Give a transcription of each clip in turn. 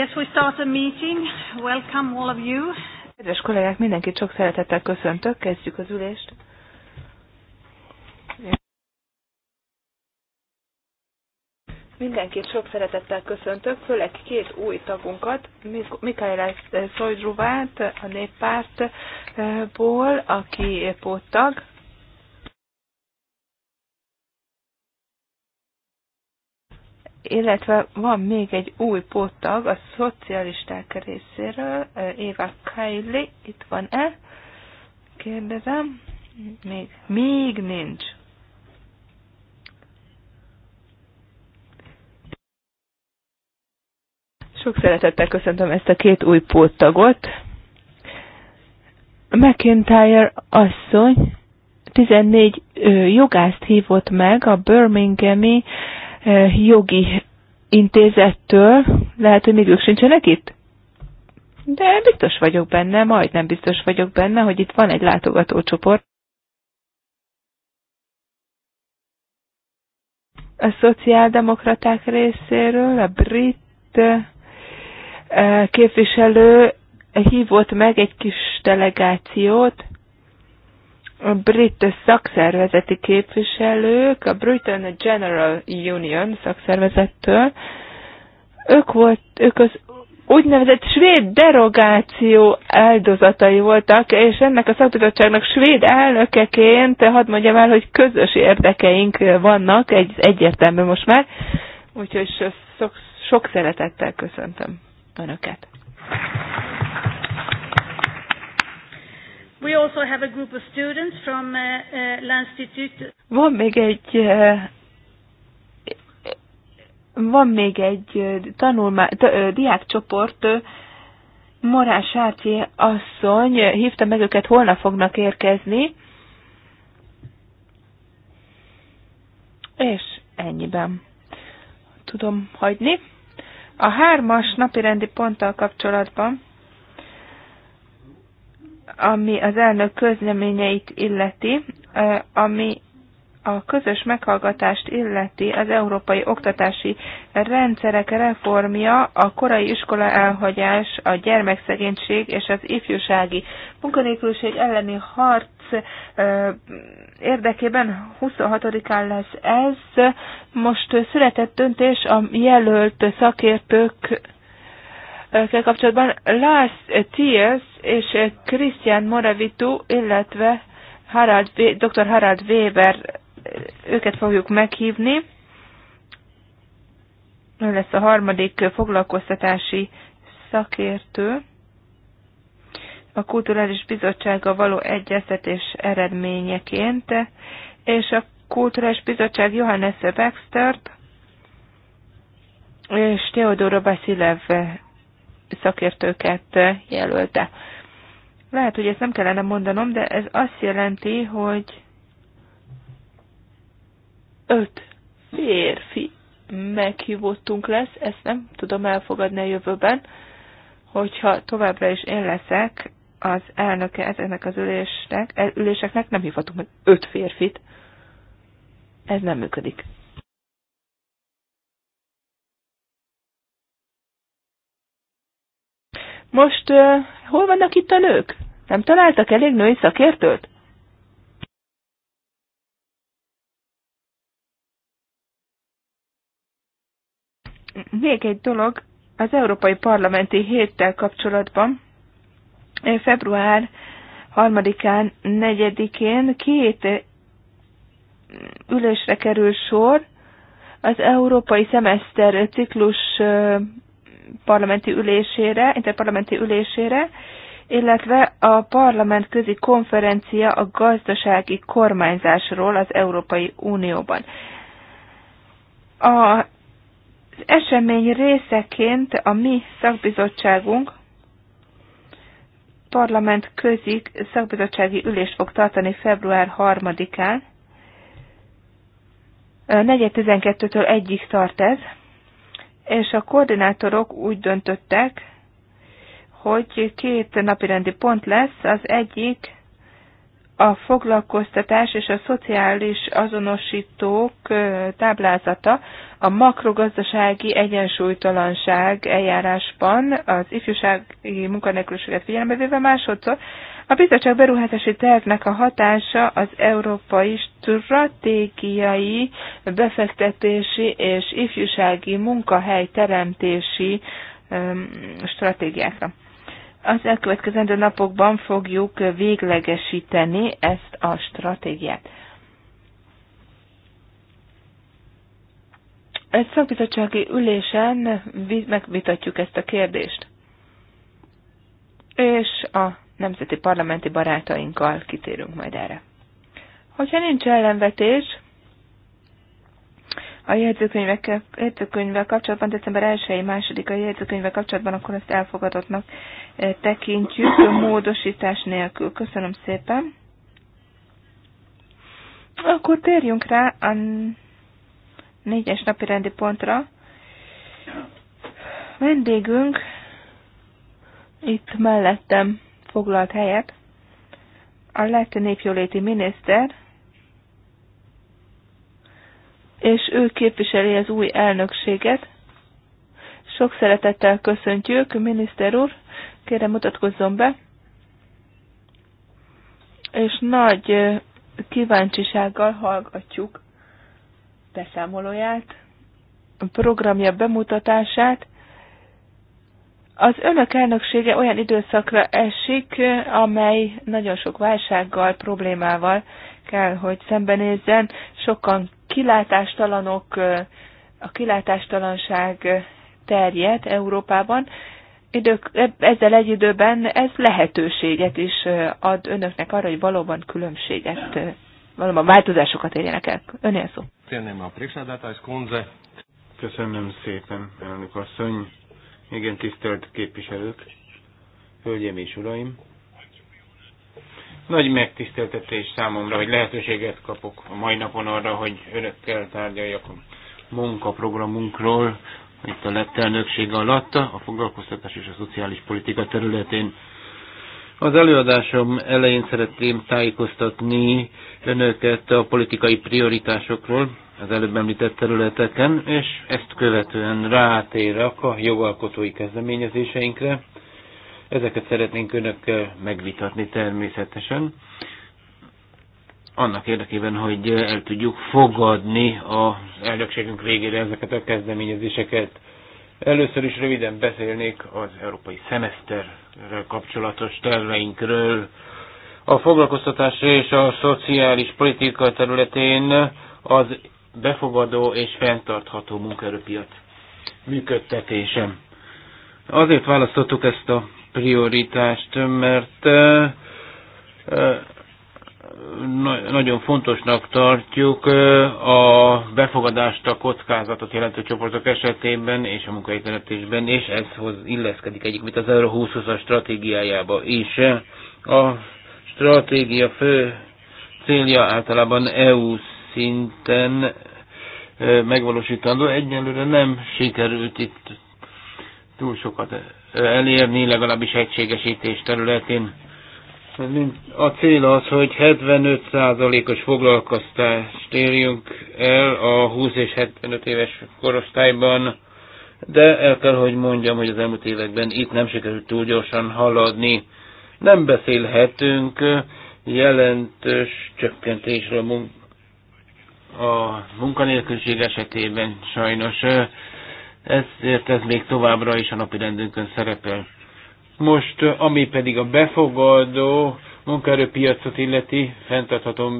Yes, we start a meeting. Welcome all of you. Kedves kollégák, mindenkit sok szeretettel köszöntök, kezdjük az ülést. Mindenkit sok szeretettel köszöntök, főleg két új tagunkat, Mikaela Szojdruvát a néppártból, aki tag. illetve van még egy új pottag a szocialisták részéről, Éva Kylie, itt van-e? Kérdezem. Még, még nincs. Sok szeretettel köszöntöm ezt a két új póttagot. McIntyre asszony 14 jogászt hívott meg a Birminghami jogi intézettől, lehet, hogy még ők sincsenek itt? De biztos vagyok benne, majdnem biztos vagyok benne, hogy itt van egy látogatócsoport. A szociáldemokraták részéről a brit képviselő hívott meg egy kis delegációt, a brit szakszervezeti képviselők, a Britain General Union szakszervezettől, ők, volt, ők az úgynevezett svéd derogáció áldozatai voltak, és ennek a szakbizottságnak svéd elnökeként, hadd mondjam el, hogy közös érdekeink vannak, egy, egyértelmű most már, úgyhogy sok, sok szeretettel köszöntöm Önöket. We also have a group of students from uh, uh, L'Institut. Van még egy uh, van még egy uh, tanulmány, uh, diákcsoport, uh, Morán Sárcsi asszony, hívta meg őket, holnap fognak érkezni. És ennyiben tudom hagyni. A hármas rendi ponttal kapcsolatban ami az elnök közleményeit illeti, ami a közös meghallgatást illeti az európai oktatási rendszerek reformja, a korai iskola elhagyás, a gyermekszegénység és az ifjúsági munkanélküliség elleni harc érdekében 26-án lesz ez. Most született döntés a jelölt szakértők kell kapcsolatban Lars Thiers és Christian Moravitu, illetve Harald, dr. Harald Weber, őket fogjuk meghívni. Ő lesz a harmadik foglalkoztatási szakértő. A Kulturális Bizottsága való egyeztetés eredményeként, és a Kulturális Bizottság Johannes Baxtert és Teodoro Basilev szakértőket jelölte. Lehet, hogy ezt nem kellene mondanom, de ez azt jelenti, hogy öt férfi meghívottunk lesz, ezt nem tudom elfogadni a jövőben, hogyha továbbra is én leszek az elnöke ezeknek az ülésnek, e, üléseknek, nem hívhatunk meg öt férfit. Ez nem működik. Most uh, hol vannak itt a nők? Nem találtak elég női szakértőt? Még egy dolog, az Európai Parlamenti héttel kapcsolatban, február 3-án, 4-én két ülésre kerül sor, az európai szemeszter ciklus parlamenti ülésére, interparlamenti ülésére, illetve a parlament közi konferencia a gazdasági kormányzásról az Európai Unióban. A esemény részeként a mi szakbizottságunk parlament közi szakbizottsági ülést fog tartani február 3-án. 4.12-től egyik tart ez és a koordinátorok úgy döntöttek, hogy két napirendi pont lesz, az egyik a foglalkoztatás és a szociális azonosítók táblázata a makrogazdasági egyensúlytalanság eljárásban az ifjúsági munkanélküliséget figyelembe véve másodszor a bizottság beruházási tervnek a hatása az európai stratégiai befektetési és ifjúsági munkahely teremtési stratégiákra. Az elkövetkezendő napokban fogjuk véglegesíteni ezt a stratégiát. Egy szakbizottsági ülésen megvitatjuk ezt a kérdést. És a nemzeti parlamenti barátainkkal kitérünk majd erre. Hogyha nincs ellenvetés, a jegyzőkönyvvel kapcsolatban, december 1-i, 2 a jegyzőkönyvvel kapcsolatban, akkor ezt elfogadottnak eh, tekintjük, módosítás nélkül. Köszönöm szépen. Akkor térjünk rá a négyes napi rendi pontra. Vendégünk itt mellettem foglalt helyet. A lett népjóléti miniszter, és ő képviseli az új elnökséget. Sok szeretettel köszöntjük, miniszter úr, kérem mutatkozzon be. És nagy kíváncsisággal hallgatjuk beszámolóját, programja bemutatását, az önök elnöksége olyan időszakra esik, amely nagyon sok válsággal, problémával kell, hogy szembenézzen. Sokan kilátástalanok, a kilátástalanság terjed Európában. Idők, ezzel egy időben ez lehetőséget is ad önöknek arra, hogy valóban különbséget, valóban változásokat érjenek el. Önél szó. Köszönöm szépen, elnök asszony igen, tisztelt képviselők, hölgyeim és uraim. Nagy megtiszteltetés számomra, hogy lehetőséget kapok a mai napon arra, hogy önökkel tárgyaljak a munkaprogramunkról, itt a lett elnökség alatt a foglalkoztatás és a szociális politika területén. Az előadásom elején szeretném tájékoztatni önöket a politikai prioritásokról, az előbb említett területeken, és ezt követően rátérek a jogalkotói kezdeményezéseinkre. Ezeket szeretnénk önökkel megvitatni természetesen, annak érdekében, hogy el tudjuk fogadni az elnökségünk végére ezeket a kezdeményezéseket. Először is röviden beszélnék az európai szemeszterrel kapcsolatos terveinkről. A foglalkoztatás és a szociális politika területén az befogadó és fenntartható munkaerőpiac működtetése. Azért választottuk ezt a prioritást, mert nagyon fontosnak tartjuk a befogadást a kockázatot jelentő csoportok esetében és a munkahelyteremtésben, és ez illeszkedik egyik, mint az Euró 2020-as stratégiájába is. A stratégia fő célja általában EU szinten megvalósítandó. Egyelőre nem sikerült itt túl sokat elérni, legalábbis egységesítés területén. A cél az, hogy 75%-os foglalkoztást érjünk el a 20 és 75 éves korosztályban, de el kell, hogy mondjam, hogy az elmúlt években itt nem sikerült túl gyorsan haladni. Nem beszélhetünk jelentős csökkentésről a a munkanélküliség esetében sajnos. Ezért ez még továbbra is a napi rendünkön szerepel. Most, ami pedig a befogadó munkaerőpiacot illeti, fenntartható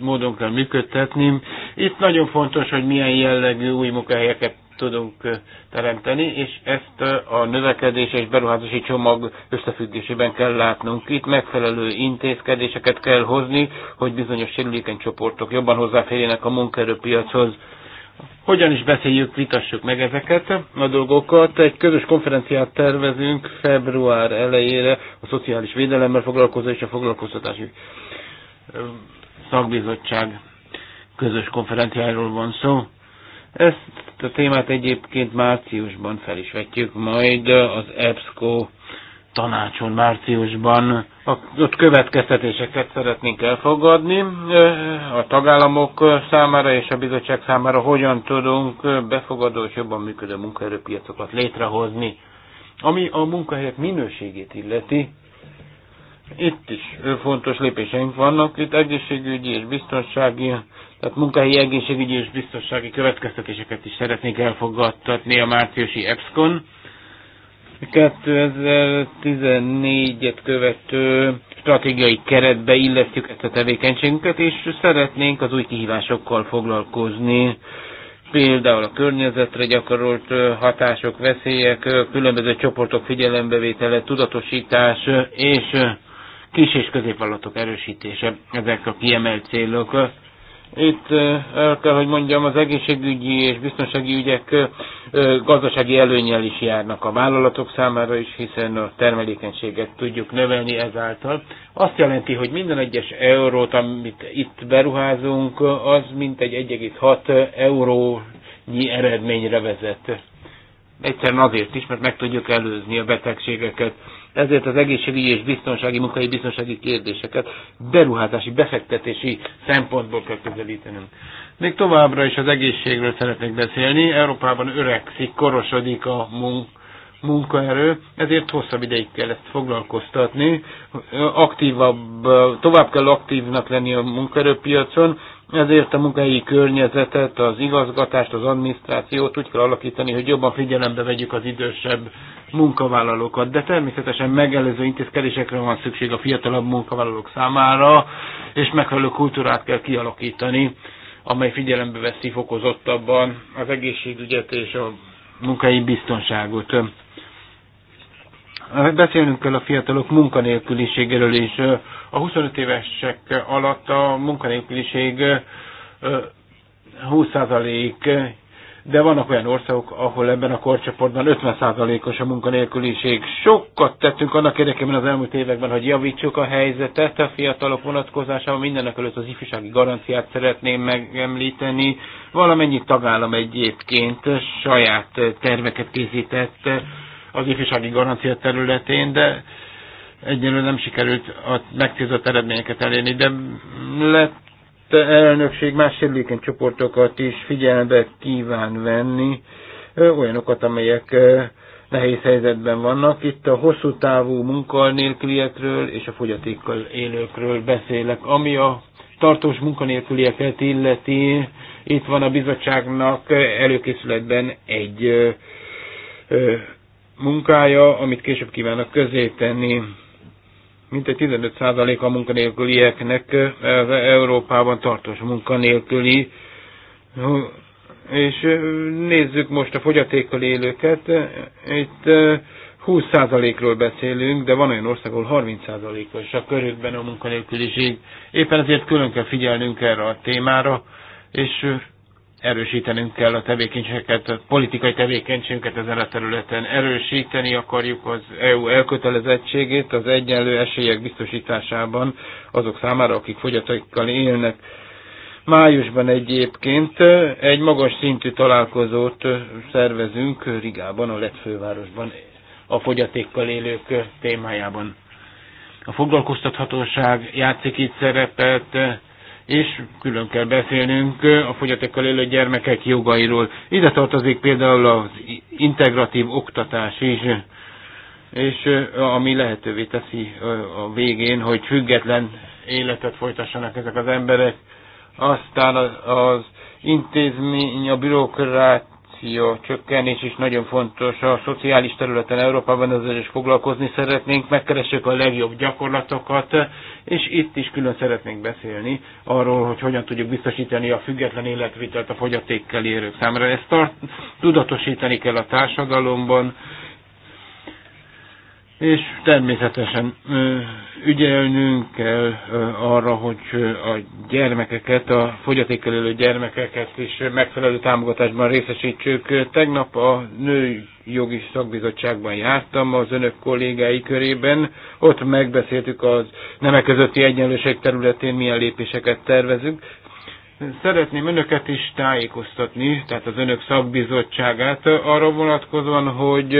módon kell működtetni. Itt nagyon fontos, hogy milyen jellegű új munkahelyeket tudunk teremteni, és ezt a növekedés és beruházási csomag összefüggésében kell látnunk. Itt megfelelő intézkedéseket kell hozni, hogy bizonyos sérülékeny csoportok jobban hozzáférjenek a munkaerőpiachoz. Hogyan is beszéljük, vitassuk meg ezeket a dolgokat. Egy közös konferenciát tervezünk február elejére a szociális védelemmel foglalkozó és a foglalkoztatási szakbizottság közös konferenciáról van szó. Ezt ezt a témát egyébként márciusban fel is vetjük, majd az EBSCO tanácson márciusban. Ott következtetéseket szeretnénk elfogadni a tagállamok számára és a bizottság számára, hogyan tudunk befogadó és jobban működő munkaerőpiacokat létrehozni. Ami a munkahelyek minőségét illeti, itt is fontos lépéseink vannak, itt egészségügyi és biztonsági tehát munkahelyi egészségügyi és biztonsági következtetéseket is szeretnék elfogadtatni a márciusi EPSCON. 2014-et követő stratégiai keretbe illesztjük ezt a tevékenységünket, és szeretnénk az új kihívásokkal foglalkozni, például a környezetre gyakorolt hatások, veszélyek, különböző csoportok figyelembevétele, tudatosítás és kis és középvallatok erősítése, ezek a kiemelt célok itt el kell, hogy mondjam, az egészségügyi és biztonsági ügyek gazdasági előnyel is járnak a vállalatok számára is, hiszen a termelékenységet tudjuk növelni ezáltal. Azt jelenti, hogy minden egyes eurót, amit itt beruházunk, az mintegy 1,6 eurónyi eredményre vezet. Egyszerűen azért is, mert meg tudjuk előzni a betegségeket. Ezért az egészségügyi és biztonsági, munkai biztonsági kérdéseket beruházási, befektetési szempontból kell közelítenünk. Még továbbra is az egészségről szeretnék beszélni. Európában öregszik, korosodik a munka munkaerő, ezért hosszabb ideig kell ezt foglalkoztatni, aktívabb, tovább kell aktívnak lenni a munkaerőpiacon, ezért a munkahelyi környezetet, az igazgatást, az adminisztrációt úgy kell alakítani, hogy jobban figyelembe vegyük az idősebb munkavállalókat. De természetesen megelőző intézkedésekre van szükség a fiatalabb munkavállalók számára, és megfelelő kultúrát kell kialakítani, amely figyelembe veszi fokozottabban az egészségügyet és a munkai biztonságot. Beszélnünk kell a fiatalok munkanélküliségéről is. A 25 évesek alatt a munkanélküliség 20%, de vannak olyan országok, ahol ebben a korcsoportban 50%-os a munkanélküliség. Sokat tettünk annak érdekében az elmúlt években, hogy javítsuk a helyzetet a fiatalok vonatkozásában. Mindenek előtt az ifjúsági garanciát szeretném megemlíteni. Valamennyi tagállam egyébként saját terveket készítette az ifjúsági garancia területén, de egyelőre nem sikerült a megcélzott eredményeket elérni, de lett elnökség más sérülékeny csoportokat is figyelembe kíván venni, olyanokat, amelyek nehéz helyzetben vannak. Itt a hosszú távú munkanélküliekről és a fogyatékkal élőkről beszélek. Ami a tartós munkanélkülieket illeti, itt van a bizottságnak előkészületben egy munkája, amit később kívánok közé tenni. Mintegy 15% a munkanélkülieknek eh, Európában tartós munkanélküli. És eh, nézzük most a fogyatékkal élőket. Itt 20%-ról eh, beszélünk, de van olyan ország, ahol 30%-os a körükben a munkanélküliség. Éppen ezért külön kell figyelnünk erre a témára, és erősítenünk kell a tevékenységeket, a politikai tevékenységünket ezen a területen. Erősíteni akarjuk az EU elkötelezettségét az egyenlő esélyek biztosításában azok számára, akik fogyatékkal élnek. Májusban egyébként egy magas szintű találkozót szervezünk Rigában, a lett fővárosban, a fogyatékkal élők témájában. A foglalkoztathatóság játszik itt szerepet, és külön kell beszélnünk a fogyatékkal élő gyermekek jogairól. Ide tartozik például az integratív oktatás is, és ami lehetővé teszi a végén, hogy független életet folytassanak ezek az emberek. Aztán az intézmény, a bürokrát, migráció csökkenés is nagyon fontos. A szociális területen Európában ezzel is foglalkozni szeretnénk, megkeressük a legjobb gyakorlatokat, és itt is külön szeretnénk beszélni arról, hogy hogyan tudjuk biztosítani a független életvitelt a fogyatékkel érők számára. Ezt tart, tudatosítani kell a társadalomban, és természetesen ügyelnünk kell arra, hogy a gyermekeket, a fogyatékkel élő gyermekeket is megfelelő támogatásban részesítsük. Tegnap a női jogi szakbizottságban jártam az önök kollégái körében. Ott megbeszéltük az nemek közötti egyenlőség területén milyen lépéseket tervezünk. Szeretném önöket is tájékoztatni, tehát az önök szakbizottságát arra vonatkozóan, hogy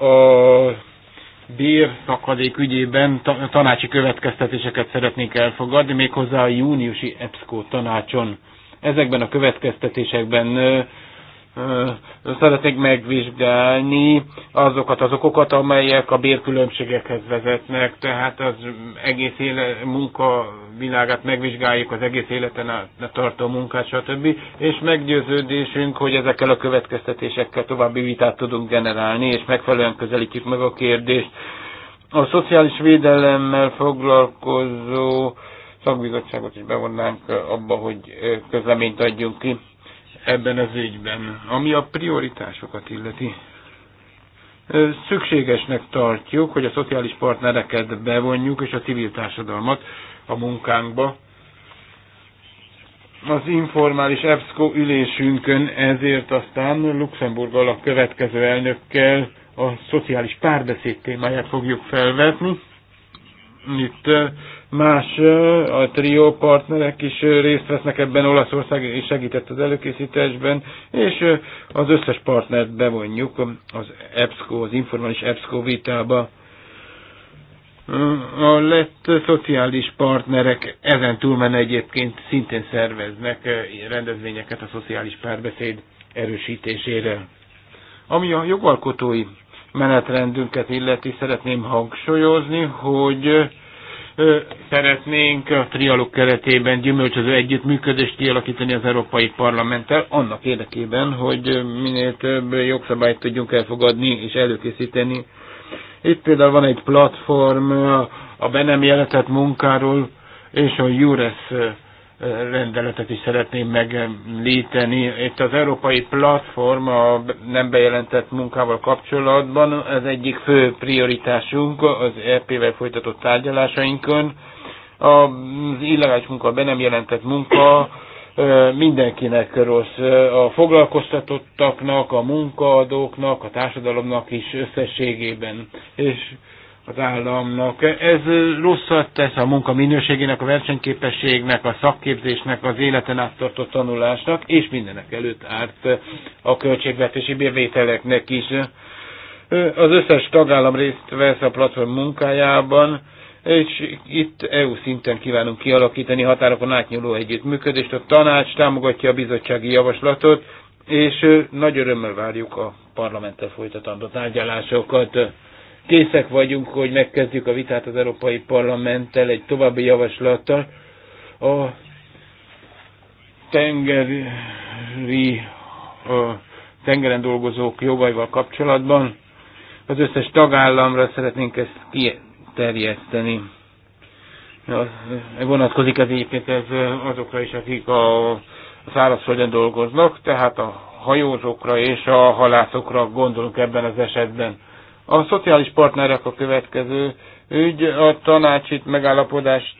a bér szakadék ügyében tanácsi következtetéseket szeretnék elfogadni, méghozzá a júniusi EBSCO tanácson. Ezekben a következtetésekben szeretnék megvizsgálni azokat az okokat, amelyek a bérkülönbségekhez vezetnek, tehát az egész éle, munka világát megvizsgáljuk, az egész életen át tartó munkát, stb. És meggyőződésünk, hogy ezekkel a következtetésekkel további vitát tudunk generálni, és megfelelően közelítjük meg a kérdést. A szociális védelemmel foglalkozó szakbizottságot is bevonnánk abba, hogy közleményt adjunk ki ebben az ügyben. Ami a prioritásokat illeti, szükségesnek tartjuk, hogy a szociális partnereket bevonjuk, és a civil társadalmat a munkánkba. Az informális EBSCO ülésünkön ezért aztán Luxemburggal a következő elnökkel a szociális párbeszéd témáját fogjuk felvetni. Itt Más a trió partnerek is részt vesznek ebben, Olaszország is segített az előkészítésben, és az összes partnert bevonjuk az EBSCO, az informális EBSCO vitába. A lett szociális partnerek ezen túlmen egyébként szintén szerveznek rendezvényeket a szociális párbeszéd erősítésére. Ami a jogalkotói menetrendünket illeti, szeretném hangsúlyozni, hogy szeretnénk a trialog keretében gyümölcsöző együttműködést kialakítani az Európai Parlamenttel, annak érdekében, hogy minél több jogszabályt tudjunk elfogadni és előkészíteni. Itt például van egy platform a be nem jelentett munkáról és a Jures rendeletet is szeretném megemlíteni. Itt az Európai Platform a nem bejelentett munkával kapcsolatban az egyik fő prioritásunk az EP-vel folytatott tárgyalásainkon. Az illegális munka, be nem jelentett munka mindenkinek rossz. A foglalkoztatottaknak, a munkaadóknak, a társadalomnak is összességében. És az államnak. Ez rosszat tesz a munka minőségének, a versenyképességnek, a szakképzésnek, az életen át tartó tanulásnak, és mindenek előtt árt a költségvetési bevételeknek is. Az összes tagállam részt vesz a platform munkájában, és itt EU szinten kívánunk kialakítani határokon átnyúló együttműködést. A tanács támogatja a bizottsági javaslatot, és nagy örömmel várjuk a parlamenttel folytatandó tárgyalásokat készek vagyunk, hogy megkezdjük a vitát az Európai Parlamenttel egy további javaslattal. A tengeri, a tengeren dolgozók jogaival kapcsolatban az összes tagállamra szeretnénk ezt kiterjeszteni. Vonatkozik ez egyébként ez azokra is, akik a szárazföldön dolgoznak, tehát a hajózókra és a halászokra gondolunk ebben az esetben a szociális partnerek a következő ügy, a tanács itt megállapodást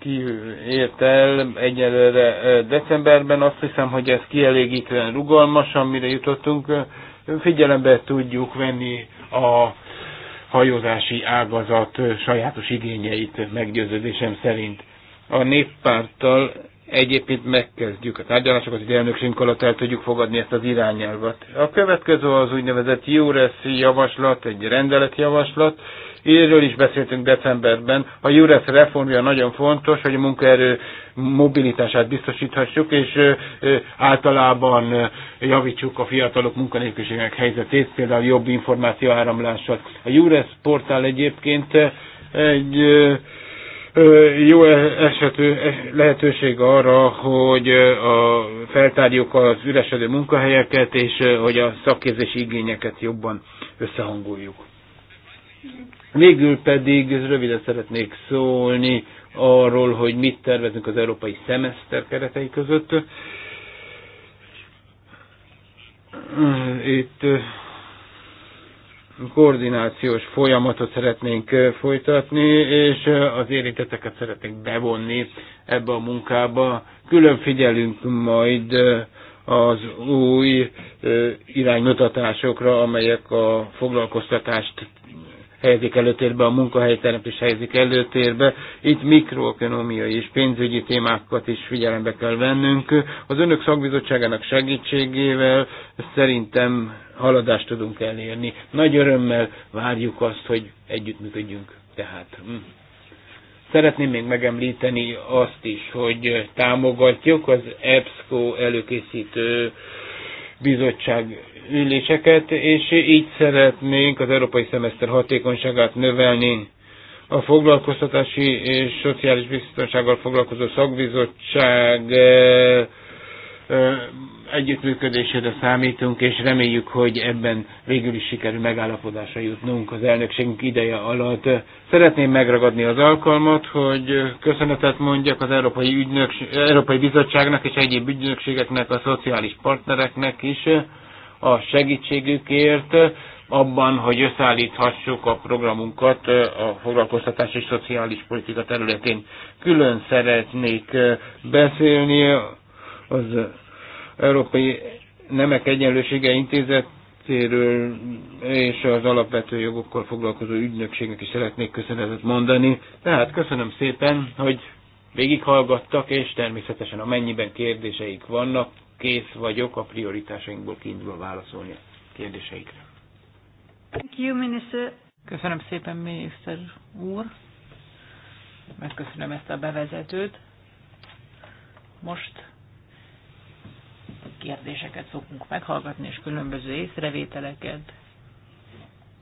kiért el egyelőre decemberben. Azt hiszem, hogy ez kielégítően rugalmas, amire jutottunk. Figyelembe tudjuk venni a hajózási ágazat sajátos igényeit meggyőződésem szerint. A néppárttal Egyébként megkezdjük a tárgyalásokat, hogy elnökségünk alatt el tudjuk fogadni ezt az irányelvet. A következő az úgynevezett URES javaslat, egy rendeletjavaslat. Erről is beszéltünk decemberben. A URES reformja nagyon fontos, hogy a munkaerő mobilitását biztosíthassuk, és általában javítsuk a fiatalok munkanélküliségek helyzetét, például jobb információ áramlással. A URES portál egyébként egy jó esető lehetőség arra, hogy a, feltárjuk az üresedő munkahelyeket, és hogy a szakképzési igényeket jobban összehangoljuk. Végül pedig röviden szeretnék szólni arról, hogy mit tervezünk az európai szemeszter keretei között. Itt koordinációs folyamatot szeretnénk folytatni, és az érintetteket szeretnénk bevonni ebbe a munkába. Külön figyelünk majd az új iránymutatásokra, amelyek a foglalkoztatást helyezik előtérbe, a munkahelyteremtés helyezik előtérbe. Itt mikroekonomiai és pénzügyi témákat is figyelembe kell vennünk. Az önök szakbizottságának segítségével szerintem haladást tudunk elérni. Nagy örömmel várjuk azt, hogy együttműködjünk. Tehát. Hm. Szeretném még megemlíteni azt is, hogy támogatjuk az EBSCO előkészítő bizottság üléseket, és így szeretnénk az európai szemeszter hatékonyságát növelni. A foglalkoztatási és szociális biztonsággal foglalkozó szakbizottság eh, eh, együttműködésére számítunk, és reméljük, hogy ebben végül is sikerül megállapodásra jutnunk az elnökségünk ideje alatt. Szeretném megragadni az alkalmat, hogy köszönetet mondjak az Európai, Ügynöks- Európai Bizottságnak és egyéb ügynökségeknek, a szociális partnereknek is, a segítségükért eh, abban, hogy összeállíthassuk a programunkat eh, a foglalkoztatás és szociális politika területén. Külön szeretnék eh, beszélni az Európai Nemek Egyenlősége Intézetéről és az alapvető jogokkal foglalkozó ügynökségnek is szeretnék köszönetet mondani. Tehát köszönöm szépen, hogy végighallgattak, és természetesen amennyiben kérdéseik vannak, kész vagyok a prioritásainkból kiindulva válaszolni a kérdéseikre. Thank you, minister. Köszönöm szépen, miniszter úr. Megköszönöm ezt a bevezetőt. Most kérdéseket szokunk meghallgatni, és különböző észrevételeket,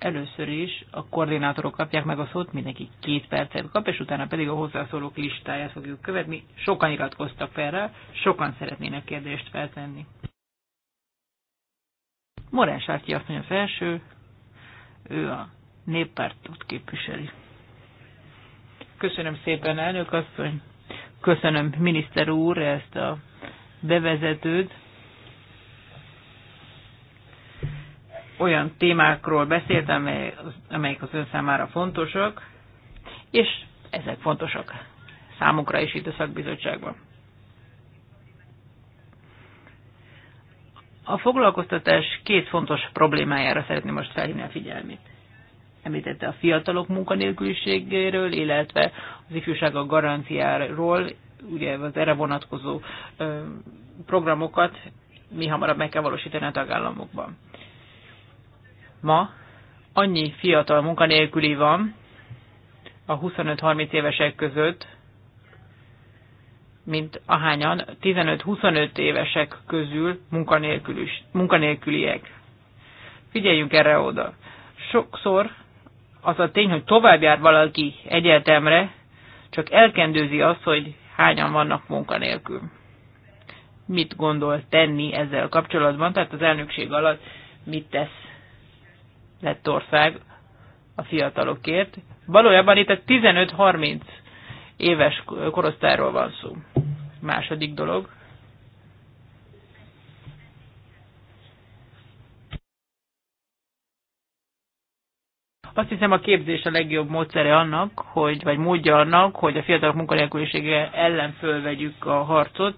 Először is a koordinátorok kapják meg a szót, mindenki két percet kap, és utána pedig a hozzászólók listáját fogjuk követni. Sokan iratkoztak fel rá, sokan szeretnének kérdést feltenni. Morán Sárki azt mondja, az első, ő a néppártot képviseli. Köszönöm szépen, elnök asszony. Köszönöm, miniszter úr, ezt a bevezetőt. olyan témákról beszélt, amely, amelyek az ön számára fontosak, és ezek fontosak számukra is itt a szakbizottságban. A foglalkoztatás két fontos problémájára szeretném most felhívni a figyelmét. Említette a fiatalok munkanélküliségéről, illetve az ifjúság a garanciáról, ugye az erre vonatkozó programokat mi hamarabb meg kell valósítani a tagállamokban ma annyi fiatal munkanélküli van a 25-30 évesek között, mint ahányan 15-25 évesek közül munkanélküliek. Figyeljünk erre oda. Sokszor az a tény, hogy tovább jár valaki egyetemre, csak elkendőzi azt, hogy hányan vannak munkanélkül. Mit gondol tenni ezzel kapcsolatban, tehát az elnökség alatt mit tesz Lettország a fiatalokért. Valójában itt a 15-30 éves korosztályról van szó. Második dolog. Azt hiszem a képzés a legjobb módszere annak, hogy, vagy módja annak, hogy a fiatalok munkanélkülisége ellen fölvegyük a harcot.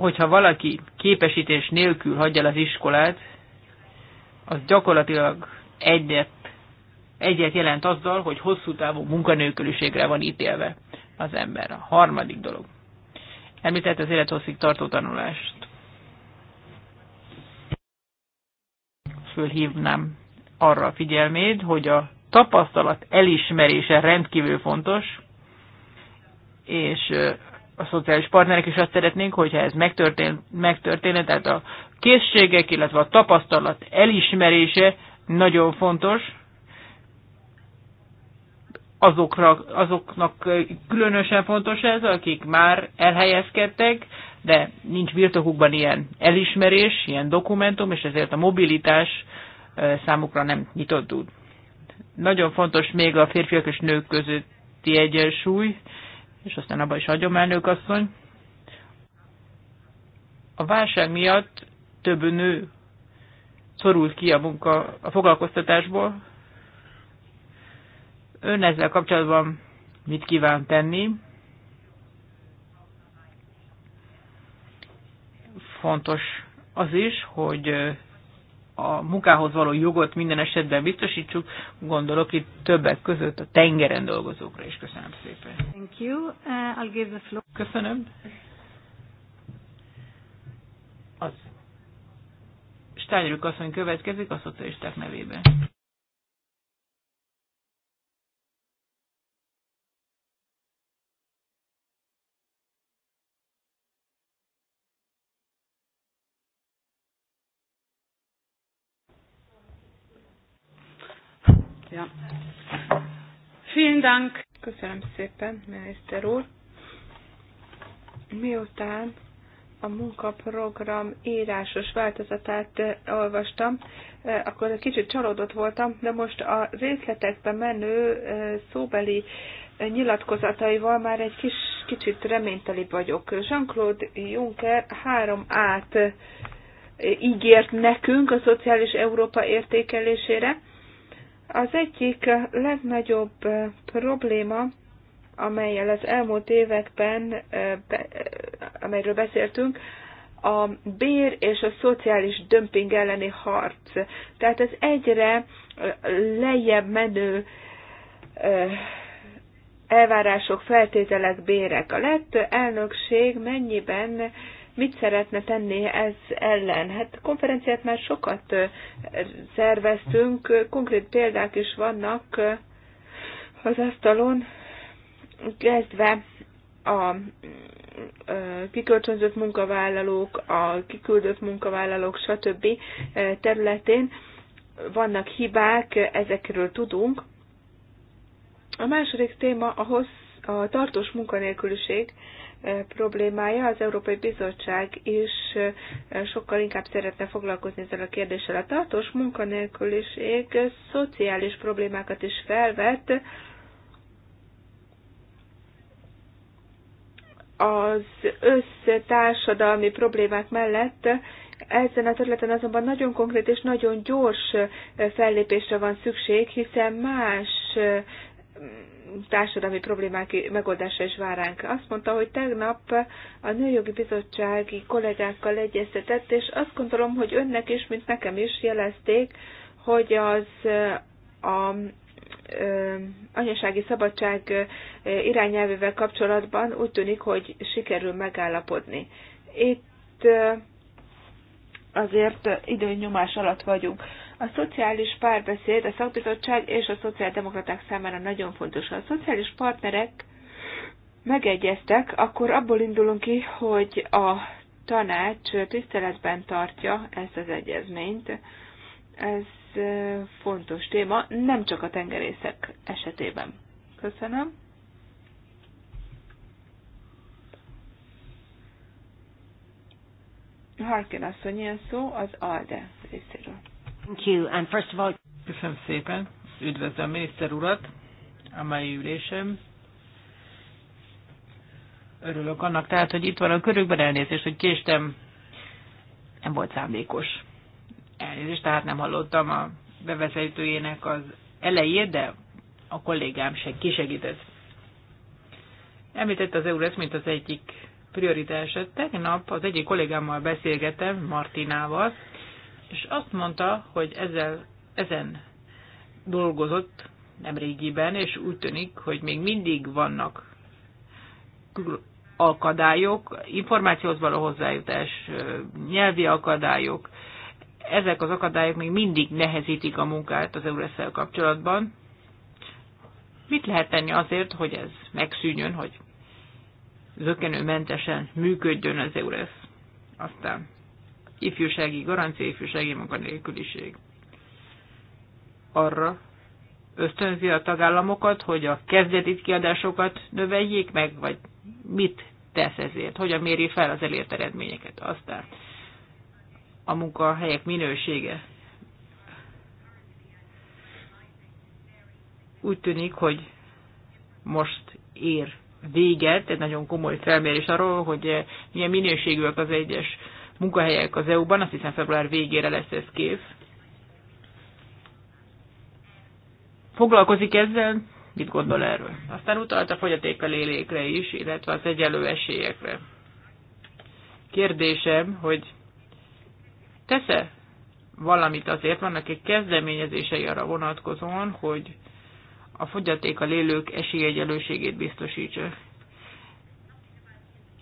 hogyha valaki képesítés nélkül hagyja az iskolát, az gyakorlatilag egyet, egyet jelent azzal, hogy hosszú távú munkanélküliségre van ítélve az ember. A harmadik dolog. Említett az élethosszig tartó tanulást. Fölhívnám arra a figyelmét, hogy a tapasztalat elismerése rendkívül fontos, és a szociális partnerek is azt szeretnénk, hogyha ez megtörtént, megtörténne, tehát a készségek, illetve a tapasztalat elismerése nagyon fontos, azokra, azoknak különösen fontos ez, akik már elhelyezkedtek, de nincs birtokukban ilyen elismerés, ilyen dokumentum, és ezért a mobilitás számukra nem nyitott út. Nagyon fontos még a férfiak és nők közötti egyensúly és aztán abban is hagyom elnök asszony. A válság miatt több nő szorult ki a munka, a foglalkoztatásból. Ön ezzel kapcsolatban mit kíván tenni? Fontos az is, hogy a munkához való jogot minden esetben biztosítsuk. Gondolok itt többek között a tengeren dolgozókra is. Köszönöm szépen. Thank you. Uh, I'll give the floor. Köszönöm. Az Stányerük asszony következik a szocialisták nevében. Ja. Vielen Dank. Köszönöm szépen, miniszter úr. Miután a munkaprogram írásos változatát eh, olvastam, eh, akkor egy kicsit csalódott voltam, de most a részletekbe menő eh, szóbeli nyilatkozataival már egy kis, kicsit reményteli vagyok. Jean-Claude Juncker három át ígért nekünk a szociális Európa értékelésére, az egyik legnagyobb probléma, amelyel az elmúlt években, amelyről beszéltünk, a bér és a szociális dömping elleni harc. Tehát ez egyre lejjebb menő elvárások, feltételek, bérek. A lett elnökség mennyiben mit szeretne tenni ez ellen? Hát konferenciát már sokat szerveztünk, konkrét példák is vannak az asztalon, kezdve a kikölcsönzött munkavállalók, a kiküldött munkavállalók, stb. területén vannak hibák, ezekről tudunk. A második téma a, hossz, a tartós munkanélküliség, problémája. Az Európai Bizottság is sokkal inkább szeretne foglalkozni ezzel a kérdéssel. A tartós munkanélküliség szociális problémákat is felvet. Az össztársadalmi problémák mellett ezen a területen azonban nagyon konkrét és nagyon gyors fellépésre van szükség, hiszen más társadalmi problémák megoldása is vár ránk. Azt mondta, hogy tegnap a Nőjogi Bizottsági kollégákkal egyeztetett, és azt gondolom, hogy önnek is, mint nekem is jelezték, hogy az a anyasági szabadság irányelvével kapcsolatban úgy tűnik, hogy sikerül megállapodni. Itt azért időnyomás alatt vagyunk. A szociális párbeszéd a szakbizottság és a szociáldemokraták számára nagyon fontos. Ha a szociális partnerek megegyeztek, akkor abból indulunk ki, hogy a tanács tiszteletben tartja ezt az egyezményt. Ez fontos téma, nem csak a tengerészek esetében. Köszönöm. Harkin asszony ilyen szó az ALDE részéről. Thank you, and first of all... Köszönöm szépen. Üdvözlöm miniszter urat a mai ülésem. Örülök annak, tehát, hogy itt van a körükben elnézést, hogy késtem. Nem volt szándékos. Elnézést, tehát nem hallottam a bevezetőjének az elejét, de a kollégám se kisegített. Említett az EURES, mint az egyik prioritását. Tegnap az egyik kollégámmal beszélgetem, Martinával, és azt mondta, hogy ezzel, ezen dolgozott nemrégiben, és úgy tűnik, hogy még mindig vannak akadályok, információhoz való hozzájutás, nyelvi akadályok, ezek az akadályok még mindig nehezítik a munkát az EURESZ-el kapcsolatban. Mit lehet tenni azért, hogy ez megszűnjön, hogy zökenőmentesen működjön az euresz? Aztán ifjúsági garancia, ifjúsági munkanélküliség. Arra ösztönzi a tagállamokat, hogy a kezdeti kiadásokat növeljék meg, vagy mit tesz ezért, hogyan méri fel az elért eredményeket. Aztán a munkahelyek minősége. Úgy tűnik, hogy most ér véget, egy nagyon komoly felmérés arról, hogy milyen minőségűek az egyes munkahelyek az EU-ban, azt hiszem február végére lesz ez kész. Foglalkozik ezzel? Mit gondol erről? Aztán utalt a fogyatékkal élékre is, illetve az egyenlő esélyekre. Kérdésem, hogy tesz-e valamit azért, vannak egy kezdeményezései arra vonatkozóan, hogy a a lélők esélyegyelőségét biztosítsa.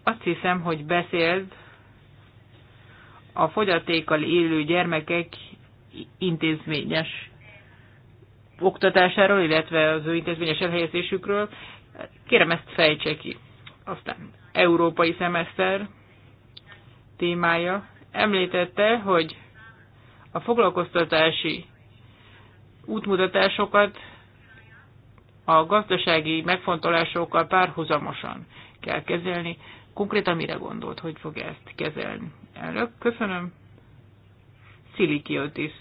Azt hiszem, hogy beszélt a fogyatékkal élő gyermekek intézményes oktatásáról, illetve az ő intézményes elhelyezésükről. Kérem ezt fejtse ki. Aztán európai szemeszter témája. Említette, hogy a foglalkoztatási útmutatásokat a gazdasági megfontolásokkal párhuzamosan kell kezelni. Konkrétan mire gondolt, hogy fogja ezt kezelni? Elnök, köszönöm. Szilikiotis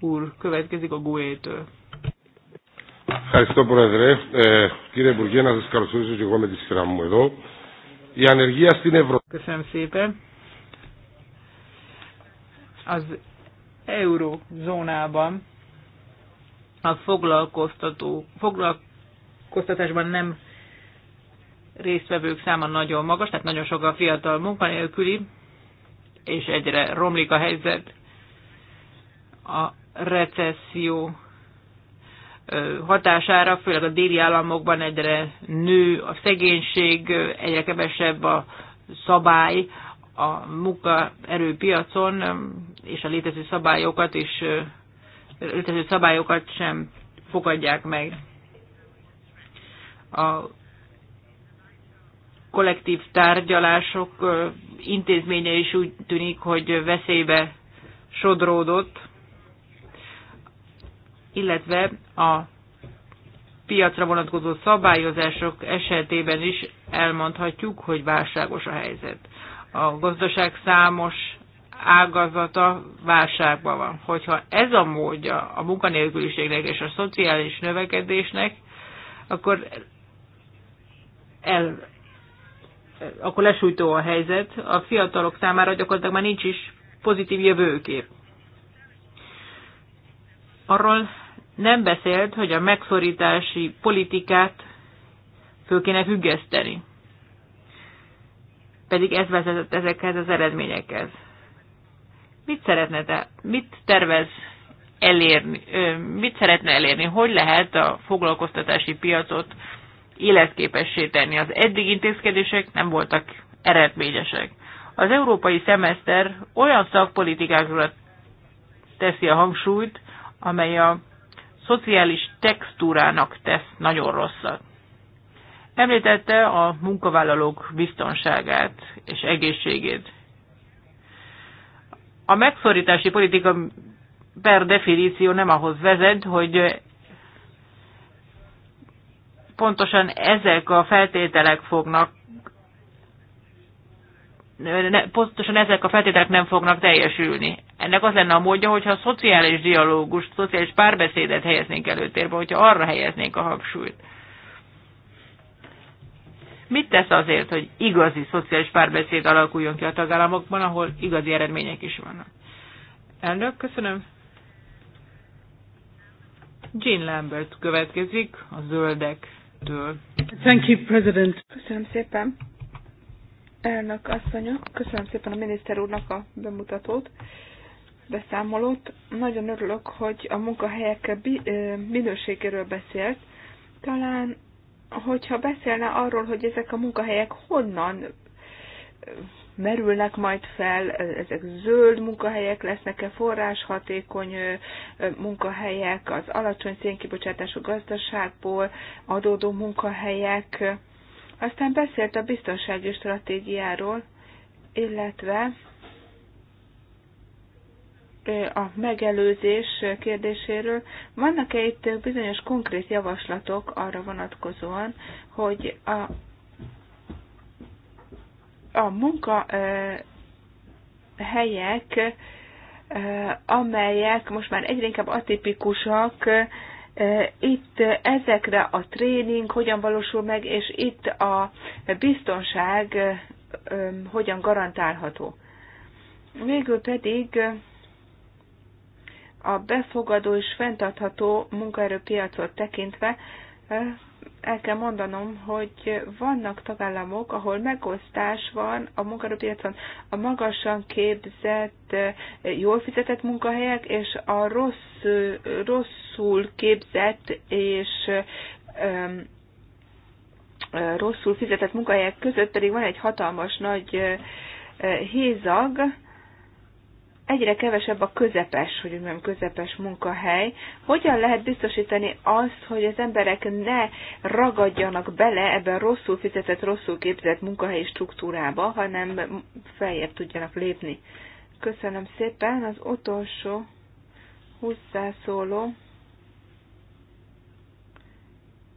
úr következik a GUE-től. Ευχαριστώ Πρόεδρε. Ε, κύριε Υπουργέ, να σας καλωσορίσω και εγώ με τη σειρά μου εδώ. Η ανεργία στην Ευρώπη. Köszönöm szépen. Az eurozónában a foglalkoztató, foglalkoztatásban nem résztvevők száma nagyon magas, tehát nagyon sok a fiatal munkanélküli, és egyre romlik a helyzet. A recesszió hatására, főleg a déli államokban egyre nő a szegénység, egyre kevesebb a szabály a munkaerőpiacon, és a létező szabályokat is létező szabályokat sem fogadják meg. A kollektív tárgyalások intézménye is úgy tűnik, hogy veszélybe sodródott, illetve a piacra vonatkozó szabályozások esetében is elmondhatjuk, hogy válságos a helyzet. A gazdaság számos ágazata válságban van. Hogyha ez a módja a munkanélküliségnek és a szociális növekedésnek, akkor el, akkor lesújtó a helyzet. A fiatalok számára gyakorlatilag már nincs is pozitív jövőkép. Arról nem beszélt, hogy a megszorítási politikát föl kéne függeszteni. Pedig ez vezetett ezekhez az eredményekhez. Mit szeretne te, mit tervez elérni, mit szeretne elérni, hogy lehet a foglalkoztatási piacot életképessé tenni. Az eddig intézkedések nem voltak eredményesek. Az európai szemeszter olyan szakpolitikákra teszi a hangsúlyt, amely a szociális textúrának tesz nagyon rosszat. Említette a munkavállalók biztonságát és egészségét. A megszorítási politika per definíció nem ahhoz vezet, hogy pontosan ezek a feltételek fognak ne, pontosan ezek a feltételek nem fognak teljesülni. Ennek az lenne a módja, hogyha a szociális dialógust, szociális párbeszédet helyeznénk előtérbe, hogyha arra helyeznénk a hangsúlyt. Mit tesz azért, hogy igazi szociális párbeszéd alakuljon ki a tagállamokban, ahol igazi eredmények is vannak? Elnök, köszönöm. Jean Lambert következik, a zöldek Thank you, President. Köszönöm szépen. Elnök asszonya, köszönöm szépen a miniszter úrnak a bemutatót, beszámolót. Nagyon örülök, hogy a munkahelyek minőségéről beszélt. Talán, hogyha beszélne arról, hogy ezek a munkahelyek honnan merülnek majd fel, ezek zöld munkahelyek lesznek-e, forráshatékony munkahelyek, az alacsony szénkibocsátású gazdaságból adódó munkahelyek. Aztán beszélt a biztonsági stratégiáról, illetve a megelőzés kérdéséről. Vannak-e itt bizonyos konkrét javaslatok arra vonatkozóan, hogy a a munka helyek, amelyek most már egyre inkább atipikusak, itt ezekre a tréning hogyan valósul meg, és itt a biztonság hogyan garantálható. Végül pedig a befogadó és fenntartható munkaerőpiacot tekintve el kell mondanom, hogy vannak tagállamok, ahol megosztás van a munkaerőpiacon a magasan képzett, jól fizetett munkahelyek és a rossz, rosszul képzett és rosszul fizetett munkahelyek között pedig van egy hatalmas nagy eh, hézag, egyre kevesebb a közepes, hogy mondjam, közepes munkahely. Hogyan lehet biztosítani azt, hogy az emberek ne ragadjanak bele ebben rosszul fizetett, rosszul képzett munkahelyi struktúrába, hanem feljebb tudjanak lépni? Köszönöm szépen. Az utolsó húszászóló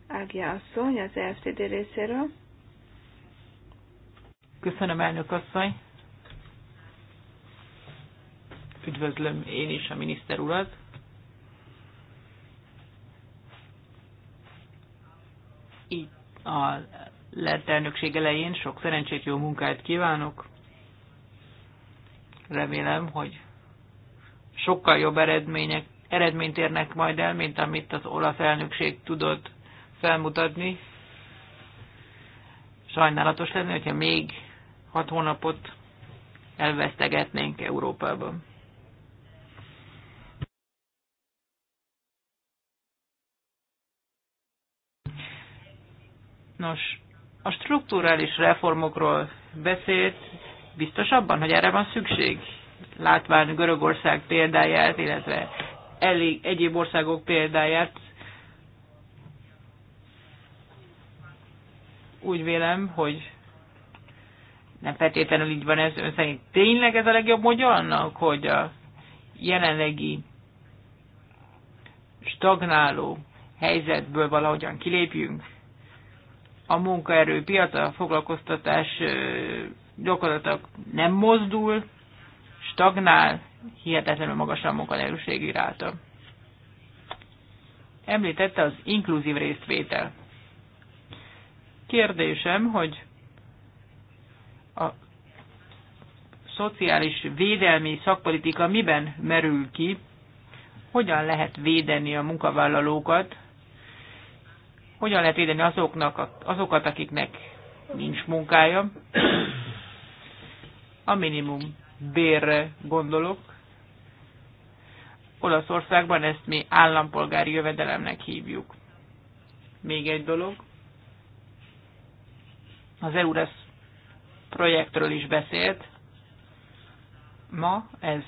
Ágia asszony az EFTD részéről. Köszönöm, elnök asszony. Üdvözlöm én is a miniszter urat. Itt a lett elnökség elején sok szerencsét, jó munkát kívánok. Remélem, hogy sokkal jobb eredmények, eredményt érnek majd el, mint amit az olasz elnökség tudott felmutatni. Sajnálatos lenne, hogyha még hat hónapot elvesztegetnénk Európában. Nos, a strukturális reformokról beszélt, biztos abban, hogy erre van szükség? Látván Görögország példáját, illetve elég egyéb országok példáját, úgy vélem, hogy nem feltétlenül így van ez ön szerint. Tényleg ez a legjobb módja annak, hogy a jelenlegi stagnáló helyzetből valahogyan kilépjünk? a munkaerő a foglalkoztatás gyakorlatilag nem mozdul, stagnál, hihetetlenül magas a munkanerőség iráta. Említette az inkluzív résztvétel. Kérdésem, hogy a szociális védelmi szakpolitika miben merül ki, hogyan lehet védeni a munkavállalókat hogyan lehet védeni azoknak, azokat, akiknek nincs munkája. A minimum bérre gondolok. Olaszországban ezt mi állampolgári jövedelemnek hívjuk. Még egy dolog. Az EURES projektről is beszélt. Ma ez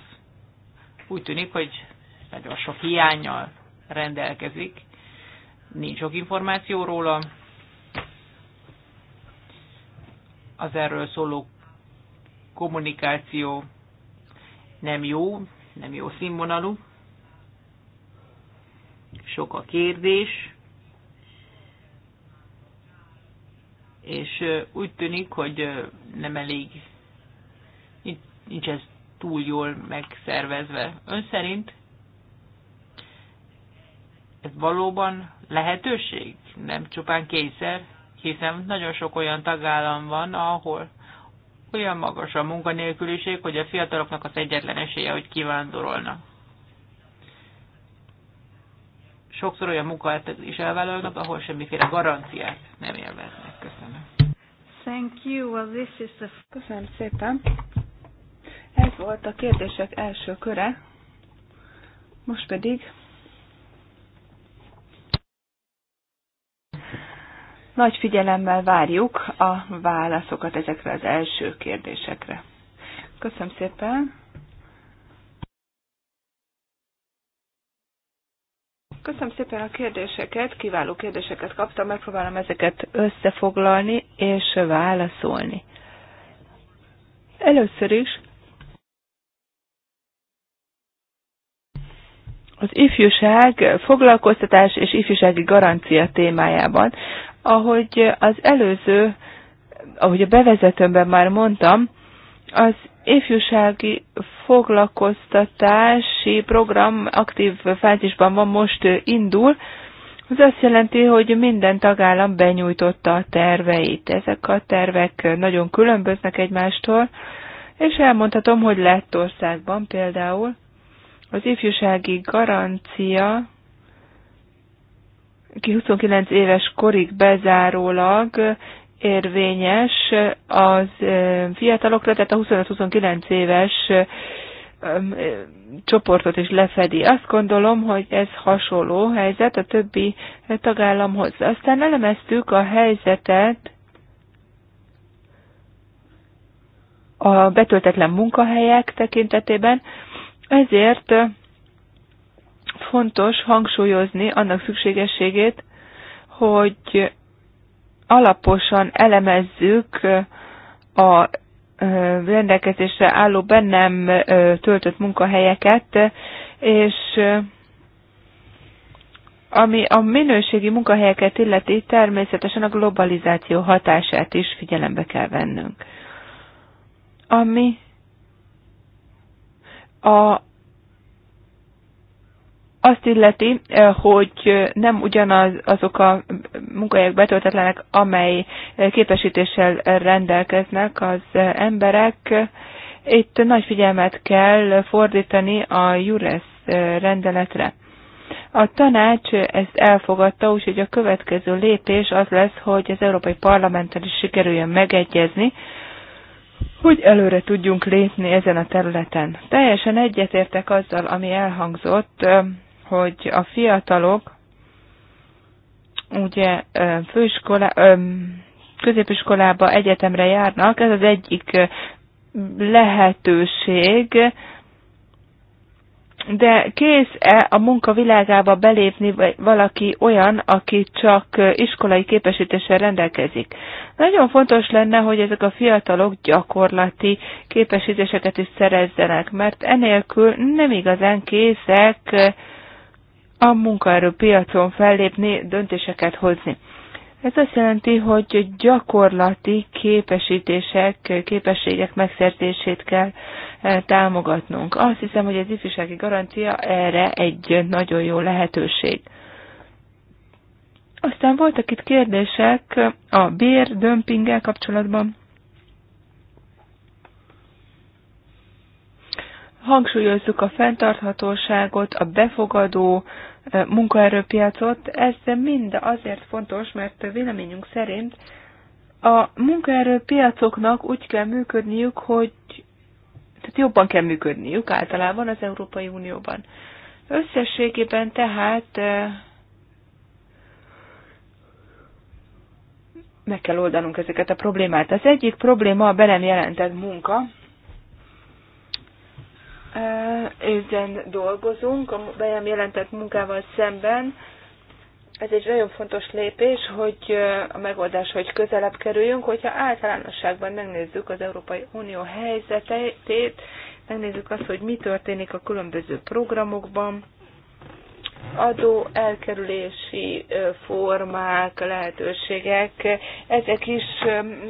úgy tűnik, hogy nagyon sok hiányjal rendelkezik nincs sok információ róla. Az erről szóló kommunikáció nem jó, nem jó színvonalú. Sok a kérdés, és úgy tűnik, hogy nem elég, nincs ez túl jól megszervezve. Ön szerint ez valóban lehetőség, nem csupán kényszer, hiszen nagyon sok olyan tagállam van, ahol olyan magas a munkanélküliség, hogy a fiataloknak az egyetlen esélye, hogy kivándorolnak. Sokszor olyan munkahelyet is elvállalnak, ahol semmiféle garanciát nem élveznek. Köszönöm. Thank you. Well, this is the... Köszönöm szépen. Ez volt a kérdések első köre. Most pedig Nagy figyelemmel várjuk a válaszokat ezekre az első kérdésekre. Köszönöm szépen! Köszönöm szépen a kérdéseket, kiváló kérdéseket kaptam, megpróbálom ezeket összefoglalni és válaszolni. Először is az ifjúság foglalkoztatás és ifjúsági garancia témájában. Ahogy az előző, ahogy a bevezetőmben már mondtam, az ifjúsági foglalkoztatási program aktív fázisban van, most indul. Ez azt jelenti, hogy minden tagállam benyújtotta a terveit. Ezek a tervek nagyon különböznek egymástól, és elmondhatom, hogy Lettországban például az ifjúsági garancia ki 29 éves korig bezárólag érvényes az fiatalokra, tehát a 25-29 éves csoportot is lefedi. Azt gondolom, hogy ez hasonló helyzet a többi tagállamhoz. Aztán elemeztük a helyzetet a betöltetlen munkahelyek tekintetében. Ezért fontos hangsúlyozni annak szükségességét, hogy alaposan elemezzük a rendelkezésre álló bennem töltött munkahelyeket, és ami a minőségi munkahelyeket illeti, természetesen a globalizáció hatását is figyelembe kell vennünk. Ami a, azt illeti, eh, hogy nem ugyanaz azok a munkahelyek betöltetlenek, amely eh, képesítéssel rendelkeznek az emberek. Itt nagy figyelmet kell fordítani a Jures eh, rendeletre. A tanács ezt elfogadta, úgyhogy a következő lépés az lesz, hogy az Európai Parlamenttel is sikerüljön megegyezni, hogy előre tudjunk lépni ezen a területen. Teljesen egyetértek azzal, ami elhangzott, hogy a fiatalok ugye főiskolá, középiskolába, egyetemre járnak, ez az egyik lehetőség, de kész-e a munka világába belépni valaki olyan, aki csak iskolai képesítéssel rendelkezik? Nagyon fontos lenne, hogy ezek a fiatalok gyakorlati képesítéseket is szerezzenek, mert enélkül nem igazán készek a munkaerőpiacon fellépni, döntéseket hozni. Ez azt jelenti, hogy gyakorlati képesítések, képességek megszerzését kell E, támogatnunk. Azt hiszem, hogy az ifjúsági garancia erre egy nagyon jó lehetőség. Aztán voltak itt kérdések a bér dömpinggel kapcsolatban. Hangsúlyozzuk a fenntarthatóságot, a befogadó e, munkaerőpiacot. Ez mind azért fontos, mert véleményünk szerint a munkaerőpiacoknak úgy kell működniük, hogy tehát jobban kell működniük általában az Európai Unióban. Összességében tehát meg kell oldanunk ezeket a problémát. Az egyik probléma a be nem jelentett munka. Ezen dolgozunk, a be nem jelentett munkával szemben ez egy nagyon fontos lépés, hogy a megoldás, hogy közelebb kerüljünk, hogyha általánosságban megnézzük az Európai Unió helyzetét, megnézzük azt, hogy mi történik a különböző programokban, adó elkerülési formák, lehetőségek, ezek is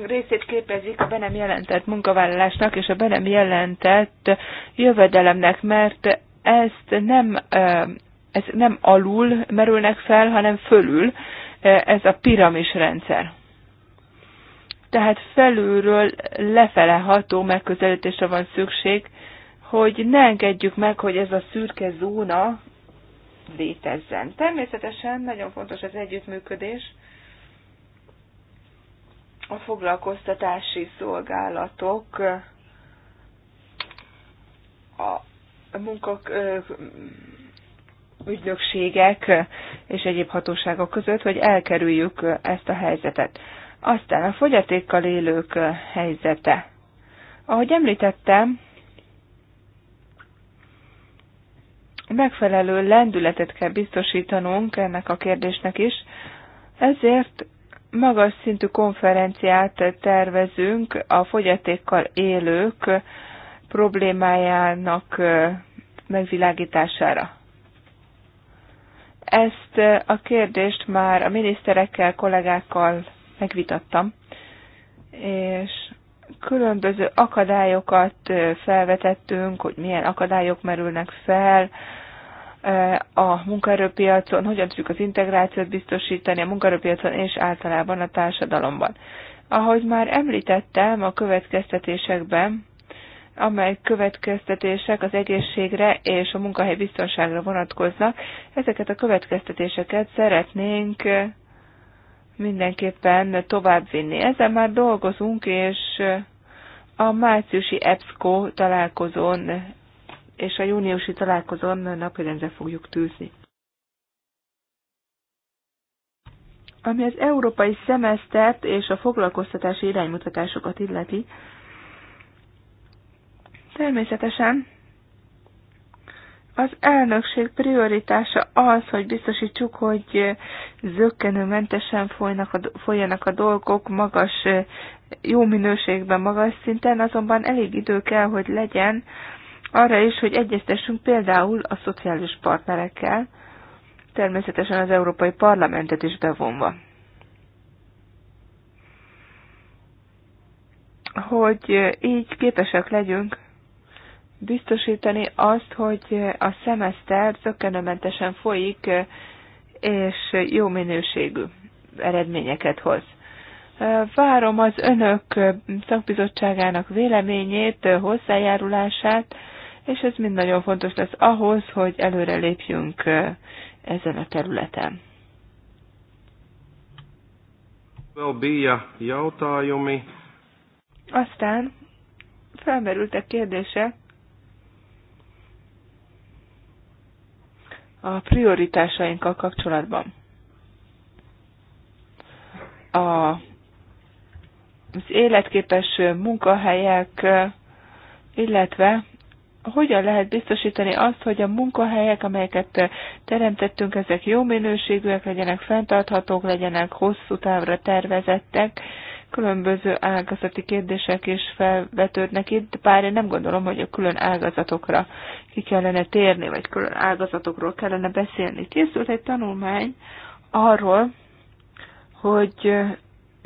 részét képezik a be nem jelentett munkavállalásnak és a be nem jelentett jövedelemnek, mert ezt nem ez nem alul merülnek fel, hanem fölül, e, ez a piramis rendszer. Tehát felülről lefele ható megközelítésre van szükség, hogy ne engedjük meg, hogy ez a szürke zóna létezzen. Természetesen nagyon fontos az együttműködés a foglalkoztatási szolgálatok, a munkak ügynökségek és egyéb hatóságok között, hogy elkerüljük ezt a helyzetet. Aztán a fogyatékkal élők helyzete. Ahogy említettem, megfelelő lendületet kell biztosítanunk ennek a kérdésnek is, ezért magas szintű konferenciát tervezünk a fogyatékkal élők problémájának megvilágítására. Ezt a kérdést már a miniszterekkel, kollégákkal megvitattam, és különböző akadályokat felvetettünk, hogy milyen akadályok merülnek fel a munkaerőpiacon, hogyan tudjuk az integrációt biztosítani a munkaerőpiacon és általában a társadalomban. Ahogy már említettem a következtetésekben, amely következtetések az egészségre és a munkahely biztonságra vonatkoznak. Ezeket a következtetéseket szeretnénk mindenképpen továbbvinni. Ezzel már dolgozunk, és a márciusi EBSCO találkozón és a júniusi találkozón napirendre fogjuk tűzni. Ami az európai szemesztert és a foglalkoztatási iránymutatásokat illeti, Természetesen az elnökség prioritása az, hogy biztosítsuk, hogy zöggenőmentesen folynak a, folyanak a dolgok magas, jó minőségben, magas szinten, azonban elég idő kell, hogy legyen arra is, hogy egyeztessünk például a szociális partnerekkel, természetesen az Európai Parlamentet is bevonva. Hogy így képesek legyünk biztosítani azt, hogy a szemeszter zökkenőmentesen folyik, és jó minőségű eredményeket hoz. Várom az önök szakbizottságának véleményét, hozzájárulását, és ez mind nagyon fontos lesz ahhoz, hogy előre lépjünk ezen a területen. Vēl bija jautājumi. Aztán felmerültek kérdések a prioritásainkkal kapcsolatban. A, az életképes munkahelyek, illetve hogyan lehet biztosítani azt, hogy a munkahelyek, amelyeket teremtettünk, ezek jó minőségűek legyenek, fenntarthatók legyenek, hosszú távra tervezettek, Különböző ágazati kérdések is felvetődnek itt, bár én nem gondolom, hogy a külön ágazatokra ki kellene térni, vagy külön ágazatokról kellene beszélni. Készült egy tanulmány arról, hogy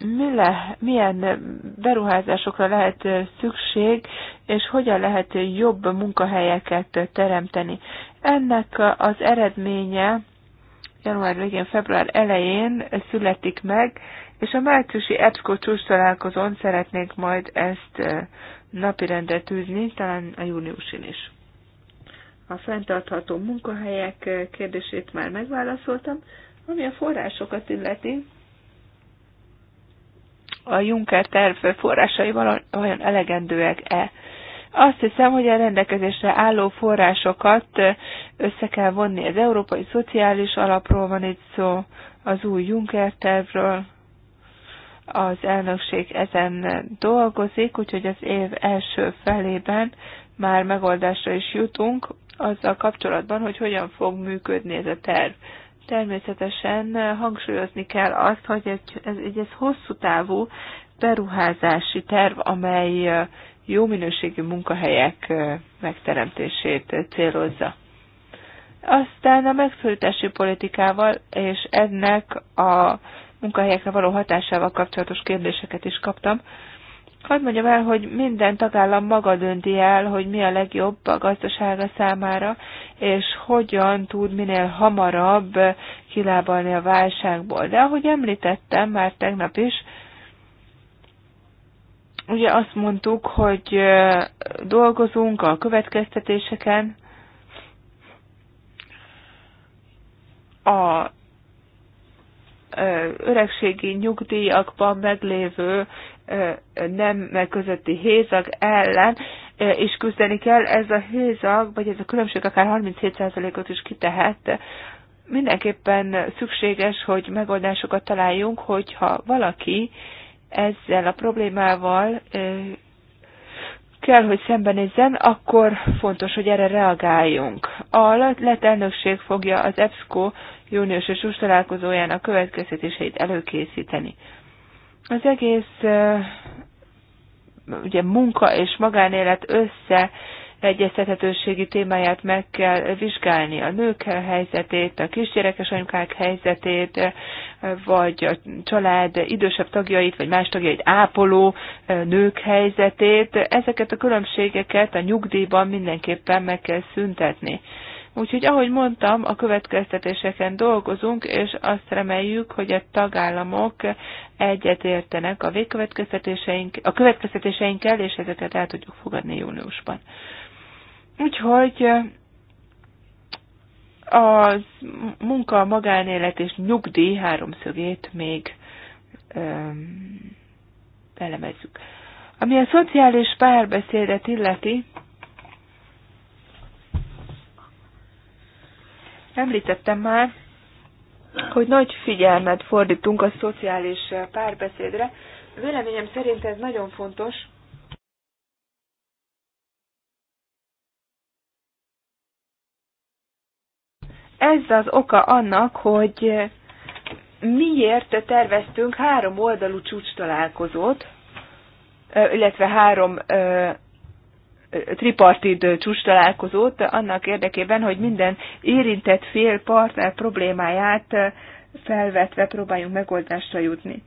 mi le, milyen beruházásokra lehet szükség, és hogyan lehet jobb munkahelyeket teremteni. Ennek az eredménye január végén, február elején születik meg, és a márciusi EBSCO csúcs találkozón szeretnék majd ezt napirendre tűzni, talán a júniusin is. A fenntartható munkahelyek kérdését már megválaszoltam, ami a forrásokat illeti. A Juncker terv forrásai olyan elegendőek-e? Azt hiszem, hogy a rendelkezésre álló forrásokat össze kell vonni. Az Európai Szociális Alapról van itt szó, az új Juncker tervről, az elnökség ezen dolgozik, úgyhogy az év első felében már megoldásra is jutunk azzal kapcsolatban, hogy hogyan fog működni ez a terv. Természetesen hangsúlyozni kell azt, hogy ez, ez, ez hosszú távú beruházási terv, amely jó minőségű munkahelyek megteremtését célozza. Aztán a megszorítási politikával és ennek a munkahelyekre való hatásával kapcsolatos kérdéseket is kaptam. Hadd mondjam el, hogy minden tagállam maga dönti el, hogy mi a legjobb a gazdasága számára, és hogyan tud minél hamarabb kilábalni a válságból. De ahogy említettem már tegnap is, ugye azt mondtuk, hogy dolgozunk a következtetéseken, a öregségi nyugdíjakban meglévő nem közötti hézag ellen és küzdeni kell. Ez a hézag, vagy ez a különbség akár 37%-ot is kitehet. Mindenképpen szükséges, hogy megoldásokat találjunk, hogyha valaki ezzel a problémával kell, hogy szembenézzen, akkor fontos, hogy erre reagáljunk. A lett elnökség fogja az EBSCO június és sus találkozóján a következtetéseit előkészíteni. Az egész ugye munka és magánélet össze egyeztethetőségi témáját meg kell vizsgálni, a nők helyzetét, a kisgyerekes anyukák helyzetét, vagy a család idősebb tagjait, vagy más tagjait ápoló nők helyzetét. Ezeket a különbségeket a nyugdíjban mindenképpen meg kell szüntetni. Úgyhogy, ahogy mondtam, a következtetéseken dolgozunk, és azt reméljük, hogy a tagállamok egyetértenek a végkövetkeztetéseink, a következtetéseinkkel, és ezeket el tudjuk fogadni júniusban. Úgyhogy a munka, magánélet és nyugdíj háromszögét még öm, elemezzük. Ami a szociális párbeszédet illeti, Említettem már, hogy nagy figyelmet fordítunk a szociális párbeszédre. Véleményem szerint ez nagyon fontos, ez az oka annak, hogy miért terveztünk három oldalú csúcs találkozót, illetve három tripartid csúcs találkozót annak érdekében, hogy minden érintett fél partner problémáját felvetve próbáljunk megoldásra jutni.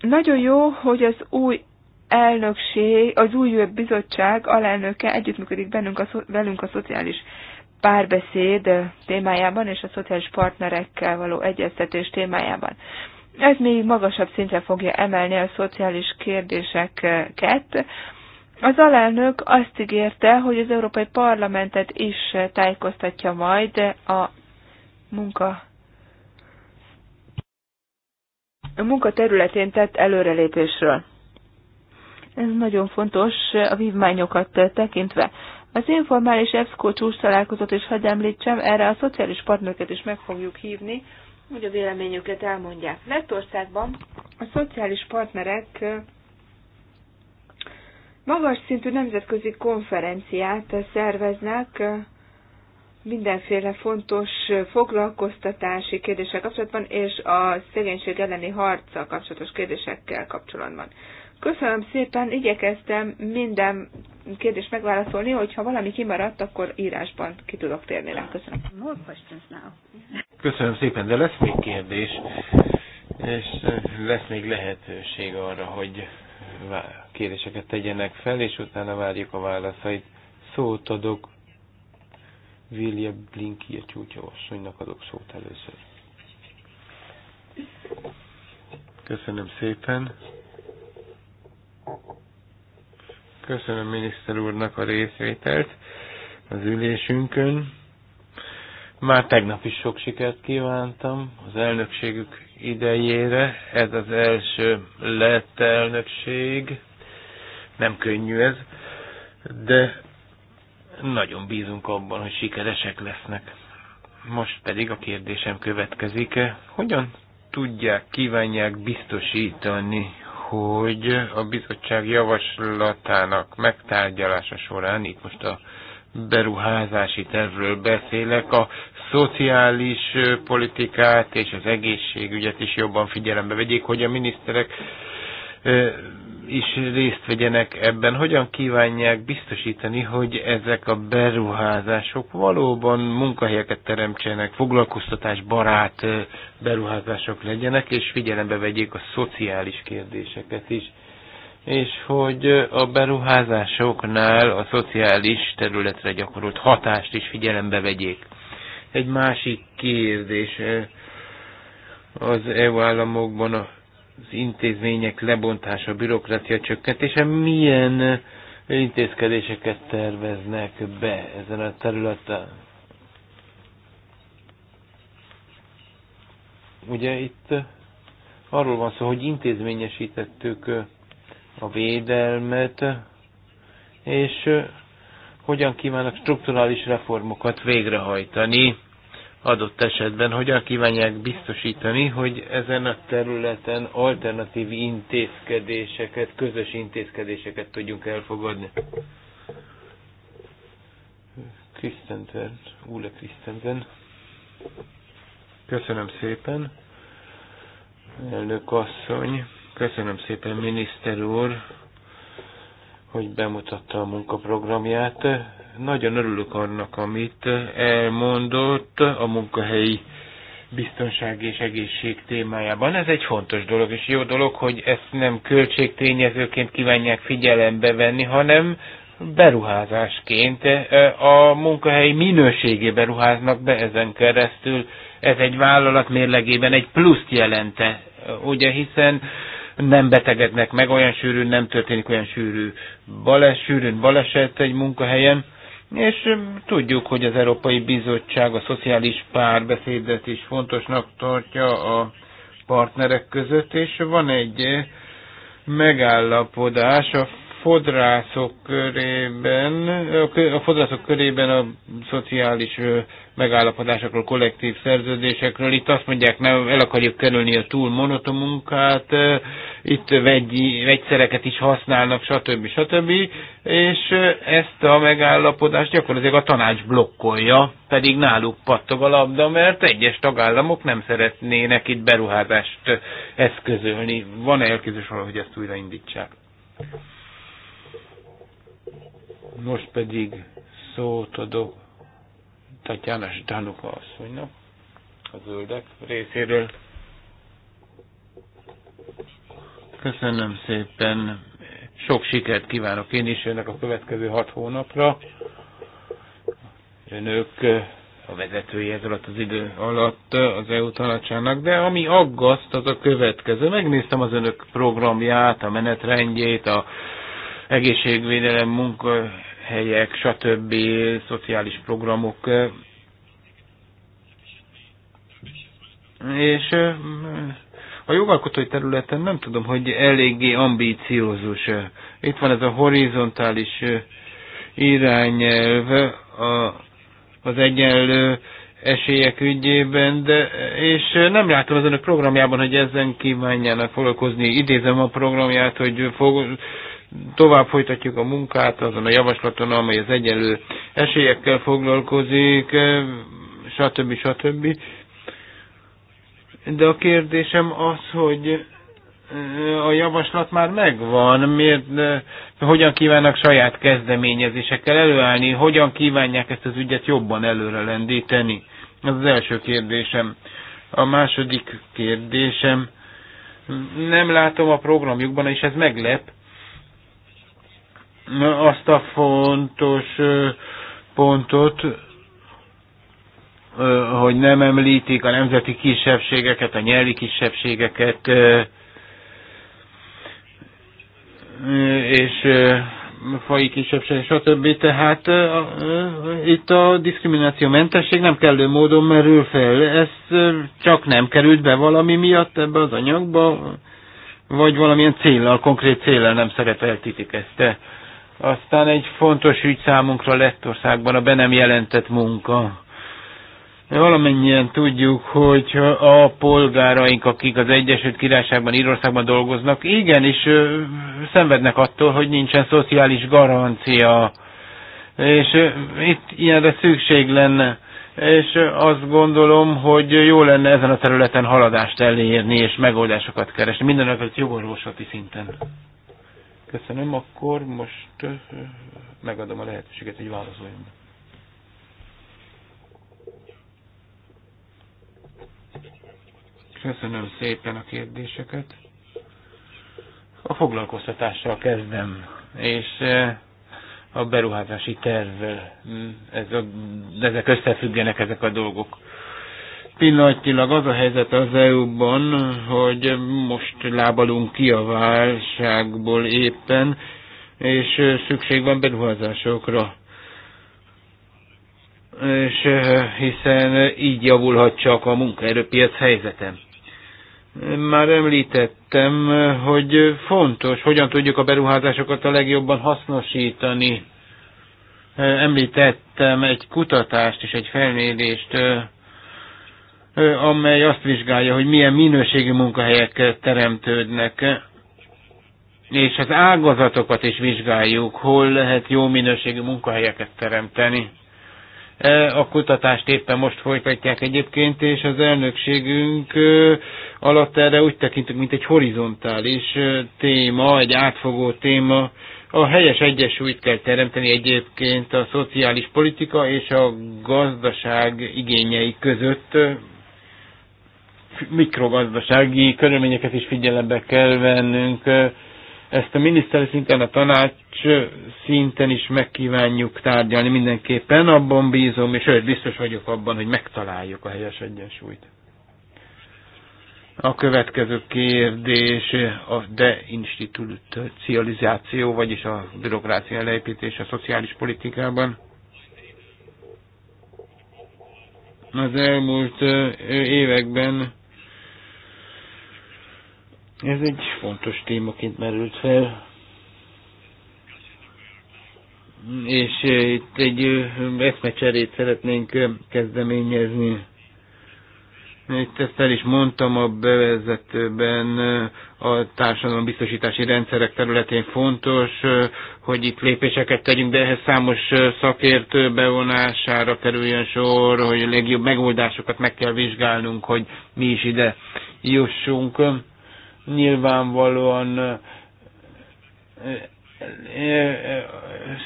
Nagyon jó, hogy az új elnökség, az új bizottság alelnöke együttműködik bennünk a, velünk a szociális párbeszéd témájában és a szociális partnerekkel való egyeztetés témájában. Ez még magasabb szintre fogja emelni a szociális kérdéseket, az alelnök azt ígérte, hogy az Európai Parlamentet is tájékoztatja majd a munka a munka területén tett előrelépésről. Ez nagyon fontos a vívmányokat tekintve. Az informális EFSZKO csúcs találkozott, és hagyd említsem, erre a szociális partnereket is meg fogjuk hívni, hogy a véleményüket elmondják. Lettországban a szociális partnerek magas szintű nemzetközi konferenciát szerveznek mindenféle fontos foglalkoztatási kérdések kapcsolatban és a szegénység elleni harccal kapcsolatos kérdésekkel kapcsolatban. Köszönöm szépen, igyekeztem minden kérdést megválaszolni, hogyha valami kimaradt, akkor írásban ki tudok térni rá. Köszönöm. Köszönöm szépen, de lesz még kérdés, és lesz még lehetőség arra, hogy kérdéseket tegyenek fel, és utána várjuk a válaszait. Szót adok Vilja Blinki a csúcsavasszonynak adok szót először. Köszönöm szépen. Köszönöm miniszter úrnak a részvételt az ülésünkön. Már tegnap is sok sikert kívántam az elnökségük idejére. Ez az első lett elnökség. Nem könnyű ez, de nagyon bízunk abban, hogy sikeresek lesznek. Most pedig a kérdésem következik. Hogyan tudják, kívánják biztosítani, hogy a bizottság javaslatának megtárgyalása során, itt most a beruházási tervről beszélek. A szociális politikát és az egészségügyet is jobban figyelembe vegyék, hogy a miniszterek is részt vegyenek ebben. Hogyan kívánják biztosítani, hogy ezek a beruházások valóban munkahelyeket teremtsenek, foglalkoztatás barát beruházások legyenek, és figyelembe vegyék a szociális kérdéseket is és hogy a beruházásoknál a szociális területre gyakorolt hatást is figyelembe vegyék. Egy másik kérdés eh, az EU államokban az intézmények lebontása, a bürokrácia csökkentése milyen eh, intézkedéseket terveznek be ezen a területen? Ugye itt eh, arról van szó, hogy intézményesítettük a védelmet, és hogyan kívánnak strukturális reformokat végrehajtani adott esetben, hogyan kívánják biztosítani, hogy ezen a területen alternatív intézkedéseket, közös intézkedéseket tudjunk elfogadni. Krisztenten, Úle Krisztenten. Köszönöm szépen, elnök asszony. Köszönöm szépen, miniszter úr, hogy bemutatta a munkaprogramját. Nagyon örülök annak, amit elmondott a munkahelyi biztonság és egészség témájában. Ez egy fontos dolog, és jó dolog, hogy ezt nem költségtényezőként kívánják figyelembe venni, hanem beruházásként e, a munkahelyi minőségébe ruháznak be ezen keresztül. Ez egy vállalat mérlegében egy pluszt jelente, ugye, hiszen nem betegednek meg, olyan sűrűn nem történik olyan sűrű bales, sűrűn baleset egy munkahelyen, és tudjuk, hogy az Európai Bizottság a szociális párbeszédet is fontosnak tartja a partnerek között, és van egy megállapodás a fodrászok körében, a fodrászok körében a szociális megállapodásokról, kollektív szerződésekről. Itt azt mondják, nem el akarjuk kerülni a túl monoton munkát, itt vegy, vegyszereket is használnak, stb. stb. És ezt a megállapodást gyakorlatilag a tanács blokkolja, pedig náluk pattog a labda, mert egyes tagállamok nem szeretnének itt beruházást eszközölni. Van-e elképzelés hogy ezt újraindítsák? Most pedig szót adok Tatjana Zsdanuka asszonynak a zöldek részéről. Köszönöm szépen. Sok sikert kívánok én is önnek a következő hat hónapra. Önök eh, a vezetői ez alatt az idő alatt eh, az EU tanácsának, de ami aggaszt, az a következő. Megnéztem az önök programját, a menetrendjét, a egészségvédelem, munkahelyek, stb. szociális programok. És a jogalkotói területen nem tudom, hogy eléggé ambíciózus. Itt van ez a horizontális irányelv a, az egyenlő esélyek ügyében, de, és nem látom az önök programjában, hogy ezen kívánjának foglalkozni. Idézem a programját, hogy fog, tovább folytatjuk a munkát azon a javaslaton, amely az egyenlő esélyekkel foglalkozik, stb. stb. De a kérdésem az, hogy eh, a javaslat már megvan, miért, eh, hogyan kívánnak saját kezdeményezésekkel előállni, hogyan kívánják ezt az ügyet jobban előre lendíteni. Ez az első kérdésem. A második kérdésem, nem látom a programjukban, és ez meglep, azt a fontos pontot, hogy nem említik a nemzeti kisebbségeket, a nyelvi kisebbségeket, és fai kisebbség, stb. Tehát itt a diszkrimináció mentesség nem kellő módon merül fel. Ez csak nem került be valami miatt ebbe az anyagba, vagy valamilyen célral, konkrét célral nem szerepeltítik ezt. Aztán egy fontos ügy számunkra Lettországban a be nem jelentett munka. Valamennyien tudjuk, hogy a polgáraink, akik az Egyesült Királyságban, Írországban dolgoznak, igenis szenvednek attól, hogy nincsen szociális garancia, és itt ilyenre szükség lenne és azt gondolom, hogy jó lenne ezen a területen haladást elérni és megoldásokat keresni, mindenek az jogorvoslati szinten. Köszönöm, akkor most megadom a lehetőséget, hogy válaszoljon. Köszönöm szépen a kérdéseket. A foglalkoztatással kezdem, és a beruházási tervvel. ezek összefüggenek ezek a dolgok. Pillanatilag az a helyzet az EU-ban, hogy most lábalunk ki a válságból éppen, és szükség van beruházásokra. És eh, hiszen így javulhat csak a munkaerőpiac helyzete. Már említettem, hogy fontos, hogyan tudjuk a beruházásokat a legjobban hasznosítani. Eh, említettem egy kutatást és egy felmérést eh, amely azt vizsgálja, hogy milyen minőségű munkahelyek teremtődnek, és az ágazatokat is vizsgáljuk, hol lehet jó minőségű munkahelyeket teremteni. A kutatást éppen most folytatják egyébként, és az elnökségünk alatt erre úgy tekintünk, mint egy horizontális téma, egy átfogó téma. A helyes egyesúlyt kell teremteni egyébként a szociális politika és a gazdaság igényei között mikrogazdasági körülményeket is figyelembe kell vennünk. Ezt a miniszteri szinten, a tanács szinten is megkívánjuk tárgyalni mindenképpen. Abban bízom, és sőt, biztos vagyok abban, hogy megtaláljuk a helyes egyensúlyt. A következő kérdés a deinstitucionalizáció, vagyis a bürokrácia leépítése a szociális politikában. Az elmúlt években ez egy fontos témaként merült fel. És eh, itt egy eh, eszmecserét szeretnénk eh, kezdeményezni. Itt ezt el is mondtam a bevezetőben, a társadalom biztosítási rendszerek területén fontos, hogy itt lépéseket tegyünk, de ehhez számos szakértő bevonására kerüljön sor, hogy a legjobb megoldásokat meg kell vizsgálnunk, hogy mi is ide jussunk Nyilvánvalóan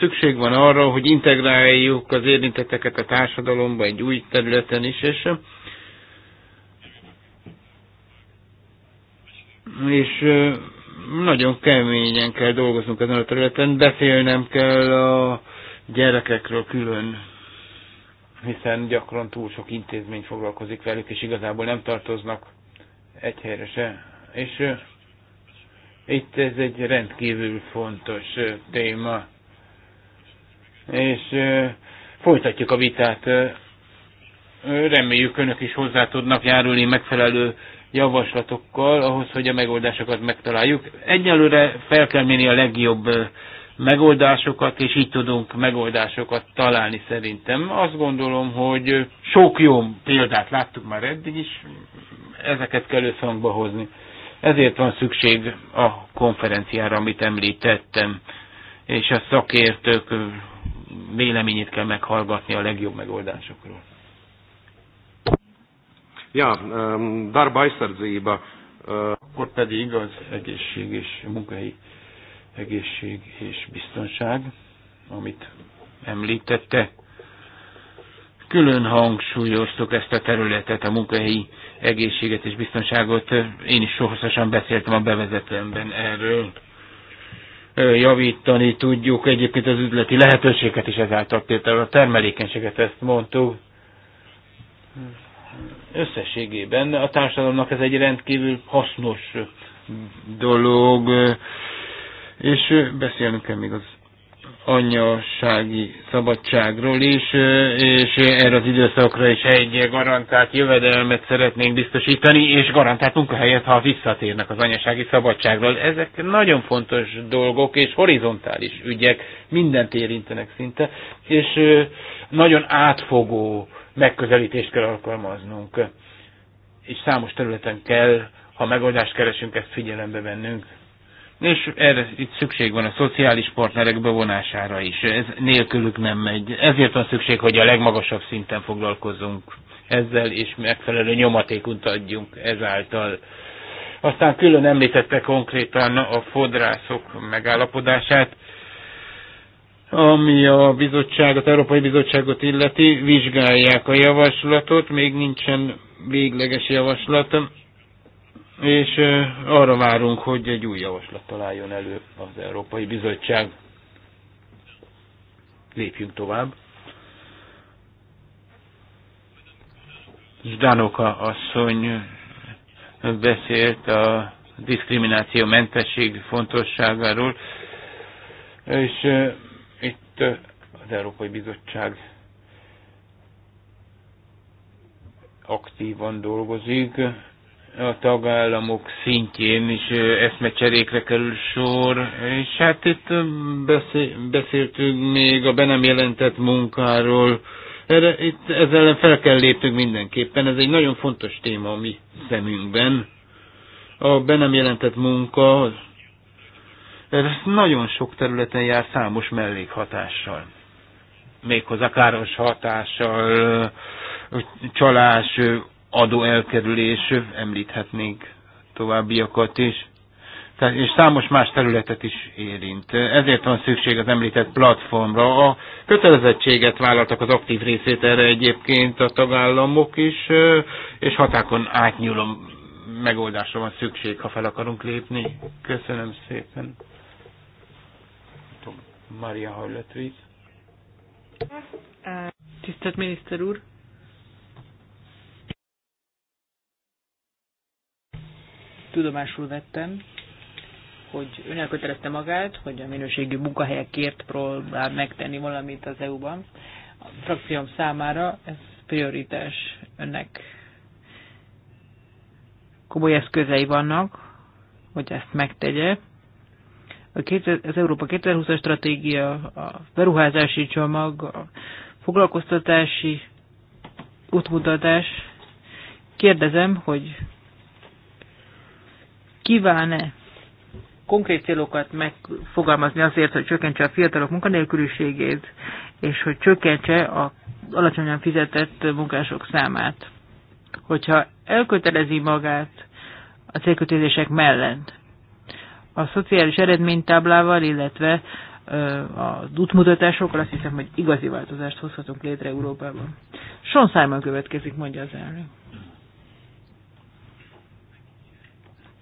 szükség van arra, hogy integráljuk az érintetteket a társadalomba egy új területen is, és és nagyon keményen kell dolgoznunk ezen a területen, beszélnem kell a gyerekekről külön, hiszen gyakran túl sok intézmény foglalkozik velük, és igazából nem tartoznak egy helyre se és itt ez egy rendkívül fontos téma. És folytatjuk a vitát. Reméljük önök is hozzá tudnak járulni megfelelő javaslatokkal ahhoz, hogy a megoldásokat megtaláljuk. Egyelőre fel kell menni a legjobb megoldásokat, és így tudunk megoldásokat találni szerintem. Azt gondolom, hogy sok jó példát láttuk már eddig is, ezeket kell összhangba hozni. Ezért van szükség a konferenciára, amit említettem, és a szakértők véleményét kell meghallgatni a legjobb megoldásokról. Ja, um, darba aizsardzība. Uh, akkor pedig az egészség és munkai egészség és biztonság, amit említette. Külön hangsúlyoztuk ezt a területet, a munkahelyi egészséget és biztonságot. Én is sohasem beszéltem a bevezetőmben erről. Javítani tudjuk egyébként az üzleti lehetőséget is ezáltal, például a termelékenységet ezt mondtuk. Összességében a társadalomnak ez egy rendkívül hasznos dolog, és beszélnünk kell még az anyasági szabadságról is, és erre az időszakra is egy garantált jövedelmet szeretnénk biztosítani, és garantált munkahelyet, ha visszatérnek az anyasági szabadságról. Ezek nagyon fontos dolgok, és horizontális ügyek, mindent érintenek szinte, és nagyon átfogó megközelítést kell alkalmaznunk, és számos területen kell, ha megoldást keresünk, ezt figyelembe vennünk. És erre itt szükség van a szociális partnerek bevonására is. Ez nélkülük nem megy. Ezért van szükség, hogy a legmagasabb szinten foglalkozunk ezzel, és megfelelő nyomatékunt adjunk ezáltal. Aztán külön említette konkrétan a fodrászok megállapodását, ami a bizottságot, Európai Bizottságot illeti, vizsgálják a javaslatot, még nincsen végleges javaslat és arra várunk, hogy egy új javaslat találjon elő az Európai Bizottság. Lépjünk tovább. Zdanoka asszony beszélt a diszkrimináció mentesség fontosságáról, és itt az Európai Bizottság aktívan dolgozik, a tagállamok szintjén is eszmecserékre kerül sor, és hát itt beszéltünk még a be nem jelentett munkáról, erre, itt, ezzel ellen fel kell lépnünk mindenképpen, ez egy nagyon fontos téma a mi szemünkben. A be nem jelentett munka, ez nagyon sok területen jár számos mellékhatással. Méghozzá káros hatással, csalás, adóelkerülés, említhetnénk továbbiakat is, és számos más területet is érint. Ezért van szükség az említett platformra. A kötelezettséget vállaltak az aktív részét erre egyébként a tagállamok is, és hatákon átnyúló megoldásra van szükség, ha fel akarunk lépni. Köszönöm szépen. Maria Hajlatvíz. Tisztelt miniszter úr! tudomásul vettem, hogy ön elkötelezte magát, hogy a minőségű munkahelyekért próbál megtenni valamit az EU-ban. A frakcióm számára ez prioritás önnek komoly eszközei vannak, hogy ezt megtegye. A két az Európa 2020-as stratégia, a beruházási csomag, a foglalkoztatási útmutatás. Kérdezem, hogy kíván-e konkrét célokat megfogalmazni azért, hogy csökkentse a fiatalok munkanélküliségét, és hogy csökkentse a alacsonyan fizetett munkások számát. Hogyha elkötelezi magát a célkötőzések mellett, a szociális eredménytáblával, illetve az útmutatásokkal azt hiszem, hogy igazi változást hozhatunk létre Európában. Sean Simon következik, mondja az elnök.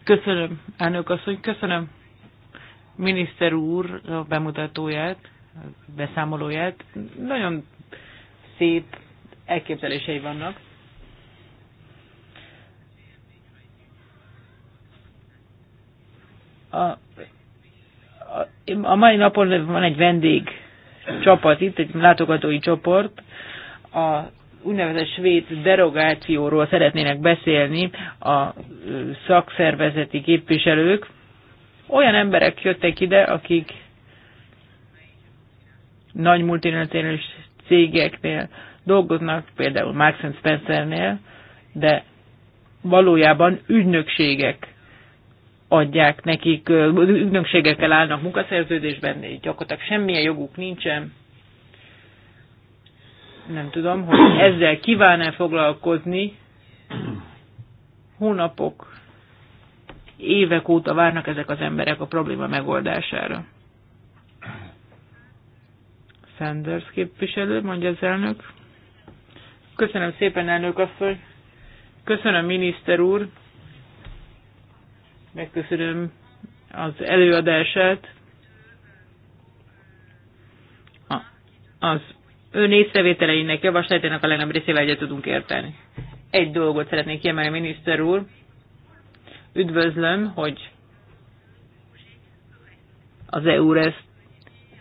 Köszönöm, elnök asszony, köszönöm miniszter úr a bemutatóját, beszámolóját. Nagyon szép elképzelései vannak. a, a mai napon van egy vendég csapat itt, egy látogatói csoport, a úgynevezett svéd derogációról szeretnének beszélni a szakszervezeti képviselők. Olyan emberek jöttek ide, akik nagy multinacionális cégeknél dolgoznak, például Marks Spencernél, de valójában ügynökségek adják nekik, ügynökségekkel állnak munkaszerződésben, gyakorlatilag semmilyen joguk nincsen, nem tudom, hogy ezzel kíván-e foglalkozni. Hónapok, évek óta várnak ezek az emberek a probléma megoldására. Sanders képviselő, mondja az elnök. Köszönöm szépen, elnök asszony. Köszönöm, miniszter úr. Megköszönöm az előadását. Az ön észrevételeinek, javaslatának a legnagyobb részével egyet tudunk érteni. Egy dolgot szeretnék kiemelni, miniszter úr. Üdvözlöm, hogy az EURES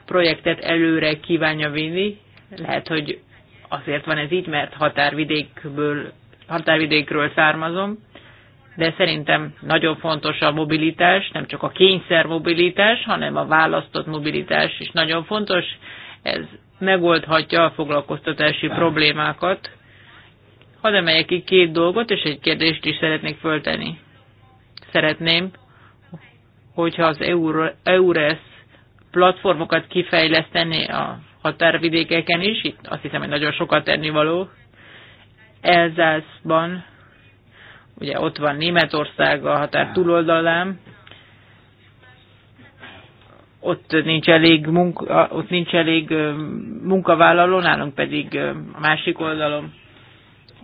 projektet előre kívánja vinni. Lehet, hogy azért van ez így, mert határvidékből, határvidékről származom, de szerintem nagyon fontos a mobilitás, nem csak a kényszer mobilitás, hanem a választott mobilitás is nagyon fontos. Ez megoldhatja a foglalkoztatási problémákat. Hadd emeljek ki két dolgot, és egy kérdést is szeretnék föltenni. Szeretném, hogyha az EURES platformokat kifejleszteni a határvidékeken is, itt azt hiszem, hogy nagyon sokat tennivaló. Elzászban, ugye ott van Németország a határ túloldalán, ott nincs elég, munka, ott nincs elég munkavállaló, nálunk pedig a másik oldalon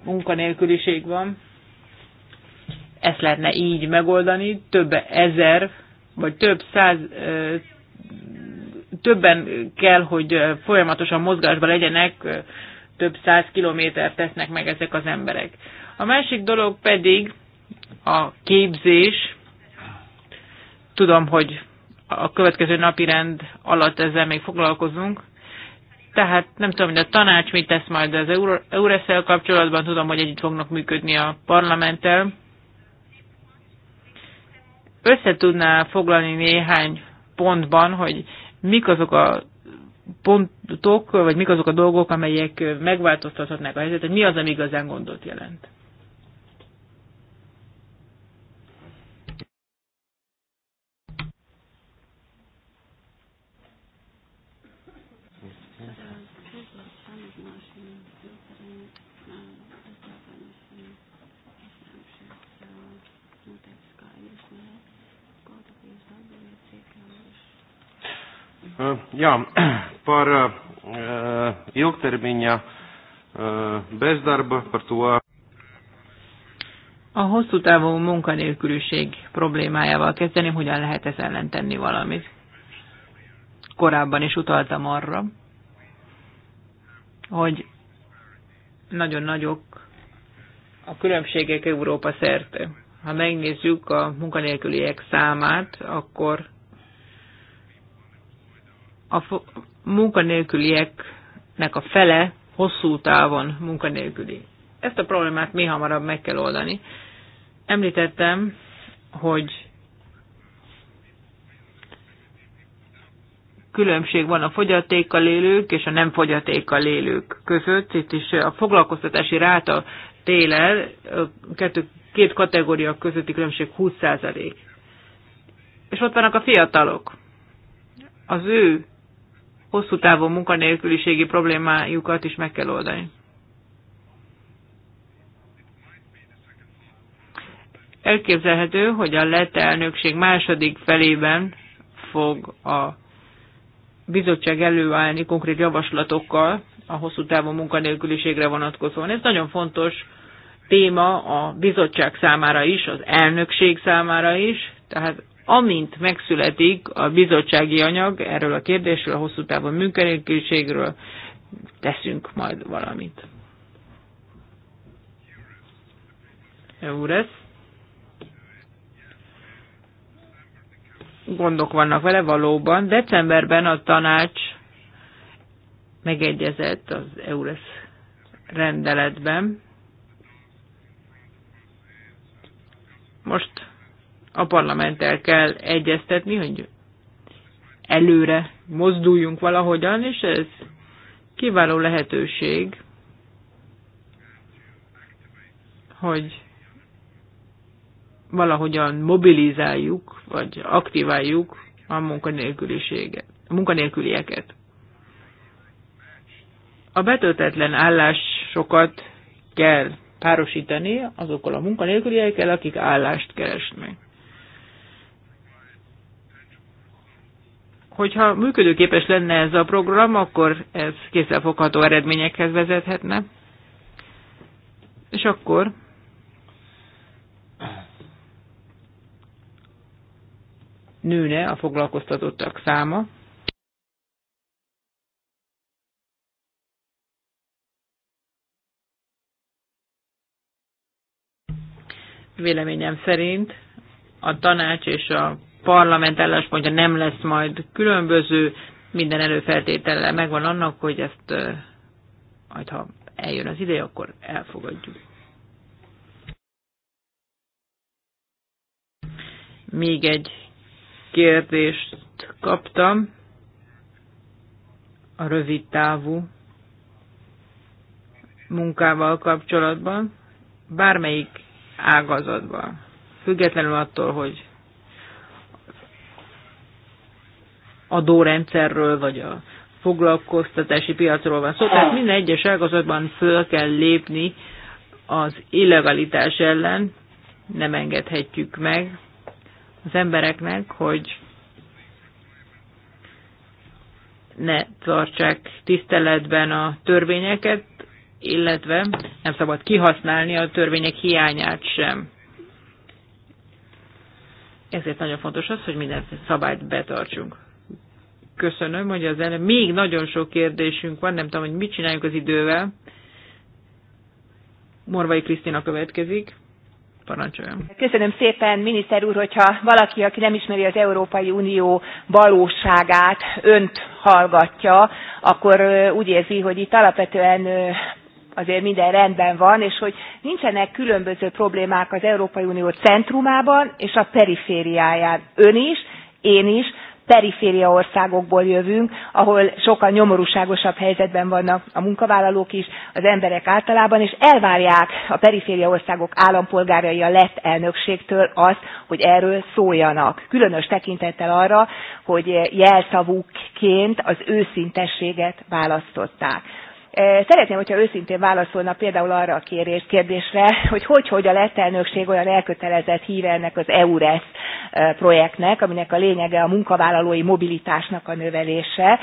munkanélküliség van. Ezt lehetne így megoldani, több ezer, vagy több száz, többen kell, hogy folyamatosan mozgásban legyenek, több száz kilométer tesznek meg ezek az emberek. A másik dolog pedig a képzés. Tudom, hogy a következő napi rend alatt ezzel még foglalkozunk. Tehát nem tudom, hogy a tanács mit tesz majd az Eureszel kapcsolatban, tudom, hogy együtt fognak működni a parlamenttel. Össze tudná foglalni néhány pontban, hogy mik azok a pontok, vagy mik azok a dolgok, amelyek megváltoztathatnák a helyzetet, mi az, ami igazán gondot jelent. Jā, par ilgtermiņa bezdarba, par to. A hosszú távú munkanélküliség problémájával kezdeném, hogyan lehet ez ellen tenni valamit. Korábban is utaltam arra, hogy nagyon nagyok a különbségek Európa szerte. Ha megnézzük a munkanélküliek számát, akkor a munkanélkülieknek a fele hosszú távon munkanélküli. Ezt a problémát mi hamarabb meg kell oldani. Említettem, hogy különbség van a fogyatékkal élők és a nem fogyatékkal élők között. Itt is a foglalkoztatási ráta télen kettő, két kategória közötti különbség 20%. És ott vannak a fiatalok. Az ő hosszú távon munkanélküliségi problémájukat is meg kell oldani. Elképzelhető, hogy a lett elnökség második felében fog a bizottság előállni konkrét javaslatokkal a hosszú távú munkanélküliségre vonatkozóan. Ez nagyon fontos téma a bizottság számára is, az elnökség számára is, tehát amint megszületik a bizottsági anyag erről a kérdésről, a hosszú távon működőségről, teszünk majd valamit. Eures. Gondok vannak vele valóban. Decemberben a tanács megegyezett az Eures rendeletben. Most a parlamenttel kell egyeztetni, hogy előre mozduljunk valahogyan, és ez kiváló lehetőség, hogy valahogyan mobilizáljuk, vagy aktiváljuk a munkanélküliséget, a munkanélkülieket. A betöltetlen állásokat kell párosítani azokkal a munkanélküliekkel, akik állást keresnek. Hogyha működőképes lenne ez a program, akkor ez kézzelfogható eredményekhez vezethetne. És akkor nőne a foglalkoztatottak száma. Véleményem szerint a tanács és a parlament álláspontja nem lesz majd különböző, minden előfeltétele megvan annak, hogy ezt majd ha eljön az ideje, akkor elfogadjuk. Még egy kérdést kaptam a rövid távú munkával kapcsolatban, bármelyik ágazatban, függetlenül attól, hogy adórendszerről, vagy a foglalkoztatási piacról van szó. Szóval, tehát minden egyes ágazatban föl kell lépni az illegalitás ellen, nem engedhetjük meg az embereknek, hogy ne tartsák tiszteletben a törvényeket, illetve nem szabad kihasználni a törvények hiányát sem. Ezért nagyon fontos az, hogy minden szabályt betartsunk köszönöm, hogy az előbb még nagyon sok kérdésünk van, nem tudom, hogy mit csináljuk az idővel. Morvai Krisztina következik. Parancsoljon. Köszönöm szépen, miniszter úr, hogyha valaki, aki nem ismeri az Európai Unió valóságát, önt hallgatja, akkor úgy érzi, hogy itt alapvetően azért minden rendben van, és hogy nincsenek különböző problémák az Európai Unió centrumában és a perifériáján. Ön is, én is, periféria országokból jövünk, ahol sokkal nyomorúságosabb helyzetben vannak a munkavállalók is, az emberek általában, és elvárják a periféria országok állampolgárai a lett elnökségtől azt, hogy erről szóljanak. Különös tekintettel arra, hogy jelszavukként az őszintességet választották Szeretném, hogyha őszintén válaszolna például arra a kérés, kérdésre, hogy hogy, hogy a lett elnökség olyan elkötelezett híve ennek az EURES projektnek, aminek a lényege a munkavállalói mobilitásnak a növelése,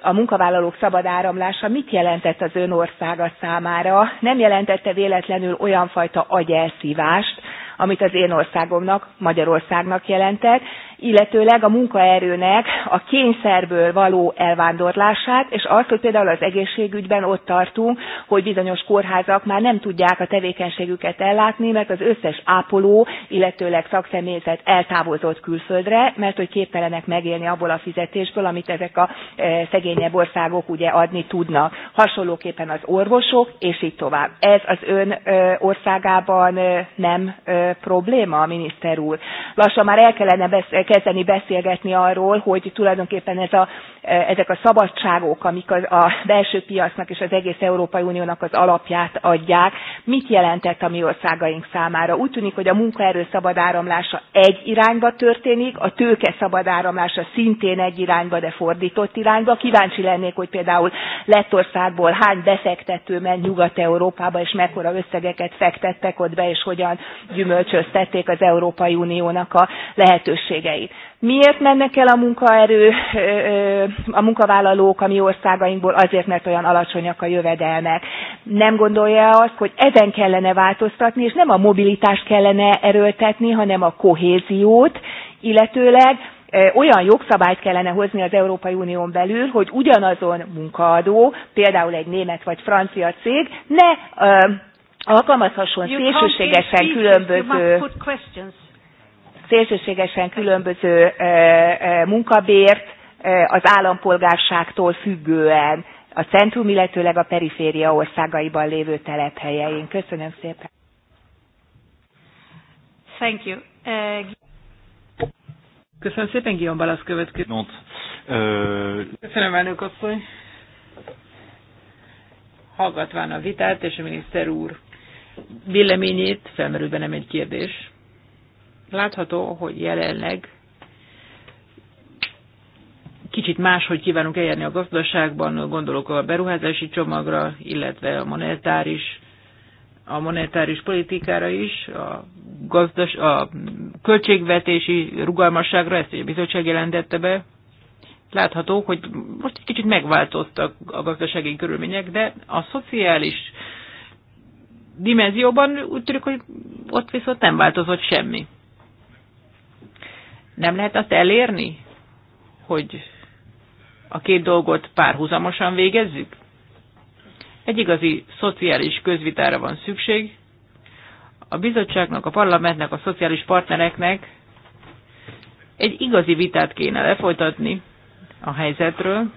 a munkavállalók szabad áramlása. Mit jelentett az ön országa számára? Nem jelentette véletlenül olyan fajta agyelszívást, amit az én országomnak, Magyarországnak jelentett, illetőleg a munkaerőnek a kényszerből való elvándorlását, és azt, hogy például az egészségügyben ott tartunk, hogy bizonyos kórházak már nem tudják a tevékenységüket ellátni, mert az összes ápoló, illetőleg szakszemélyzet eltávozott külföldre, mert hogy képtelenek megélni abból a fizetésből, amit ezek a e, szegényebb országok ugye adni tudnak. Hasonlóképpen az orvosok, és így tovább. Ez az ön e, országában e, nem probléma, miniszter úr. Lassan már el kellene beszélni, kezdeni beszélgetni arról, hogy tulajdonképpen ez a, e, ezek a szabadságok, amik a, a belső piacnak és az egész Európai Uniónak az alapját adják, mit jelentett a mi országaink számára. Úgy tűnik, hogy a munkaerő szabad áramlása egy irányba történik, a tőke szabad áramlása szintén egy irányba, de fordított irányba. Kíváncsi lennék, hogy például Lettországból hány befektető ment Nyugat-Európába, és mekkora összegeket fektettek ott be, és hogyan gyümölcsöztették az Európai Uniónak a lehetőségeit területeit. Miért mennek el a munkaerő, a munkavállalók a mi országainkból? Azért, mert olyan alacsonyak a jövedelmek. Nem gondolja azt, hogy ezen kellene változtatni, és nem a mobilitást kellene erőltetni, hanem a kohéziót, illetőleg olyan jogszabályt kellene hozni az Európai Unión belül, hogy ugyanazon munkaadó, például egy német vagy francia cég, ne alkalmazhasson szélsőségesen különböző szélsőségesen különböző munkabért az állampolgárságtól függően a centrum, illetőleg a periféria országaiban lévő telephelyein. Köszönöm szépen. Thank you. Uh, Köszönöm szépen, Gion Balasz következő. Not, uh... Köszönöm, elnök asszony. Hallgatván a vitát és a miniszter úr véleményét, felmerül bennem egy kérdés. Látható, hogy jelenleg kicsit máshogy kívánunk eljárni a gazdaságban, gondolok a beruházási csomagra, illetve a monetáris, a monetáris politikára is, a, gazdas, a költségvetési rugalmasságra, ezt a bizottság jelentette be. Látható, hogy most egy kicsit megváltoztak a gazdasági körülmények, de a szociális dimenzióban úgy tűnik, hogy ott viszont nem változott semmi. Nem lehet azt elérni, hogy a két dolgot párhuzamosan végezzük? Egy igazi szociális közvitára van szükség. A bizottságnak, a parlamentnek, a szociális partnereknek egy igazi vitát kéne lefolytatni a helyzetről,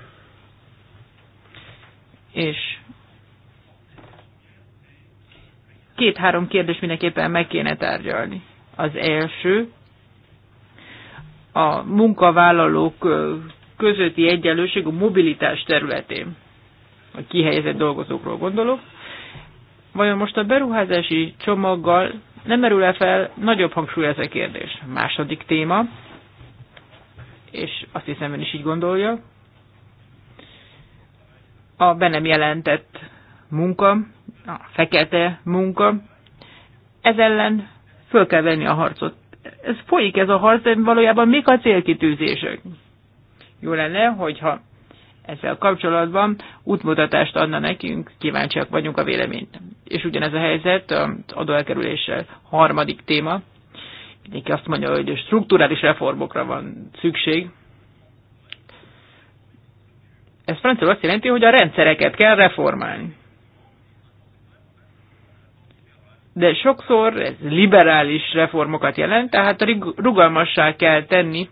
és két-három kérdés mindenképpen meg kéne tárgyalni. Az első, a munkavállalók közötti egyenlőség a mobilitás területén. A kihelyezett dolgozókról gondolok. Vajon most a beruházási csomaggal nem merül -e fel nagyobb hangsúly ez a kérdés? Második téma, és azt hiszem ön is így gondolja, a be nem jelentett munka, a fekete munka, ez ellen föl kell venni a harcot ez folyik ez a harc, de valójában mik a célkitűzések? Jó lenne, hogyha ezzel kapcsolatban útmutatást adna nekünk, kíváncsiak vagyunk a véleményt. És ugyanez a helyzet az adóelkerüléssel harmadik téma. Mindenki azt mondja, hogy strukturális reformokra van szükség. Ez francia azt jelenti, hogy a rendszereket kell reformálni. de sokszor ez liberális reformokat jelent, tehát rugalmassá kell tenni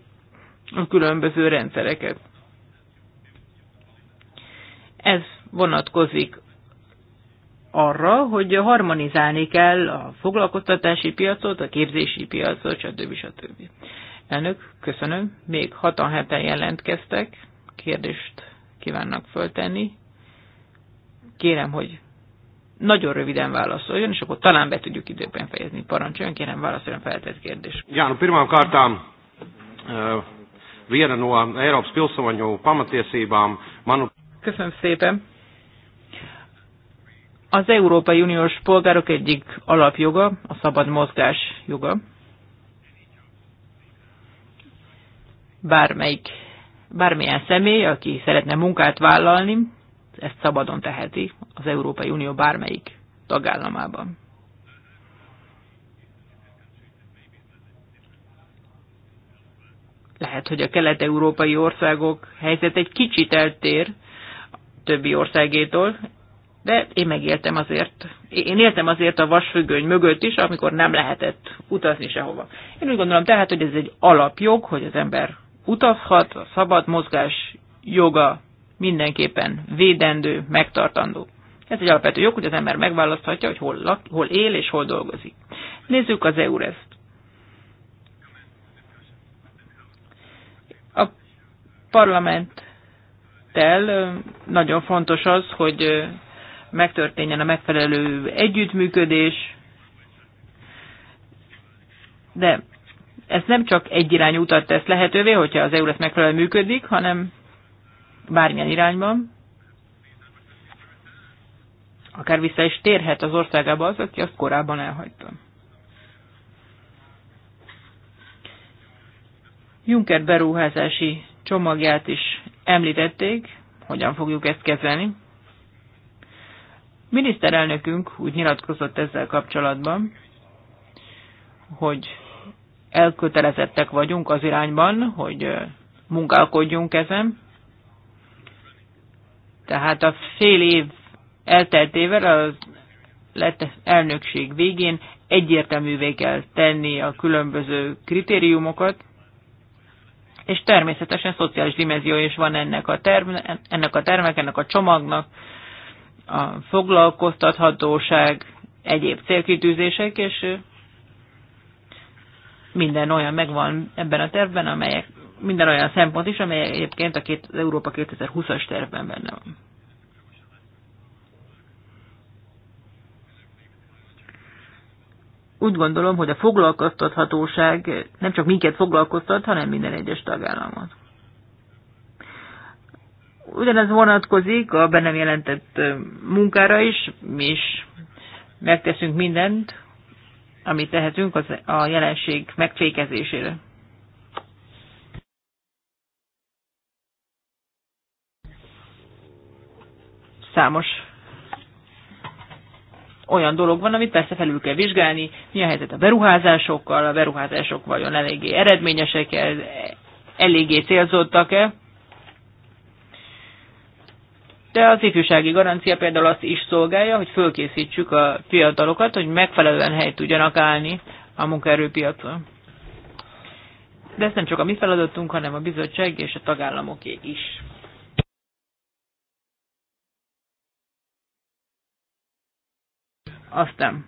a különböző rendszereket. Ez vonatkozik arra, hogy harmonizálni kell a foglalkoztatási piacot, a képzési piacot, stb. stb. Elnök, köszönöm. Még hatan heten jelentkeztek, kérdést kívánnak föltenni. Kérem, hogy nagyon röviden válaszoljon, és akkor talán be tudjuk időben fejezni. Parancsoljon, kérem, válaszoljon feltett kérdés. János pirmām kārtām e, viena no Eiropas pilsoņu pamatiesībām, manu... Köszönöm szépen. Az Európai Uniós polgárok egyik alapjoga, a szabad mozgás joga. Bármelyik, bármilyen személy, aki szeretne munkát vállalni, ezt szabadon teheti az Európai Unió bármelyik tagállamában. Lehet, hogy a kelet-európai országok helyzet egy kicsit eltér a többi országétól, de én megéltem azért, én éltem azért a vasfüggöny mögött is, amikor nem lehetett utazni sehova. Én úgy gondolom tehát, hogy ez egy alapjog, hogy az ember utazhat, a szabad mozgás joga mindenképpen védendő, megtartandó. Ez egy alapvető jog, hogy az ember megválaszthatja, hogy hol, lak, hol él és hol dolgozik. Nézzük az EURES-t. A parlamenttel nagyon fontos az, hogy megtörténjen a megfelelő együttműködés, de ez nem csak egyirányú utat tesz lehetővé, hogyha az EURES megfelelően működik, hanem bármilyen irányban, akár vissza is térhet az országába az, aki azt korábban elhagyta. Juncker beruházási csomagját is említették, hogyan fogjuk ezt kezelni. Miniszterelnökünk úgy nyilatkozott ezzel kapcsolatban, hogy elkötelezettek vagyunk az irányban, hogy munkálkodjunk ezen, tehát a fél év elteltével az lett elnökség végén egyértelművé kell tenni a különböző kritériumokat, és természetesen szociális dimenzió is van ennek a, term- ennek a termek, ennek a csomagnak, a foglalkoztathatóság, egyéb célkitűzések, és minden olyan megvan ebben a tervben, amelyek minden olyan szempont is, amely egyébként a két, az Európa 2020-as tervben benne van. Úgy gondolom, hogy a foglalkoztathatóság nem csak minket foglalkoztat, hanem minden egyes tagállamot. Ugyanez vonatkozik a bennem jelentett munkára is, mi is megteszünk mindent, amit tehetünk az, a jelenség megfékezésére. számos olyan dolog van, amit persze felül kell vizsgálni, mi a helyzet a beruházásokkal, a beruházások vajon eléggé eredményesek, -e, eléggé célzottak-e. De az ifjúsági garancia például azt is szolgálja, hogy fölkészítsük a fiatalokat, hogy megfelelően helyt tudjanak állni a munkaerőpiacon. De ez nem csak a mi feladatunk, hanem a bizottság és a tagállamoké is. Aztán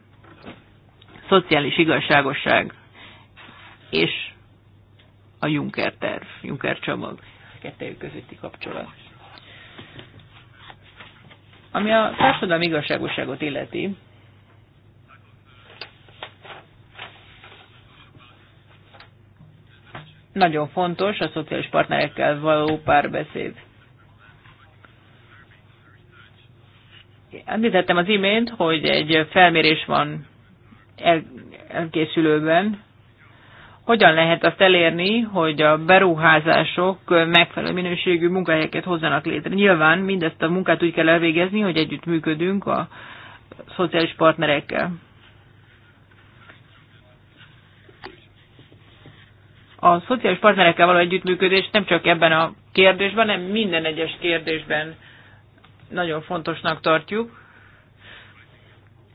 szociális igazságosság és a Juncker terv, Juncker csomag kettőjük közötti kapcsolat. Ami a társadalmi igazságosságot illeti, nagyon fontos a szociális partnerekkel való párbeszéd. Említettem az imént, hogy egy felmérés van el, elkészülőben, hogyan lehet azt elérni, hogy a beruházások megfelelő minőségű munkahelyeket hozzanak létre. Nyilván mindezt a munkát úgy kell elvégezni, hogy együtt működünk a szociális partnerekkel. A szociális partnerekkel való együttműködés nem csak ebben a kérdésben, hanem minden egyes kérdésben nagyon fontosnak tartjuk.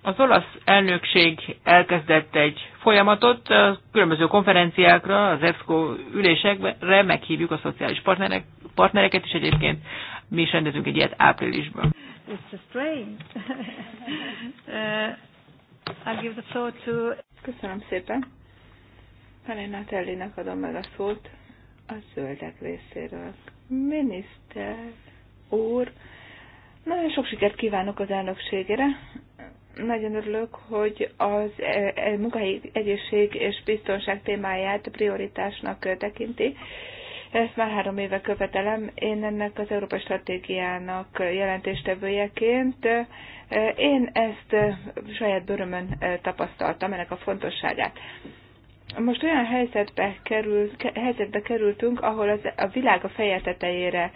Az olasz elnökség elkezdett egy folyamatot, a különböző konferenciákra, az EFSCO ülésekre meghívjuk a szociális partnerek, partnereket, és egyébként mi is rendezünk egy ilyet áprilisban. strange. Uh, I'll give the to... Köszönöm szépen. Helena Tellinek adom meg a szót a zöldek részéről. Miniszter úr, nagyon sok sikert kívánok az elnökségére. Nagyon örülök, hogy az e, e, munkahelyi egészség és biztonság témáját prioritásnak tekinti. Ezt már három éve követelem. Én ennek az Európai Stratégiának jelentéstevőjeként e, én ezt saját bőrömön tapasztaltam, ennek a fontosságát. Most olyan helyzetbe, kerül, helyzetbe kerültünk, ahol az, a világ a feje tetejére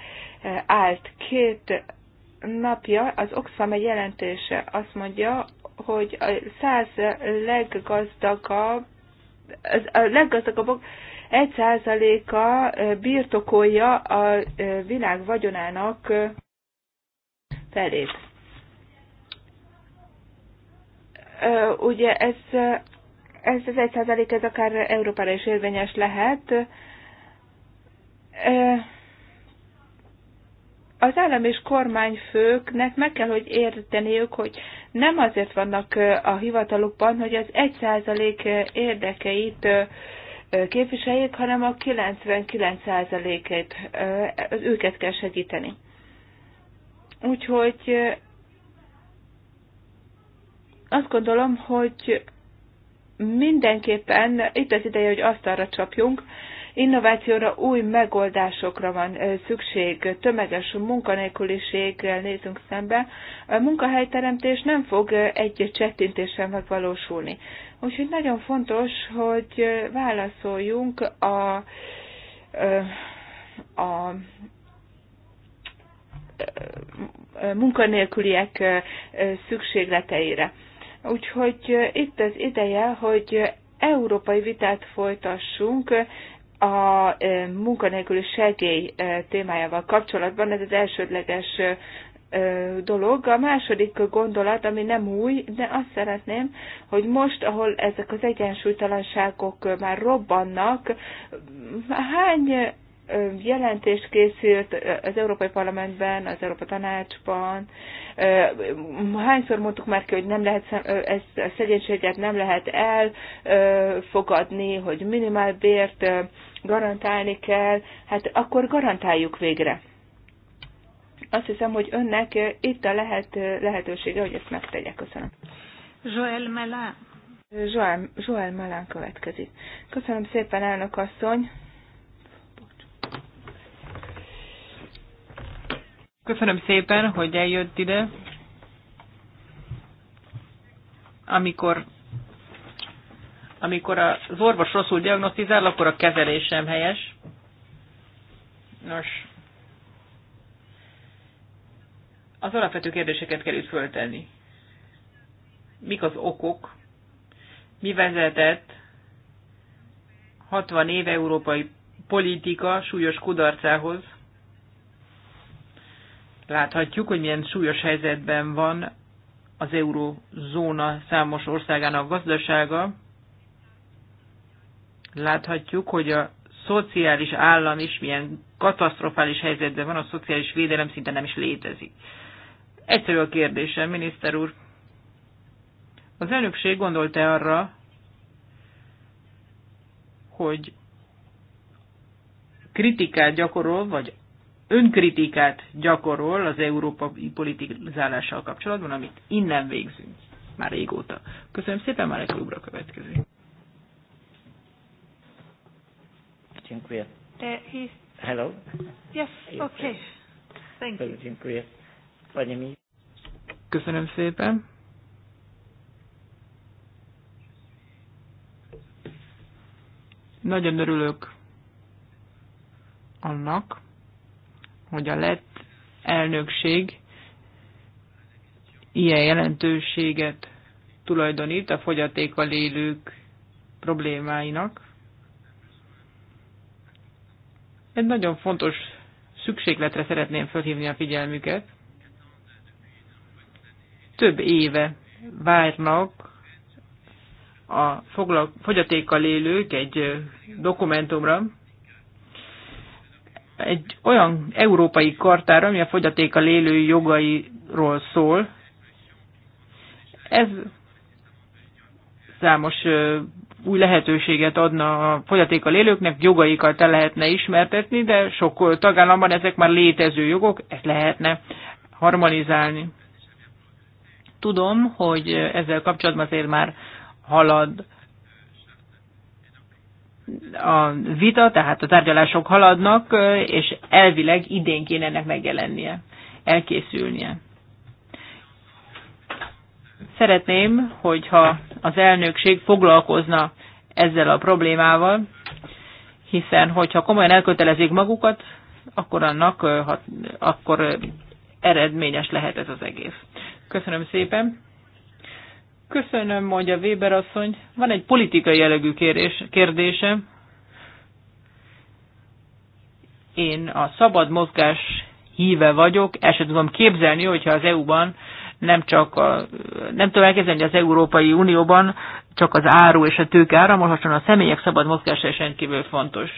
állt. Két napja az Oxfam egy jelentése azt mondja, hogy a száz leggazdagabb, a leggazdagabbak egy százaléka birtokolja a világ vagyonának felét. Ugye ez, ez az egy százalék, ez akár Európára is érvényes lehet az állam és kormányfőknek meg kell, hogy érteniük, hogy nem azért vannak a hivatalukban, hogy az 1% érdekeit képviseljék, hanem a 99%-et, őket kell segíteni. Úgyhogy azt gondolom, hogy mindenképpen itt az ideje, hogy asztalra csapjunk, Innovációra, új megoldásokra van szükség, tömeges munkanélküliséggel nézünk szembe. A munkahelyteremtés nem fog egy csettintésen megvalósulni. Úgyhogy nagyon fontos, hogy válaszoljunk a, a munkanélküliek szükségleteire. Úgyhogy itt az ideje, hogy európai vitát folytassunk, a munkanélküli segély témájával kapcsolatban, ez az elsődleges dolog. A második gondolat, ami nem új, de azt szeretném, hogy most, ahol ezek az egyensúlytalanságok már robbannak, hány jelentést készült az Európai Parlamentben, az Európa Tanácsban. Hányszor mondtuk már ki, hogy nem lehet ezt a szegénységet nem lehet elfogadni, hogy bért garantálni kell, hát akkor garantáljuk végre. Azt hiszem, hogy önnek itt a lehet, lehetősége, hogy ezt megtegye. Köszönöm. Joel Melán. Joel, Joel Melán következik. Köszönöm szépen, elnök asszony. Köszönöm szépen, hogy eljött ide. Amikor, amikor az orvos rosszul diagnosztizál, akkor a kezelés sem helyes. Nos, az alapvető kérdéseket kell itt föltenni. Mik az okok? Mi vezetett 60 év európai politika súlyos kudarcához? Láthatjuk, hogy milyen súlyos helyzetben van az eurózóna számos országának gazdasága. Láthatjuk, hogy a szociális állam is milyen katasztrofális helyzetben van, a szociális védelem szinte nem is létezik. Egyszerű a kérdésem, miniszter úr. Az elnökség gondolta arra, hogy kritikát gyakorol, vagy önkritikát gyakorol az európai politizálással kapcsolatban, amit innen végzünk már régóta. Köszönöm szépen, már egy klubra következő. Dziękuję. Uh, Hello? Yes, okay. Thank you. Dziękuję. Panie mi. Köszönöm szépen. Nagyon örülök annak, hogy a lett elnökség ilyen jelentőséget tulajdonít a fogyatékkal élők problémáinak. Egy nagyon fontos szükségletre szeretném felhívni a figyelmüket. Több éve várnak a fogyatékkal élők egy dokumentumra, egy olyan európai kartára, ami a fogyatéka lélő jogairól szól. Ez számos új lehetőséget adna a fogyatéka lélőknek, jogaikat el lehetne ismertetni, de sok tagállamban ezek már létező jogok, ezt lehetne harmonizálni. Tudom, hogy ezzel kapcsolatban azért már halad a vita, tehát a tárgyalások haladnak, és elvileg idén kéne ennek megjelennie, elkészülnie. Szeretném, hogyha az elnökség foglalkozna ezzel a problémával, hiszen hogyha komolyan elkötelezik magukat, akkor annak, akkor eredményes lehet ez az egész. Köszönöm szépen! Köszönöm, mondja Weber asszony. Van egy politikai jellegű kérés, kérdésem. Én a szabad mozgás híve vagyok, el sem tudom képzelni, hogyha az EU-ban nem csak a, nem tudom elkezdeni az Európai Unióban, csak az áru és a tőke áramolhasson, a személyek szabad mozgása is rendkívül fontos.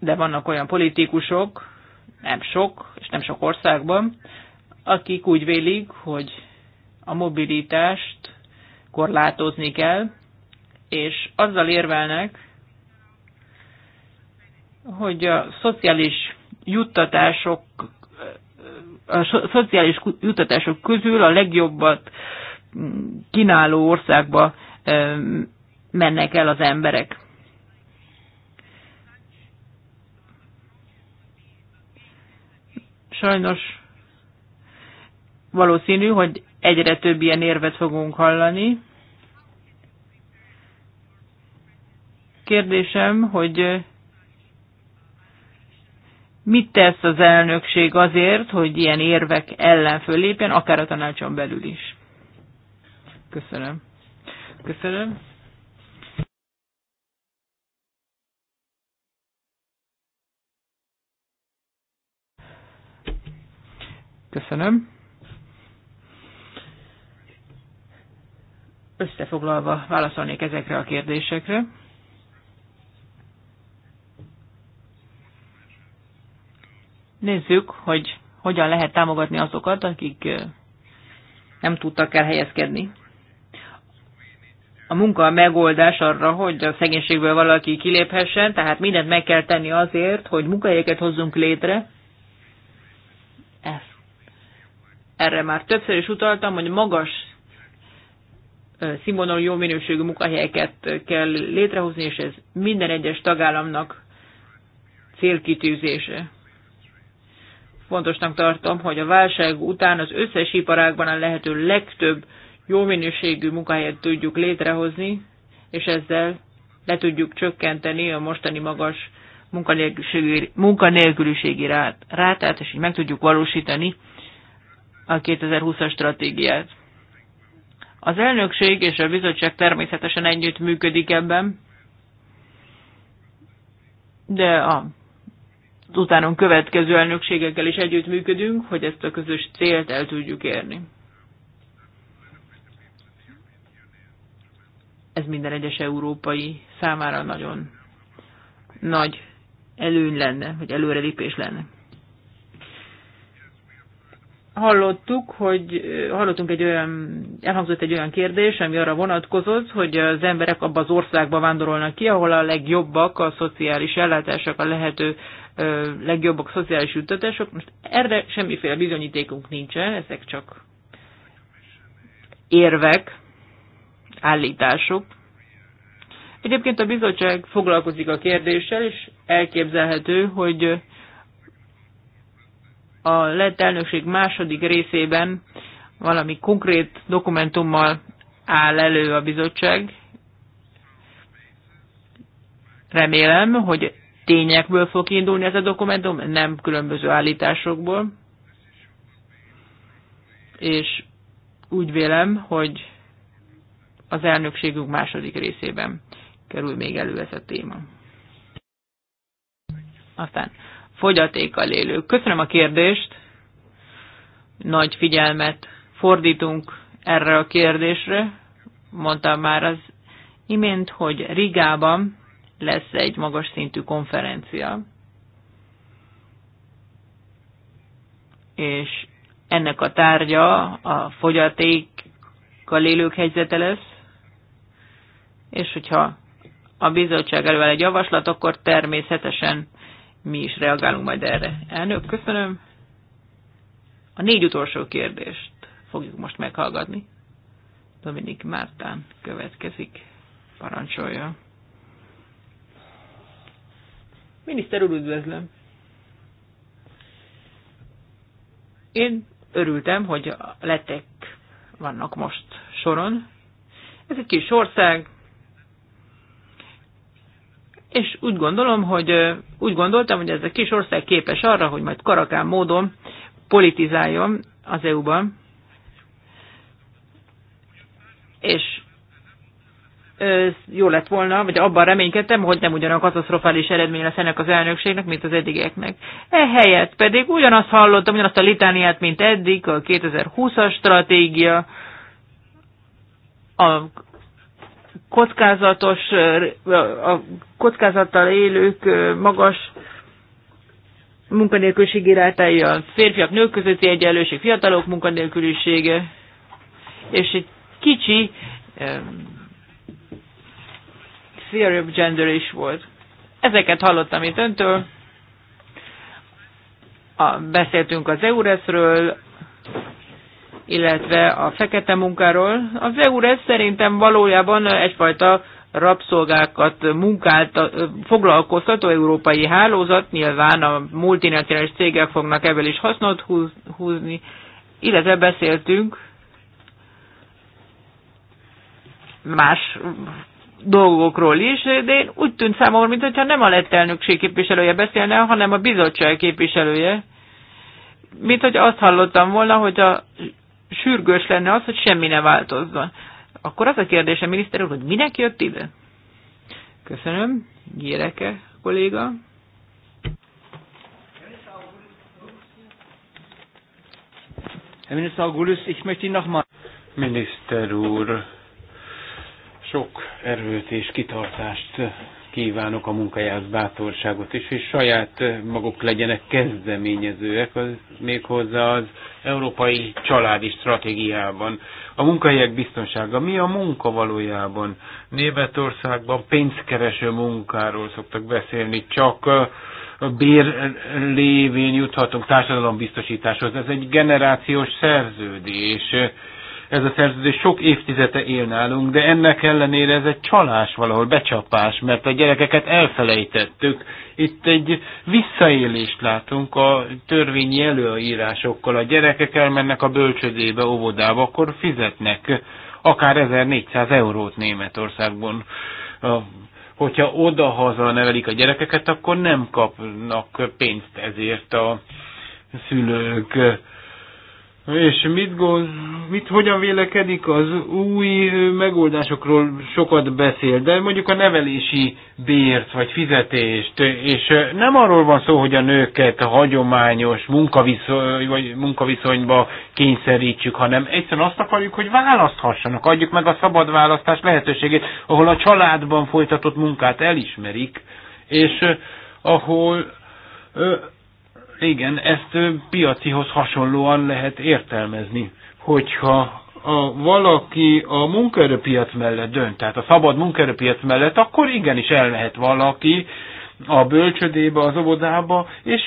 De vannak olyan politikusok, nem sok, és nem sok országban, akik úgy vélik, hogy a mobilitást korlátozni kell, és azzal érvelnek, hogy a szociális juttatások a szociális juttatások közül a legjobbat mm, kínáló országba mennek el az emberek. Sajnos valószínű, hogy egyre több ilyen érvet fogunk hallani. Kérdésem, hogy mit tesz az elnökség azért, hogy ilyen érvek ellen fölépjen, akár a tanácson belül is? Köszönöm. Köszönöm. Köszönöm. összefoglalva válaszolnék ezekre a kérdésekre. Nézzük, hogy hogyan lehet támogatni azokat, akik nem tudtak elhelyezkedni. A munka a megoldás arra, hogy a szegénységből valaki kiléphessen, tehát mindent meg kell tenni azért, hogy munkahelyeket hozzunk létre. Erre már többször is utaltam, hogy magas színvonalú, jó minőségű munkahelyeket kell létrehozni, és ez minden egyes tagállamnak célkitűzése. Fontosnak tartom, hogy a válság után az összes iparágban a lehető legtöbb jó minőségű munkahelyet tudjuk létrehozni, és ezzel le tudjuk csökkenteni a mostani magas munkanélküliségi, munkanélküliségi rátát, és így meg tudjuk valósítani a 2020-as stratégiát. Az elnökség és a bizottság természetesen együtt működik ebben, de a utánunk következő elnökségekkel is együtt működünk, hogy ezt a közös célt el tudjuk érni. Ez minden egyes európai számára nagyon nagy előny lenne, vagy előrelépés lenne hallottuk, hogy hallottunk egy olyan, elhangzott egy olyan kérdés, ami arra vonatkozott, hogy az emberek abba az országba vándorolnak ki, ahol a legjobbak a szociális ellátások, a lehető legjobbak a szociális juttatások. Most erre semmiféle bizonyítékunk nincsen, ezek csak érvek, állítások. Egyébként a bizottság foglalkozik a kérdéssel, és elképzelhető, hogy a lett elnökség második részében valami konkrét dokumentummal áll elő a bizottság. Remélem, hogy tényekből fog indulni ez a dokumentum, nem különböző állításokból. És úgy vélem, hogy az elnökségünk második részében kerül még elő ez a téma. Aztán fogyatékkal élők. Köszönöm a kérdést, nagy figyelmet fordítunk erre a kérdésre. Mondtam már az imént, hogy Rigában lesz egy magas szintű konferencia, és ennek a tárgya a fogyatékkal élők helyzete lesz, és hogyha a bizottság elővel egy javaslat, akkor természetesen mi is reagálunk majd erre. Elnök, köszönöm. A négy utolsó kérdést fogjuk most meghallgatni. Dominik Mártán következik. Parancsolja. Miniszter úr, üdvözlöm. Én örültem, hogy a letek vannak most soron. Ez egy kis ország, és úgy gondolom, hogy úgy gondoltam, hogy ez a kis ország képes arra, hogy majd karakán módon politizáljon az EU-ban, és jó lett volna, vagy abban reménykedtem, hogy nem ugyanolyan katasztrofális eredmény lesz ennek az elnökségnek, mint az eddigieknek. Ehelyett pedig ugyanazt hallottam, ugyanazt a litániát, mint eddig, a 2020-as stratégia, a kockázatos, a kockázattal élők magas munkanélküliség irátai, a férfiak nők közötti egyenlőség, fiatalok munkanélkülisége, és egy kicsi theory of gender is volt. Ezeket hallottam itt öntől. A, beszéltünk az EURES-ről, illetve a fekete munkáról. Az ez szerintem valójában egyfajta rabszolgákat munkált, foglalkoztató európai hálózat, nyilván a multinacionális cégek fognak ebből is hasznot húzni, illetve beszéltünk más dolgokról is, de úgy tűnt számomra, mintha nem a lett elnökség képviselője beszélne, hanem a bizottság képviselője. Mint hogy azt hallottam volna, hogy a sürgős lenne az, hogy semmi ne változzon. Akkor az a kérdésem, miniszter úr, hogy minek jött ide? Köszönöm. Gyereke kolléga. Minister Augulus, ich möchte Ihnen nochmal... Miniszter úr, sok erőt és kitartást kívánok a munkájához bátorságot is, és saját eh, maguk legyenek kezdeményezőek, az méghozzá az európai családi stratégiában. A munkahelyek biztonsága. Mi a munka valójában? Németországban pénzkereső munkáról szoktak beszélni, csak eh, a bér lévén juthatunk társadalombiztosításhoz. Ez egy generációs szerződés eh, ez a szerződés sok évtizede él nálunk, de ennek ellenére ez egy csalás valahol, becsapás, mert a gyerekeket elfelejtettük. Itt egy visszaélést látunk a törvényi előírásokkal. A gyerekek elmennek a bölcsödébe, óvodába, akkor fizetnek akár 1400 eurót Németországban. Hogyha oda-haza nevelik a gyerekeket, akkor nem kapnak pénzt ezért a szülők és mit, gond, mit hogyan vélekedik az új megoldásokról sokat beszél, de mondjuk a nevelési bért vagy fizetést, és nem arról van szó, hogy a nőket a hagyományos munkaviszony, vagy munkaviszonyba kényszerítsük, hanem egyszerűen azt akarjuk, hogy választhassanak, adjuk meg a szabad választás lehetőségét, ahol a családban folytatott munkát elismerik, és ahol igen, ezt piacihoz hasonlóan lehet értelmezni, hogyha a, valaki a munkaerőpiac mellett dönt, tehát a szabad munkaerőpiac mellett, akkor igenis el lehet valaki a bölcsödébe, az óvodába, és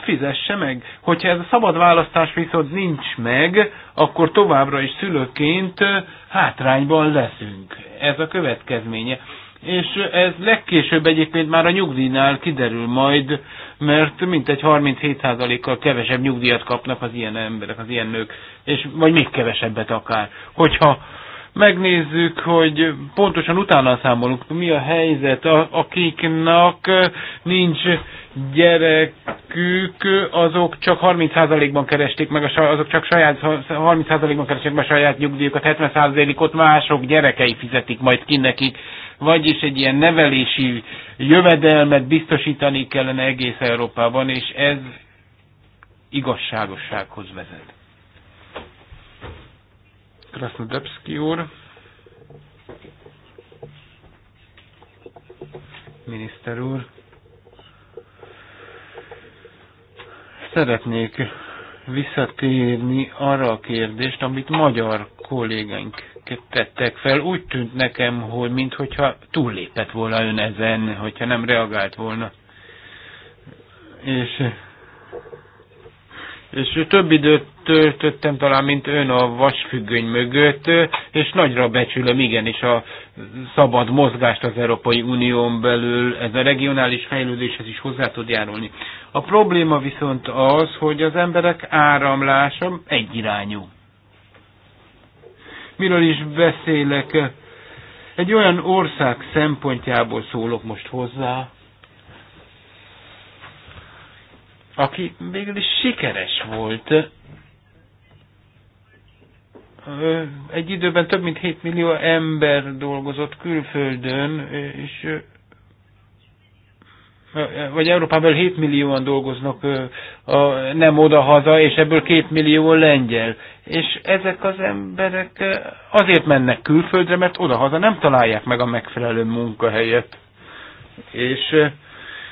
fizesse meg. Hogyha ez a szabad választás viszont nincs meg, akkor továbbra is szülőként hátrányban leszünk. Ez a következménye és ez legkésőbb egyébként már a nyugdíjnál kiderül majd, mert mintegy 37%-kal kevesebb nyugdíjat kapnak az ilyen emberek, az ilyen nők, és vagy még kevesebbet akár. Hogyha megnézzük, hogy pontosan utána számolunk, mi a helyzet, a, akiknek nincs gyerekük, azok csak 30%-ban keresték meg, a, azok csak saját, 30%-ban keresték meg a saját nyugdíjukat, 70%-ot mások gyerekei fizetik majd ki nekik vagyis egy ilyen nevelési jövedelmet biztosítani kellene egész Európában, és ez igazságossághoz vezet. Krasznodebszki úr, miniszter úr, szeretnék visszatérni arra a kérdést, amit magyar kollégánk tettek fel, úgy tűnt nekem, hogy minthogyha túllépett volna ön ezen, hogyha nem reagált volna. És, és több időt töltöttem talán, mint ön a vasfüggöny mögött, és nagyra becsülöm igenis a szabad mozgást az Európai Unión belül, ez a regionális fejlődéshez is hozzá tud járulni. A probléma viszont az, hogy az emberek áramlása egyirányú Miről is beszélek? Egy olyan ország szempontjából szólok most hozzá, aki végül is sikeres volt. Egy időben több mint 7 millió ember dolgozott külföldön, és vagy Európában 7 millióan dolgoznak a, nem oda-haza, és ebből 2 millió lengyel. És ezek az emberek azért mennek külföldre, mert oda-haza nem találják meg a megfelelő munkahelyet. És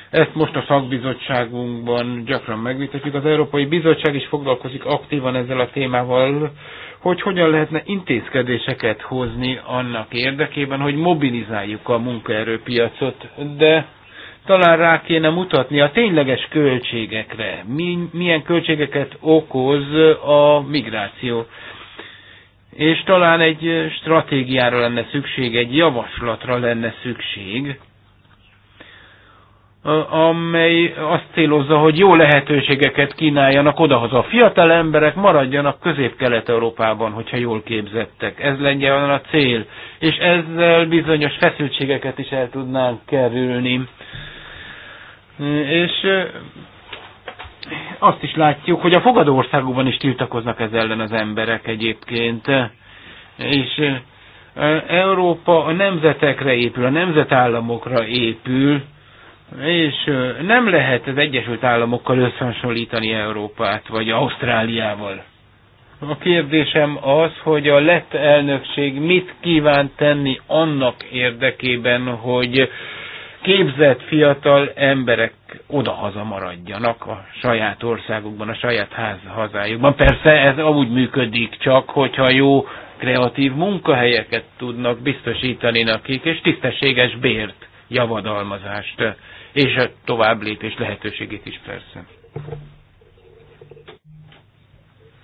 ezt most a szakbizottságunkban gyakran megvitatjuk. Az Európai Bizottság is foglalkozik aktívan ezzel a témával, hogy hogyan lehetne intézkedéseket hozni annak érdekében, hogy mobilizáljuk a munkaerőpiacot. De talán rá kéne mutatni a tényleges költségekre, mi, milyen költségeket okoz a migráció. És talán egy stratégiára lenne szükség, egy javaslatra lenne szükség, amely azt célozza, hogy jó lehetőségeket kínáljanak odahoz. A fiatal emberek maradjanak közép-kelet-európában, hogyha jól képzettek. Ez lenne a cél. És ezzel bizonyos feszültségeket is el tudnánk kerülni és azt is látjuk, hogy a fogadó országokban is tiltakoznak ez ellen az emberek egyébként. És Európa a nemzetekre épül, a nemzetállamokra épül, és nem lehet az Egyesült Államokkal összehasonlítani Európát, vagy Ausztráliával. A kérdésem az, hogy a lett elnökség mit kíván tenni annak érdekében, hogy képzett fiatal emberek odahaza maradjanak a saját országukban, a saját ház, hazájukban. Persze ez úgy működik csak, hogyha jó kreatív munkahelyeket tudnak biztosítani nekik, és tisztességes bért, javadalmazást, és a tovább lépés lehetőségét is persze.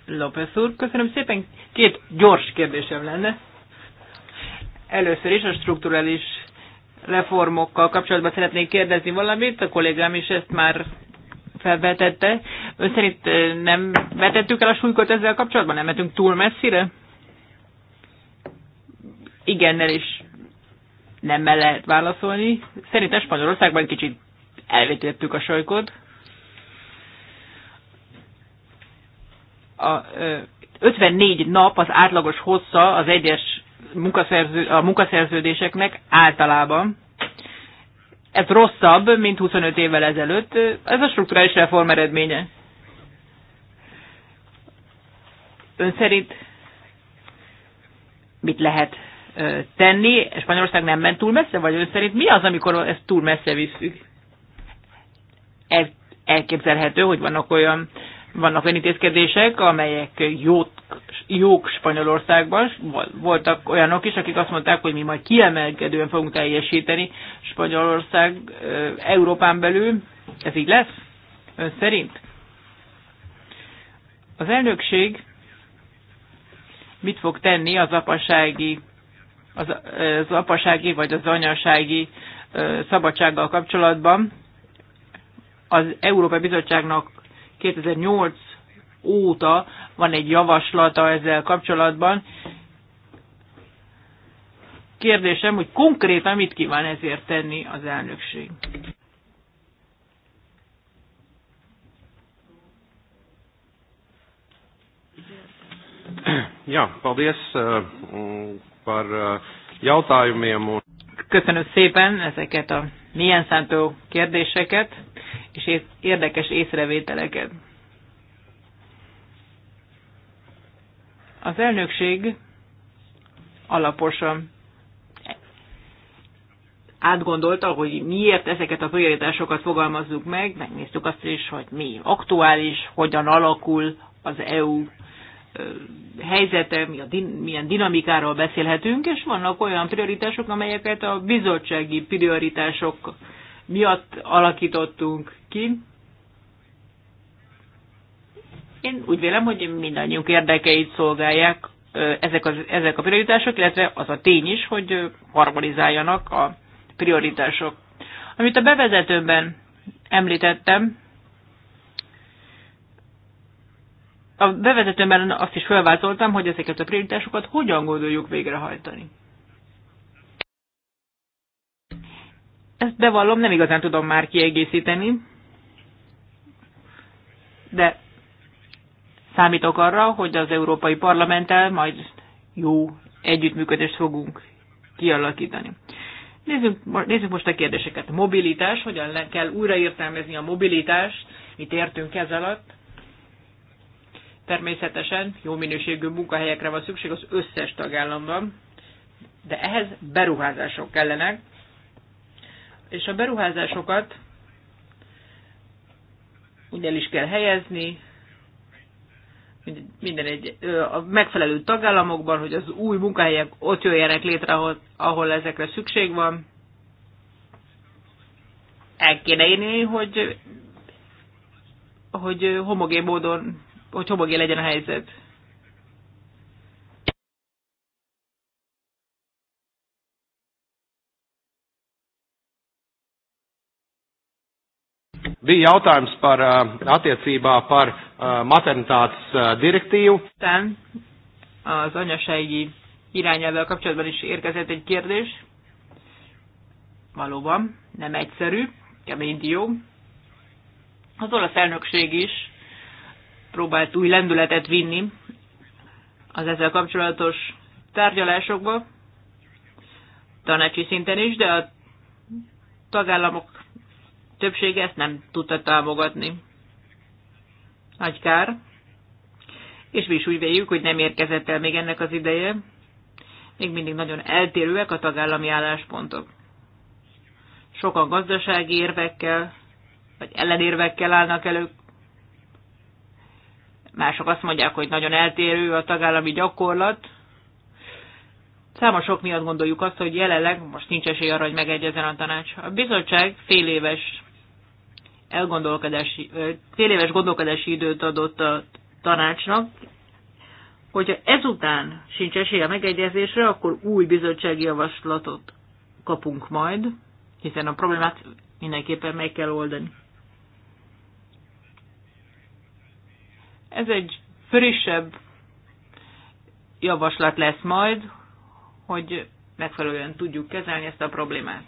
López úr, köszönöm szépen. Két gyors kérdésem lenne. Először is a strukturális reformokkal kapcsolatban szeretnék kérdezni valamit, a kollégám is ezt már felvetette. Ön szerint nem vetettük el a súlykot ezzel kapcsolatban? Nem metünk túl messzire? Igennel is nem lehet válaszolni. Szerintem Spanyolországban kicsit elvetettük a súlykot. A, ö, 54 nap az átlagos hossza az egyes munkaszerző, a munkaszerződéseknek általában. Ez rosszabb, mint 25 évvel ezelőtt. Ez a strukturális reform eredménye. Ön szerint mit lehet tenni? Spanyolország nem ment túl messze, vagy ön szerint mi az, amikor ezt túl messze visszük? El, elképzelhető, hogy vannak olyan vannak olyan intézkedések, amelyek jók, jók Spanyolországban, voltak olyanok is, akik azt mondták, hogy mi majd kiemelkedően fogunk teljesíteni Spanyolország Európán belül. Ez így lesz? Ön szerint? Az elnökség mit fog tenni az apasági, az, az apasági vagy az anyasági szabadsággal kapcsolatban? Az Európai Bizottságnak 2008 óta van egy javaslata ezzel kapcsolatban. Kérdésem, hogy konkrétan mit kíván ezért tenni az elnökség? Ja, paldies eh, par eh, jautājumiem. Köszönöm szépen ezeket a milyen szántó kérdéseket és érdekes észrevételeket. Az elnökség alaposan átgondolta, hogy miért ezeket a prioritásokat fogalmazzuk meg, megnéztük azt is, hogy mi aktuális, hogyan alakul az EU helyzete, milyen dinamikáról beszélhetünk, és vannak olyan prioritások, amelyeket a bizottsági prioritások miatt alakítottunk ki. Én úgy vélem, hogy mindannyiunk érdekeit szolgálják ezek, az, ezek a prioritások, illetve az a tény is, hogy harmonizáljanak a prioritások. Amit a bevezetőben említettem, a bevezetőben azt is felvázoltam, hogy ezeket a prioritásokat hogyan gondoljuk végrehajtani. Ezt bevallom, nem igazán tudom már kiegészíteni, de számítok arra, hogy az Európai Parlamenttel majd jó együttműködést fogunk kialakítani. Nézzük, nézzük most a kérdéseket. Mobilitás, hogyan le kell újraértelmezni a mobilitást, mit értünk ez alatt. Természetesen jó minőségű munkahelyekre van szükség az összes tagállamban, de ehhez beruházások kellenek és a beruházásokat úgy el is kell helyezni, minden egy, a megfelelő tagállamokban, hogy az új munkahelyek ott jöjjenek létre, ahol, ahol ezekre szükség van. El kéne írni, hogy, hogy homogén módon, hogy homogén legyen a helyzet. bija jautājums par uh, attiecībā par uh, maternitātes uh, direktívu. Tán az anyasági irányelvvel kapcsolatban is érkezett egy kérdés. Valóban, nem egyszerű, kemény dió. Az olasz elnökség is próbált új lendületet vinni az ezzel kapcsolatos tárgyalásokba, tanácsi szinten is, de a tagállamok többsége ezt nem tudta támogatni. Nagy kár. És mi is úgy véljük, hogy nem érkezett el még ennek az ideje. Még mindig nagyon eltérőek a tagállami álláspontok. Sokan gazdasági érvekkel, vagy ellenérvekkel állnak elő. Mások azt mondják, hogy nagyon eltérő a tagállami gyakorlat. Számosok miatt gondoljuk azt, hogy jelenleg most nincs esély arra, hogy megegyezen a tanács. A bizottság fél éves elgondolkodási, fél éves gondolkodási időt adott a tanácsnak, hogyha ezután sincs esélye megegyezésre, akkor új bizottsági javaslatot kapunk majd, hiszen a problémát mindenképpen meg kell oldani. Ez egy frissebb javaslat lesz majd, hogy megfelelően tudjuk kezelni ezt a problémát.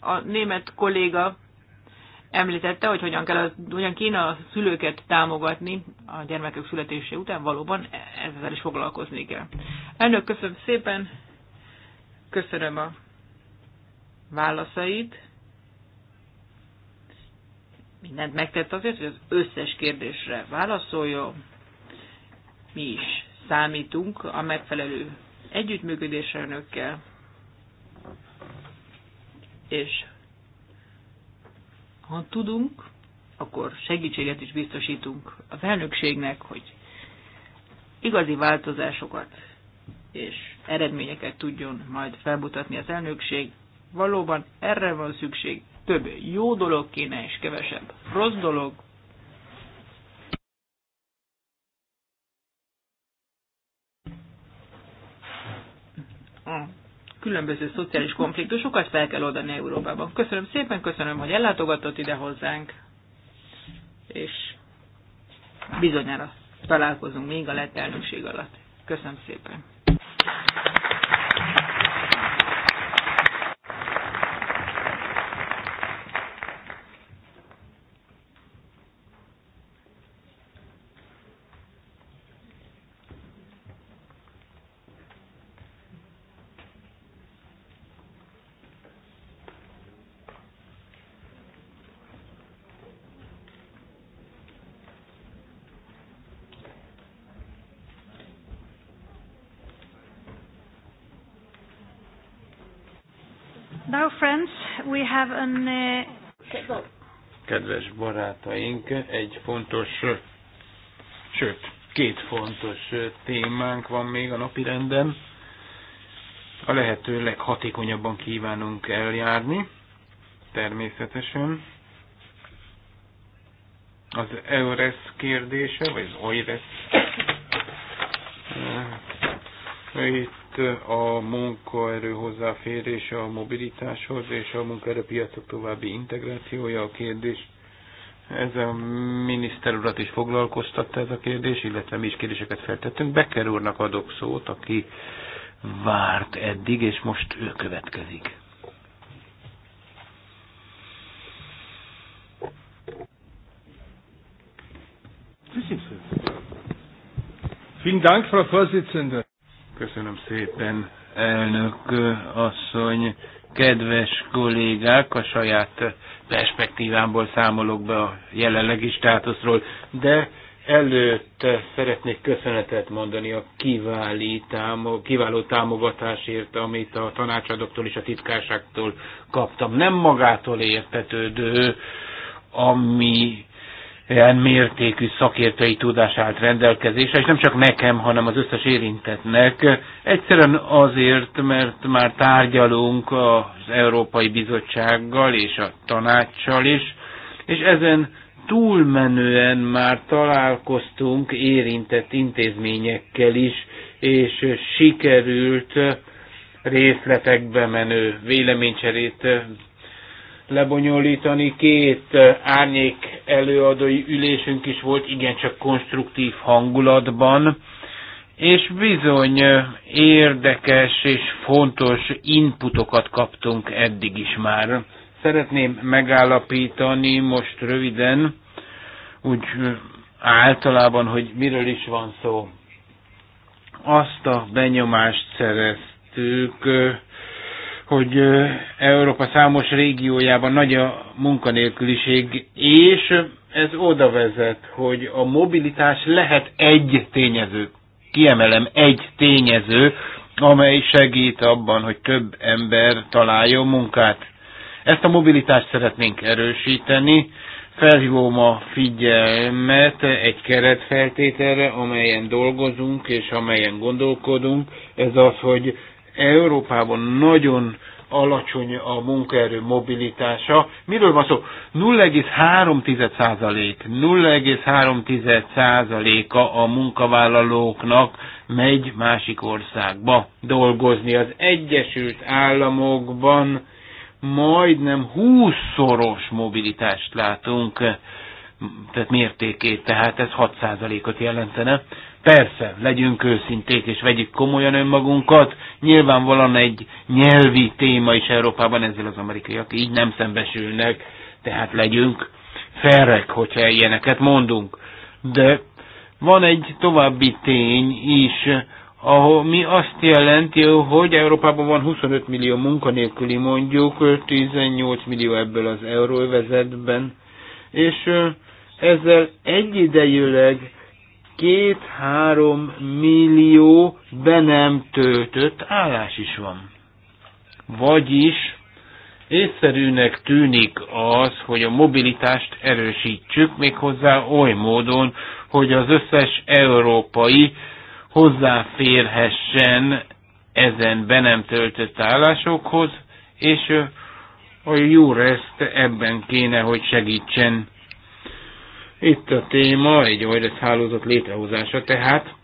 A német kolléga említette, hogy hogyan, kell, hogyan kéne a szülőket támogatni a gyermekek születése után, valóban ezzel is foglalkozni kell. Elnök, köszönöm szépen, köszönöm a válaszait. Mindent megtett azért, hogy az összes kérdésre válaszoljon. Mi is számítunk a megfelelő együttműködésre önökkel és ha tudunk, akkor segítséget is biztosítunk a felnökségnek, hogy igazi változásokat és eredményeket tudjon majd felmutatni az elnökség. Valóban erre van szükség. Több jó dolog kéne, és kevesebb rossz dolog. A különböző szociális konfliktusokat fel kell oldani Európában. Köszönöm szépen, köszönöm, hogy ellátogatott ide hozzánk, és bizonyára találkozunk még a lett alatt. Köszönöm szépen! friends, we have an... Uh... Kedves barátaink, egy fontos, sőt, két fontos témánk van még a napi renden. A lehető leghatékonyabban kívánunk eljárni, természetesen. Az EURES kérdése, vagy az OIRES itt a munkaerő hozzáférése a mobilitáshoz és a munkaerőpiacok további integrációja a kérdés. Ez a miniszter urat is foglalkoztatta ez a kérdés, illetve mi is kérdéseket feltettünk. Becker úrnak adok szót, aki várt eddig, és most ő következik. Vielen Dank, Frau Vorsitzende. Köszönöm szépen, elnök asszony. Kedves kollégák, a saját perspektívámból számolok be a jelenlegi státuszról, de előtt szeretnék köszönetet mondani a támo, kiváló támogatásért, amit a tanácsadóktól és a titkárságtól kaptam. Nem magától értetődő, ami ilyen mértékű szakértői tudás állt rendelkezésre, és nem csak nekem, hanem az összes érintetnek. Egyszerűen azért, mert már tárgyalunk az Európai Bizottsággal és a tanácssal is, és ezen túlmenően már találkoztunk érintett intézményekkel is, és sikerült részletekbe menő véleménycserét lebonyolítani. Két eh, árnyék előadói ülésünk is volt, igencsak konstruktív hangulatban, és bizony eh, érdekes és fontos inputokat kaptunk eddig is már. Szeretném megállapítani most röviden, úgy eh, általában, hogy miről is van szó. Azt a benyomást szereztük, hogy Európa számos régiójában nagy a munkanélküliség, és ez oda vezet, hogy a mobilitás lehet egy tényező, kiemelem egy tényező, amely segít abban, hogy több ember találjon munkát. Ezt a mobilitást szeretnénk erősíteni. Felhívom a figyelmet egy keretfeltételre, amelyen dolgozunk és amelyen gondolkodunk. Ez az, hogy Európában nagyon alacsony a munkaerő mobilitása. Miről van szó? 0,3 0,3 százaléka a munkavállalóknak megy másik országba dolgozni. Az Egyesült Államokban majdnem 20-szoros mobilitást látunk, tehát mértékét, tehát ez 6 százalékot jelentene. Persze, legyünk őszinték és vegyük komolyan önmagunkat. Nyilvánvalóan egy nyelvi téma is Európában ezzel az amerikaiak így nem szembesülnek, tehát legyünk felrek, hogyha ilyeneket mondunk. De van egy további tény is, ahol mi azt jelenti, hogy Európában van 25 millió munkanélküli, mondjuk 18 millió ebből az euróvezetben, és ezzel egyidejűleg két-három millió be nem töltött állás is van. Vagyis észszerűnek tűnik az, hogy a mobilitást erősítsük, méghozzá oly módon, hogy az összes európai hozzáférhessen ezen be nem töltött állásokhoz, és a jó ezt ebben kéne, hogy segítsen itt a téma egy OLS hálózat létrehozása tehát,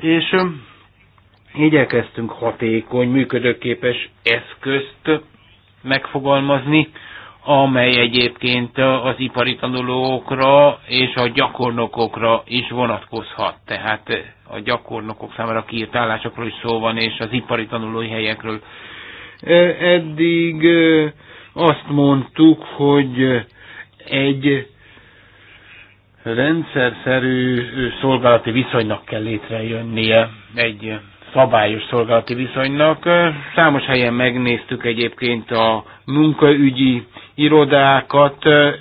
és igyekeztünk hatékony, működőképes eszközt megfogalmazni, amely egyébként az ipari tanulókra és a gyakornokokra is vonatkozhat. Tehát a gyakornokok számára kiírt állásokról is szó van, és az ipari tanulói helyekről. Eddig azt mondtuk, hogy egy rendszer szerű szolgálati viszonynak kell létrejönnie, egy szabályos szolgálati viszonynak. Számos helyen megnéztük egyébként a munkaügyi irodákat,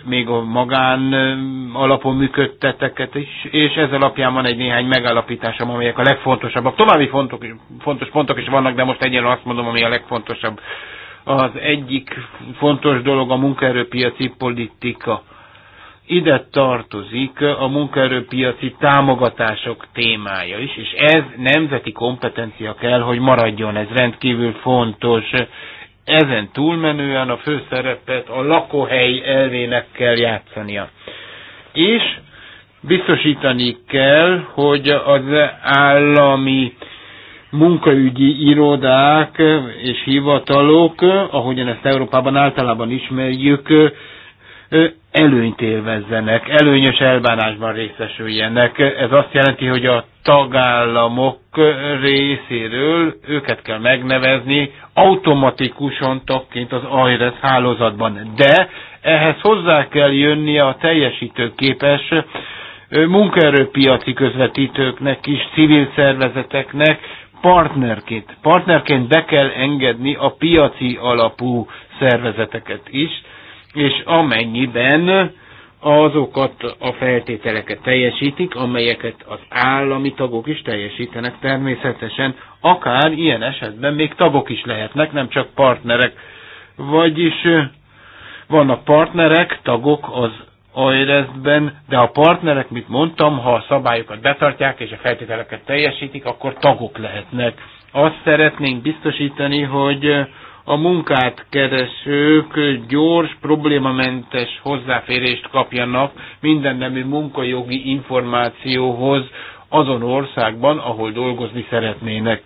még a magán alapon működteteket is, és ez alapján van egy néhány megállapításom, amelyek a legfontosabbak. További fontok, fontos pontok is vannak, de most egyenlően azt mondom, ami a legfontosabb. Az egyik fontos dolog a munkaerőpiaci politika ide tartozik a munkaerőpiaci támogatások témája is, és ez nemzeti kompetencia kell, hogy maradjon, ez rendkívül fontos. Ezen túlmenően a főszerepet a lakóhely elvének kell játszania. És biztosítani kell, hogy az állami munkaügyi irodák és hivatalok, ahogyan ezt Európában általában ismerjük, előnyt élvezzenek, előnyös elbánásban részesüljenek. Ez azt jelenti, hogy a tagállamok részéről őket kell megnevezni automatikusan tagként az AIRES hálózatban. De ehhez hozzá kell jönnie a teljesítőképes munkaerőpiaci közvetítőknek is, civil szervezeteknek, partnerként. Partnerként be kell engedni a piaci alapú szervezeteket is, és amennyiben azokat a feltételeket teljesítik, amelyeket az állami tagok is teljesítenek természetesen, akár ilyen esetben még tagok is lehetnek, nem csak partnerek. Vagyis vannak partnerek, tagok az ajresztben, de a partnerek, mint mondtam, ha a szabályokat betartják és a feltételeket teljesítik, akkor tagok lehetnek. Azt szeretnénk biztosítani, hogy a munkát keresők gyors, problémamentes hozzáférést kapjanak minden nemű munkajogi információhoz azon országban, ahol dolgozni szeretnének.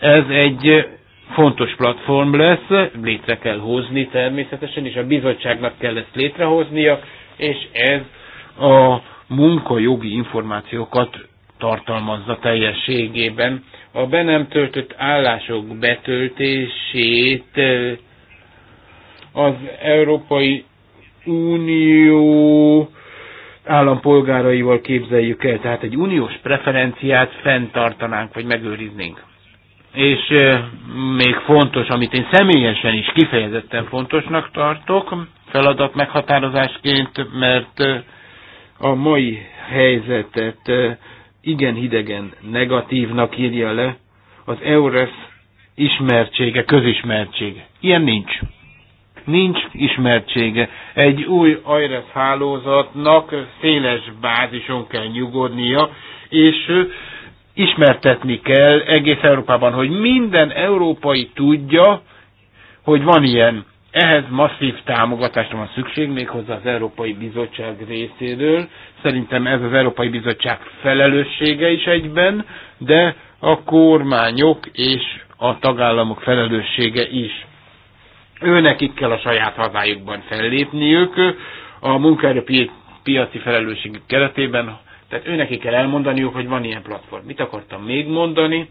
Ez egy fontos platform lesz, létre kell hozni természetesen, és a bizottságnak kell ezt létrehoznia, és ez a munkajogi információkat tartalmazza teljességében a be nem töltött állások betöltését az Európai Unió állampolgáraival képzeljük el, tehát egy uniós preferenciát fenntartanánk, vagy megőriznénk. És még fontos, amit én személyesen is kifejezetten fontosnak tartok, feladat meghatározásként, mert a mai helyzetet igen hidegen negatívnak írja le az EURES ismertsége, közismertsége. Ilyen nincs. Nincs ismertsége. Egy új EURES hálózatnak széles bázison kell nyugodnia, és ismertetni kell egész Európában, hogy minden európai tudja, hogy van ilyen ehhez masszív támogatásra van szükség, méghozzá az Európai Bizottság részéről. Szerintem ez az Európai Bizottság felelőssége is egyben, de a kormányok és a tagállamok felelőssége is. Őnekik kell a saját hazájukban fellépniük, a munkaerőpiaci felelősségük keretében, tehát őnekik kell elmondaniuk, hogy van ilyen platform. Mit akartam még mondani?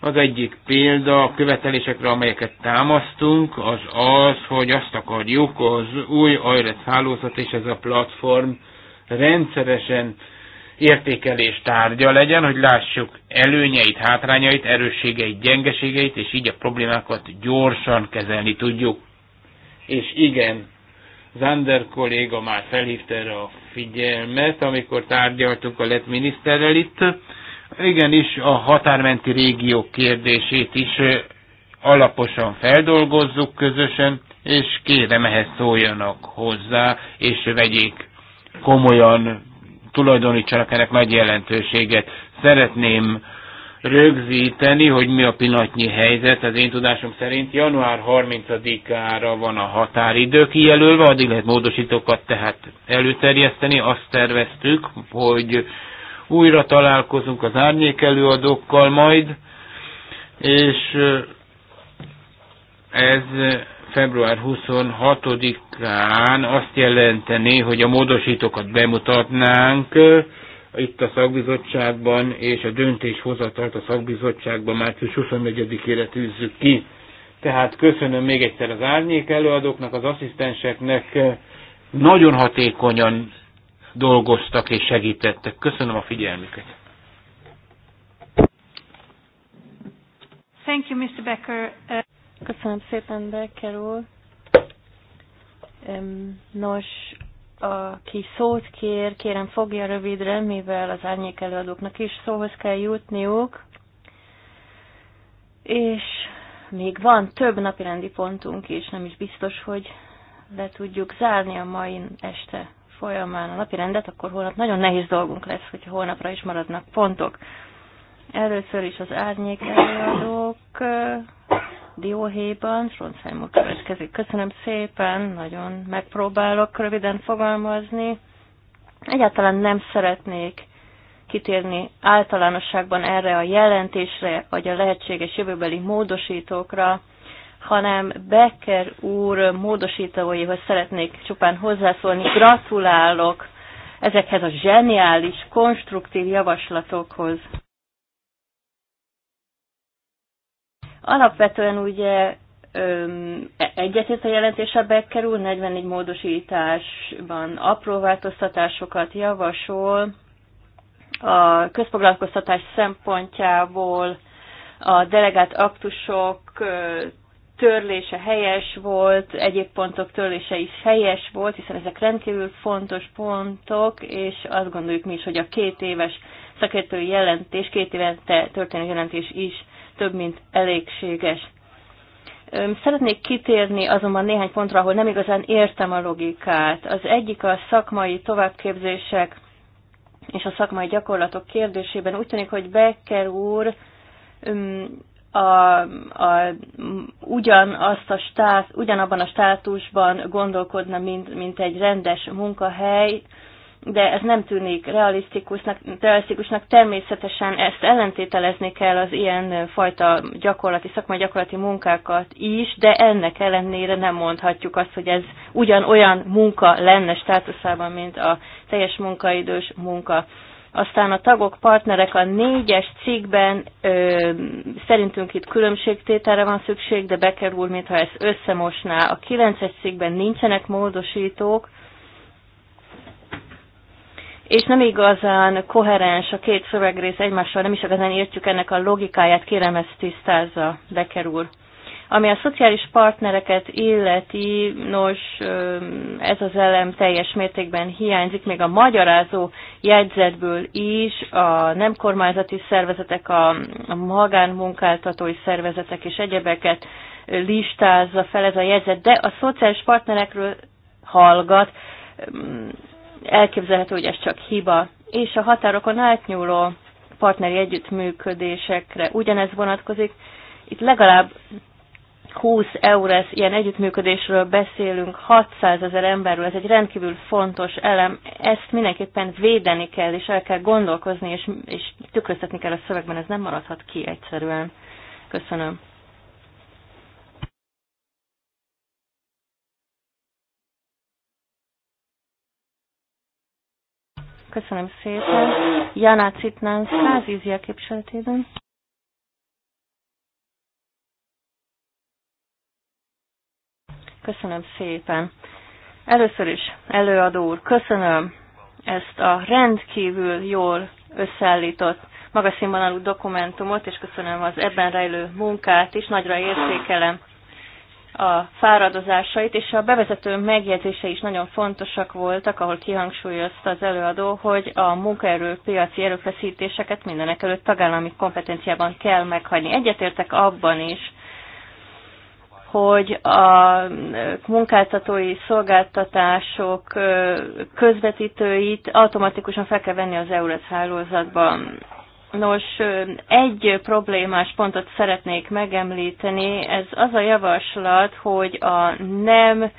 Az egyik példa a követelésekre, amelyeket támasztunk, az az, hogy azt akarjuk, az új AIRES hálózat és ez a platform rendszeresen értékelés tárgya legyen, hogy lássuk előnyeit, hátrányait, erősségeit, gyengeségeit, és így a problémákat gyorsan kezelni tudjuk. És igen, Zander kolléga már felhívta erre a figyelmet, amikor tárgyaltunk a lett miniszterrel itt, igenis a határmenti régiók kérdését is alaposan feldolgozzuk közösen, és kérem ehhez szóljanak hozzá, és vegyék komolyan, tulajdonítsanak ennek nagy jelentőséget. Szeretném rögzíteni, hogy mi a pillanatnyi helyzet. Az én tudásom szerint január 30-ára van a határidő kijelölve, addig lehet módosítókat tehát előterjeszteni. Azt terveztük, hogy újra találkozunk az árnyék előadókkal majd, és ez február 26-án azt jelenteni, hogy a módosítókat bemutatnánk itt a szakbizottságban, és a döntéshozatalt a szakbizottságban március 24-ére tűzzük ki. Tehát köszönöm még egyszer az árnyék előadóknak, az asszisztenseknek, nagyon hatékonyan dolgoztak és segítettek. Köszönöm a figyelmüket. Thank you, Mr. Becker. Köszönöm szépen, Becker úr. Nos, aki szót kér, kérem fogja rövidre, mivel az árnyék előadóknak is szóhoz kell jutniuk. És még van több rendi pontunk és nem is biztos, hogy le tudjuk zárni a mai este folyamán a napi rendet, akkor holnap nagyon nehéz dolgunk lesz, hogyha holnapra is maradnak pontok. Először is az árnyék előadók dióhéjban, Frontszájmú következik. Köszönöm szépen, nagyon megpróbálok röviden fogalmazni. Egyáltalán nem szeretnék kitérni általánosságban erre a jelentésre, vagy a lehetséges jövőbeli módosítókra, hanem Becker úr módosítóihoz szeretnék csupán hozzászólni. Gratulálok ezekhez a zseniális, konstruktív javaslatokhoz. Alapvetően ugye egyetért a jelentése Becker úr, 44 módosításban apró változtatásokat javasol, a közfoglalkoztatás szempontjából a delegált aktusok törlése helyes volt, egyéb pontok törlése is helyes volt, hiszen ezek rendkívül fontos pontok, és azt gondoljuk mi is, hogy a két éves szakértői jelentés, két évente történő jelentés is több, mint elégséges. Szeretnék kitérni azonban néhány pontra, ahol nem igazán értem a logikát. Az egyik a szakmai továbbképzések és a szakmai gyakorlatok kérdésében. Úgy tűnik, hogy Becker úr a, a, ugyanazt a stász, ugyanabban a státusban gondolkodna, mint, mint egy rendes munkahely, de ez nem tűnik realisztikusnak, realisztikusnak természetesen ezt ellentételezni kell az ilyen fajta gyakorlati, szakmai gyakorlati munkákat is, de ennek ellenére nem mondhatjuk azt, hogy ez ugyanolyan munka lenne státuszában, mint a teljes munkaidős munka. Aztán a tagok, partnerek a négyes cikkben ö, szerintünk itt különbségtételre van szükség, de bekerül, mintha ez összemosná. A kilences cikkben nincsenek módosítók, és nem igazán koherens a két szövegrész egymással, nem is igazán értjük ennek a logikáját, kérem ezt tisztázza bekerül. Ami a szociális partnereket illeti, nos, ez az elem teljes mértékben hiányzik, még a magyarázó jegyzetből is, a nem kormányzati szervezetek, a magánmunkáltatói szervezetek és egyebeket listázza fel ez a jegyzet, de a szociális partnerekről hallgat, elképzelhető, hogy ez csak hiba, és a határokon átnyúló partneri együttműködésekre ugyanez vonatkozik, itt legalább 20 EURES ilyen együttműködésről beszélünk, 600 ezer emberről, ez egy rendkívül fontos elem, ezt mindenképpen védeni kell, és el kell gondolkozni, és, és tükröztetni kell a szövegben, ez nem maradhat ki egyszerűen. Köszönöm. Köszönöm szépen. Janát Citnán Százízia képviseletében. Köszönöm szépen. Először is, előadó úr, köszönöm ezt a rendkívül jól összeállított magas színvonalú dokumentumot, és köszönöm az ebben rejlő munkát is, nagyra értékelem a fáradozásait, és a bevezető megjegyzése is nagyon fontosak voltak, ahol kihangsúlyozta az előadó, hogy a munkaerőpiaci erőfeszítéseket mindenek előtt tagállami kompetenciában kell meghagyni. Egyetértek abban is, hogy a munkáltatói szolgáltatások közvetítőit automatikusan fel kell venni az EURES hálózatban. Nos, egy problémás pontot szeretnék megemlíteni, ez az a javaslat, hogy a nem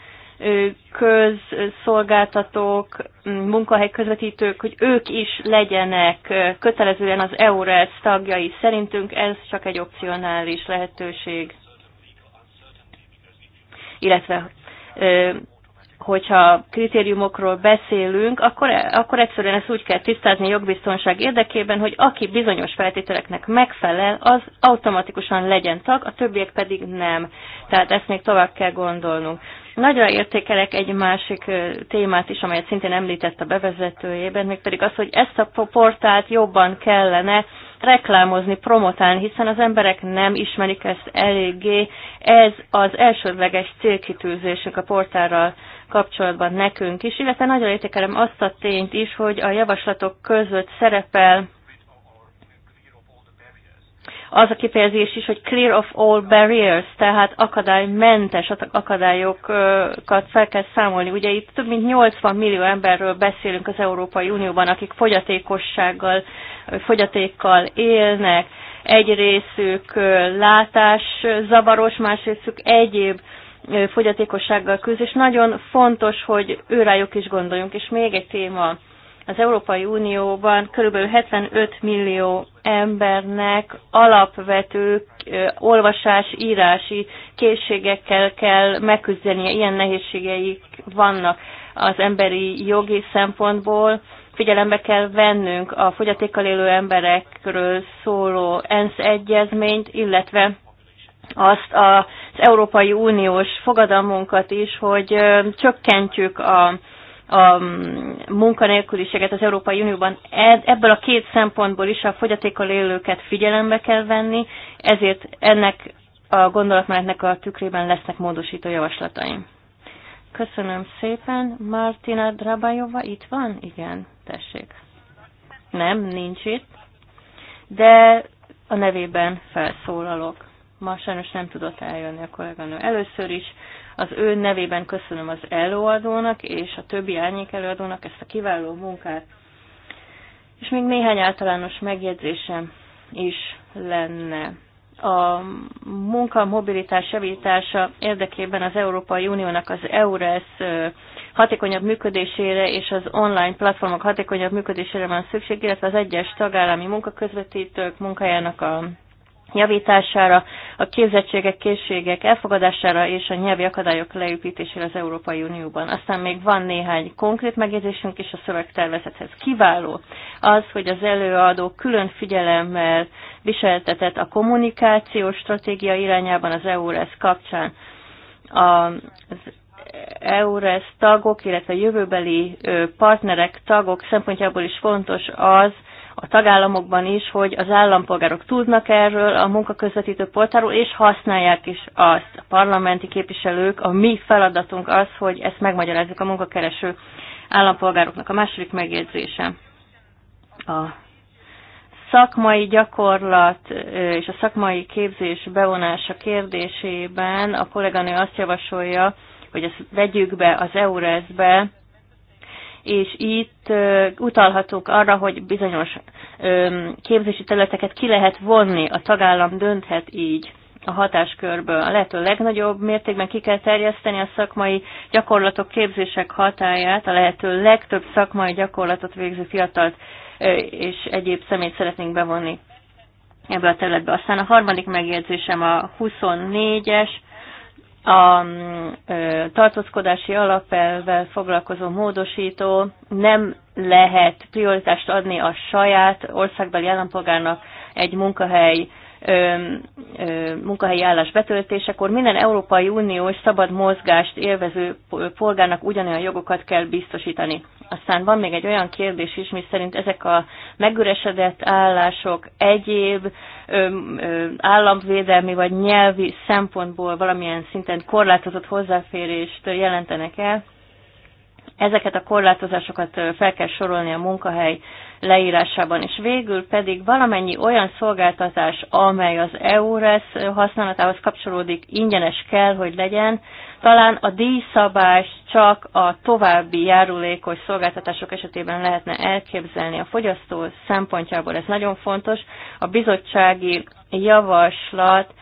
közszolgáltatók, munkahely közvetítők, hogy ők is legyenek kötelezően az EURES tagjai. Szerintünk ez csak egy opcionális lehetőség illetve hogyha kritériumokról beszélünk, akkor, akkor egyszerűen ezt úgy kell tisztázni a jogbiztonság érdekében, hogy aki bizonyos feltételeknek megfelel, az automatikusan legyen tag, a többiek pedig nem. Tehát ezt még tovább kell gondolnunk. Nagyra értékelek egy másik témát is, amelyet szintén említett a bevezetőjében, mégpedig az, hogy ezt a portált jobban kellene reklámozni, promotálni, hiszen az emberek nem ismerik ezt eléggé. Ez az elsődleges célkitűzésünk a portálral kapcsolatban nekünk is, illetve nagyon értékelem azt a tényt is, hogy a javaslatok között szerepel az a kifejezés is, hogy clear of all barriers, tehát akadálymentes akadályokat fel kell számolni. Ugye itt több mint 80 millió emberről beszélünk az Európai Unióban, akik fogyatékossággal, fogyatékkal élnek. Egy részük látás zavaros, részük egyéb fogyatékossággal küzd, és nagyon fontos, hogy őrájuk is gondoljunk. És még egy téma, az Európai Unióban kb. 75 millió embernek alapvető olvasás, írási készségekkel kell megküzdenie, ilyen nehézségeik vannak az emberi jogi szempontból. Figyelembe kell vennünk a fogyatékkal élő emberekről szóló ENSZ egyezményt, illetve azt az Európai Uniós fogadalmunkat is, hogy csökkentjük a a mm, munkanélküliséget az Európai Unióban. E-, ebből a két szempontból is a fogyatékkal élőket figyelembe kell venni, ezért ennek a gondolatmenetnek a tükrében lesznek módosító javaslataim. Köszönöm szépen. Martina Drabajova itt van? Igen, tessék. Nem, nincs itt. De a nevében felszólalok. Ma sajnos nem tudott eljönni a kolléganő. Először is az ő nevében köszönöm az előadónak és a többi árnyék előadónak ezt a kiváló munkát. És még néhány általános megjegyzésem is lenne. A munka mobilitás javítása érdekében az Európai Uniónak az EURES hatékonyabb működésére és az online platformok hatékonyabb működésére van szükség, illetve az egyes tagállami munkaközvetítők munkájának a javítására, a képzettségek, készségek elfogadására és a nyelvi akadályok leépítésére az Európai Unióban. Aztán még van néhány konkrét megjegyzésünk is a szövegtervezethez. Kiváló az, hogy az előadó külön figyelemmel viseltetett a kommunikációs stratégia irányában az EURES kapcsán. Az EURES tagok, illetve jövőbeli partnerek, tagok szempontjából is fontos az, a tagállamokban is, hogy az állampolgárok tudnak erről a munkaközvetítő portáról, és használják is azt a parlamenti képviselők. A mi feladatunk az, hogy ezt megmagyarázzuk a munkakereső állampolgároknak. A második megjegyzése. A szakmai gyakorlat és a szakmai képzés bevonása kérdésében a kolléganő azt javasolja, hogy ezt vegyük be az EURES-be, és itt utalhatunk arra, hogy bizonyos képzési területeket ki lehet vonni, a tagállam dönthet így a hatáskörből. A lehető legnagyobb mértékben ki kell terjeszteni a szakmai gyakorlatok képzések hatáját, a lehető legtöbb szakmai gyakorlatot végző fiatalt és egyéb szemét szeretnénk bevonni ebbe a területbe. Aztán a harmadik megjegyzésem a 24-es a mm, tartózkodási alapelvvel foglalkozó módosító nem lehet prioritást adni a saját országbeli állampolgárnak egy munkahely munkahelyi állás betöltésekor minden Európai Uniós szabad mozgást élvező polgárnak ugyanolyan jogokat kell biztosítani. Aztán van még egy olyan kérdés is, mi szerint ezek a megüresedett állások egyéb államvédelmi vagy nyelvi szempontból valamilyen szinten korlátozott hozzáférést jelentenek el. Ezeket a korlátozásokat fel kell sorolni a munkahely leírásában, és végül pedig valamennyi olyan szolgáltatás, amely az EURES használatához kapcsolódik, ingyenes kell, hogy legyen. Talán a díjszabás csak a további járulékos szolgáltatások esetében lehetne elképzelni. A fogyasztó szempontjából ez nagyon fontos. A bizottsági javaslat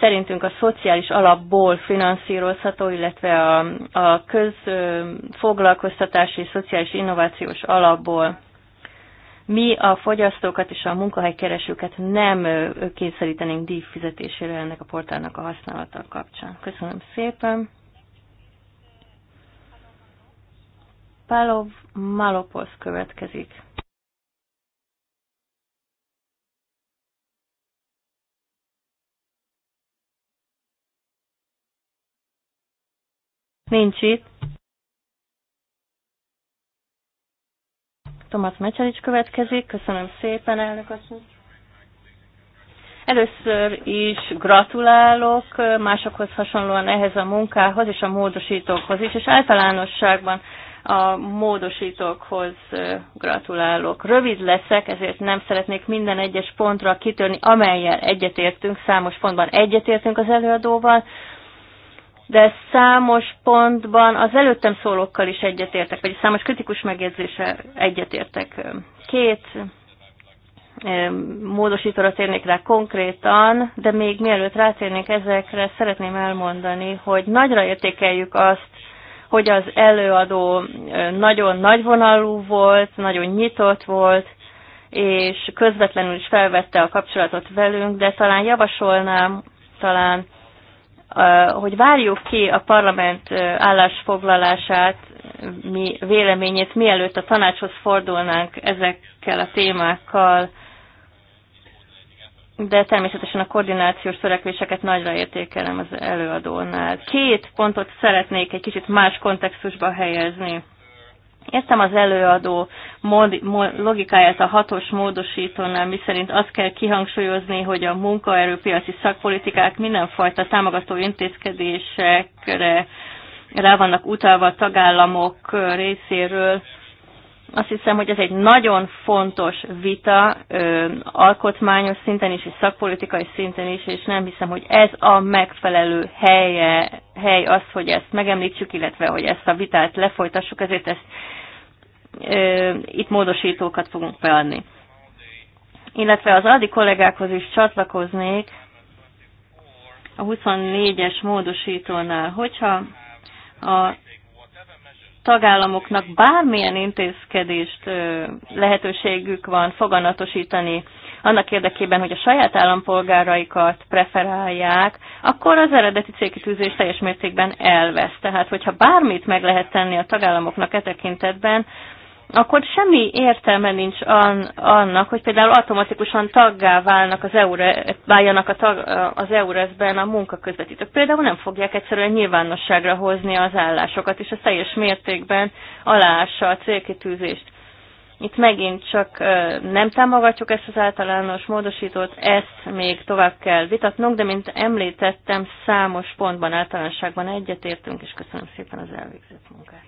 szerintünk a szociális alapból finanszírozható, illetve a, a közfoglalkoztatási szociális innovációs alapból mi a fogyasztókat és a munkahelykeresőket nem kényszerítenénk díjfizetésére ennek a portálnak a használata kapcsán. Köszönöm szépen. Pálov Malopos következik. Nincs itt. Tomasz Mecselics következik. Köszönöm szépen, elnök asszony. Először is gratulálok másokhoz hasonlóan ehhez a munkához és a módosítókhoz is, és általánosságban a módosítókhoz gratulálok. Rövid leszek, ezért nem szeretnék minden egyes pontra kitörni, amelyel egyetértünk, számos pontban egyetértünk az előadóval, de számos pontban az előttem szólókkal is egyetértek, vagy számos kritikus megjegyzéssel egyetértek. Két módosítóra térnék rá konkrétan, de még mielőtt rátérnék ezekre, szeretném elmondani, hogy nagyra értékeljük azt, hogy az előadó nagyon nagyvonalú volt, nagyon nyitott volt, és közvetlenül is felvette a kapcsolatot velünk, de talán javasolnám, talán hogy várjuk ki a parlament állásfoglalását, mi véleményét, mielőtt a tanácshoz fordulnánk ezekkel a témákkal, de természetesen a koordinációs törekvéseket nagyra értékelem az előadónál. Két pontot szeretnék egy kicsit más kontextusba helyezni. Értem az előadó mod, mod, logikáját a hatos módosítónál, miszerint azt kell kihangsúlyozni, hogy a munkaerőpiaci szakpolitikák mindenfajta támogató intézkedésekre rá vannak utalva a tagállamok részéről. Azt hiszem, hogy ez egy nagyon fontos vita ö, alkotmányos szinten is, és szakpolitikai szinten is, és nem hiszem, hogy ez a megfelelő helye, hely az, hogy ezt megemlítsük, illetve hogy ezt a vitát lefolytassuk, ezért ezt itt módosítókat fogunk beadni. Illetve az adi kollégákhoz is csatlakoznék a 24-es módosítónál, hogyha a tagállamoknak bármilyen intézkedést lehetőségük van foganatosítani annak érdekében, hogy a saját állampolgáraikat preferálják, akkor az eredeti célkitűzés teljes mértékben elvesz. Tehát, hogyha bármit meg lehet tenni a tagállamoknak e tekintetben, akkor semmi értelme nincs an, annak, hogy például automatikusan taggá válnak az EURE, váljanak a tag, az EURES-ben a munkaközvetítők. Például nem fogják egyszerűen nyilvánosságra hozni az állásokat, és a teljes mértékben aláássa a célkitűzést. Itt megint csak nem támogatjuk ezt az általános módosítót, ezt még tovább kell vitatnunk, de mint említettem, számos pontban általánosságban egyetértünk, és köszönöm szépen az elvégzett munkát.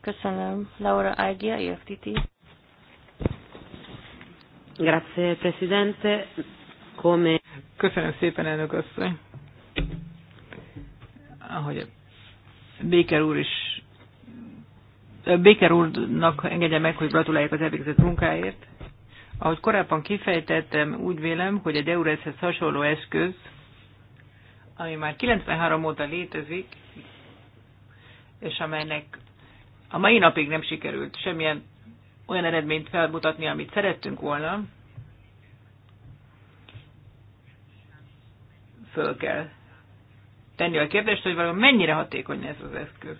Köszönöm. Laura Ágia, IFTT. Grazie, Presidente. Come... Köszönöm szépen, elnök asszony. Ahogy Béker úr is Béker úrnak engedje meg, hogy gratuláljak az elvégzett munkáért. Ahogy korábban kifejtettem, úgy vélem, hogy egy Eureshez hasonló eszköz, ami már 93 óta létezik, és amelynek a mai napig nem sikerült semmilyen olyan eredményt felmutatni, amit szerettünk volna, föl kell tenni a kérdést, hogy valami mennyire hatékony ez az eszköz.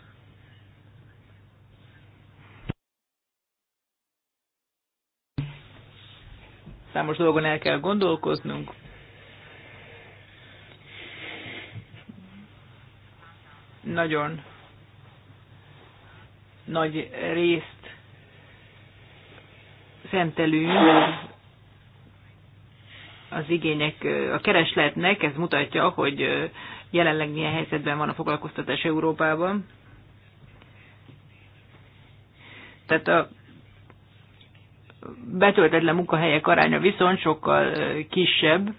Számos dolgon el kell gondolkoznunk. Nagyon nagy részt szentelünk az igények, a keresletnek, ez mutatja, hogy jelenleg milyen helyzetben van a foglalkoztatás Európában. Tehát a betöltetlen munkahelyek aránya viszont sokkal kisebb.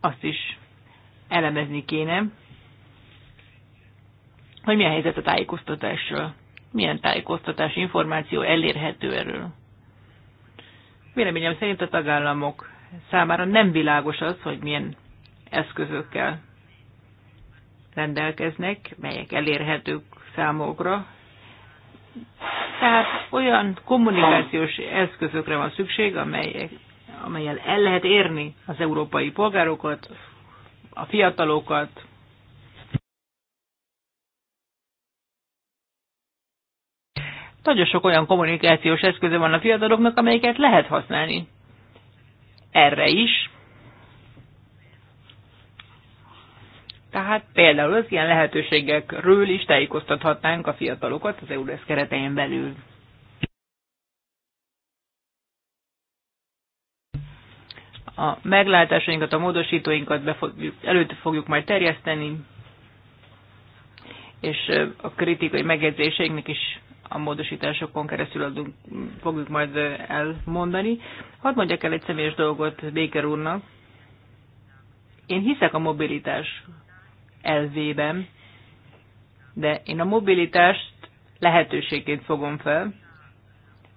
Azt is elemezni kéne, hogy milyen helyzet a tájékoztatásról, milyen tájékoztatás, információ elérhető erről. Véleményem szerint a tagállamok számára nem világos az, hogy milyen eszközökkel rendelkeznek, melyek elérhetők számokra. Tehát olyan kommunikációs eszközökre van szükség, amelyek, amelyel el lehet érni az európai polgárokat, a fiatalokat. Nagyon sok olyan kommunikációs eszköze van a fiataloknak, amelyeket lehet használni. Erre is. Tehát például az ilyen lehetőségekről is tájékoztathatnánk a fiatalokat az EURES keretein belül. a meglátásainkat, a módosítóinkat be fogjuk, előtt fogjuk majd terjeszteni, és a kritikai megjegyzéseinknek is a módosításokon keresztül adunk, fogjuk majd elmondani. Hadd mondjak el egy személyes dolgot Béker úrnak. Én hiszek a mobilitás elvében, de én a mobilitást lehetőségként fogom fel.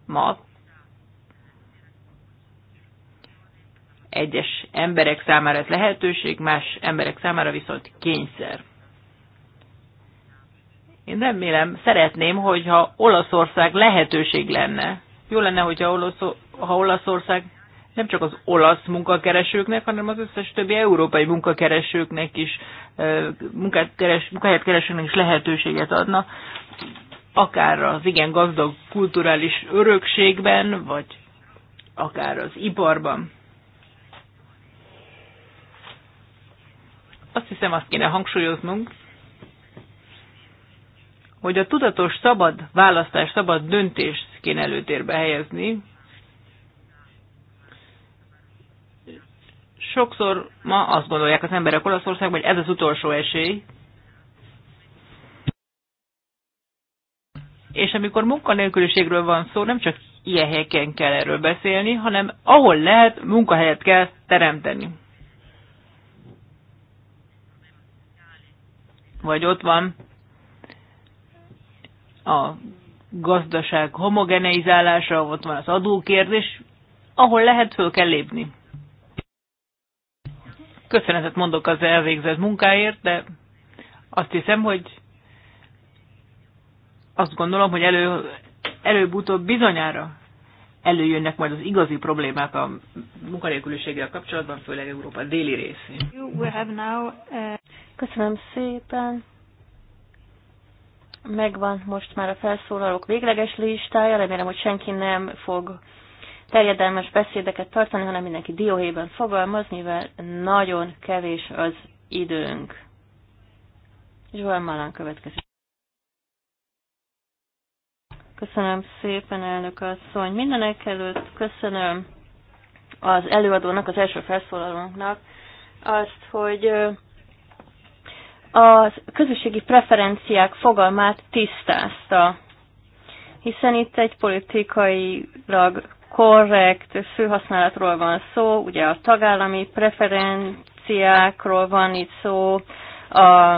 Ma Egyes emberek számára ez lehetőség, más emberek számára viszont kényszer. Én remélem, szeretném, hogyha Olaszország lehetőség lenne. Jó lenne, hogyha Olasz, ha Olaszország nem csak az olasz munkakeresőknek, hanem az összes többi európai munkakeresőknek is, munkát munkahelyet keresőnek is lehetőséget adna, akár az igen gazdag kulturális örökségben, vagy akár az iparban. Azt hiszem, azt kéne hangsúlyoznunk, hogy a tudatos szabad választás, szabad döntést kéne előtérbe helyezni. Sokszor ma azt gondolják az emberek Olaszországban, hogy ez az utolsó esély. És amikor munkanélküliségről van szó, nem csak ilyen helyeken kell erről beszélni, hanem ahol lehet, munkahelyet kell teremteni. vagy ott van a gazdaság homogeneizálása, ott van az adókérdés, ahol lehet, föl kell lépni. Köszönetet mondok az elvégzett munkáért, de azt hiszem, hogy azt gondolom, hogy elő, előbb-utóbb bizonyára előjönnek majd az igazi problémák a munkanélküliséggel kapcsolatban, főleg Európa déli részén. Uh, Köszönöm szépen. Megvan most már a felszólalók végleges listája, remélem, hogy senki nem fog terjedelmes beszédeket tartani, hanem mindenki dióhéjban fogalmaz, mivel nagyon kevés az időnk. Zsuel Malán következik. Köszönöm szépen, elnök asszony. Mindenek előtt köszönöm az előadónak, az első felszólalónknak azt, hogy a közösségi preferenciák fogalmát tisztázta, hiszen itt egy politikailag korrekt főhasználatról van szó, ugye a tagállami preferenciákról van itt szó, a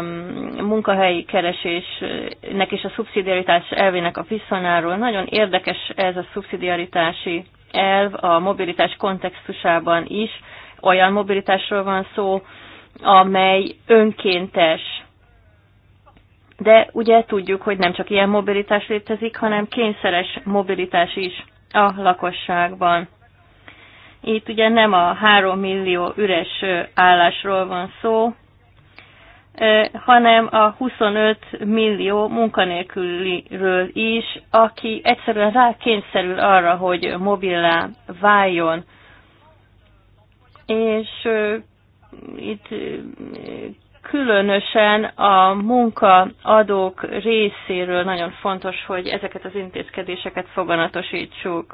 munkahelyi keresésnek és a szubszidiaritás elvének a viszonyáról. Nagyon érdekes ez a szubszidiaritási elv a mobilitás kontextusában is. Olyan mobilitásról van szó, amely önkéntes. De ugye tudjuk, hogy nem csak ilyen mobilitás létezik, hanem kényszeres mobilitás is a lakosságban. Itt ugye nem a 3 millió üres állásról van szó, hanem a 25 millió munkanélküliről is, aki egyszerűen rákényszerül arra, hogy mobillá váljon. És itt különösen a munkaadók részéről nagyon fontos, hogy ezeket az intézkedéseket foganatosítsuk.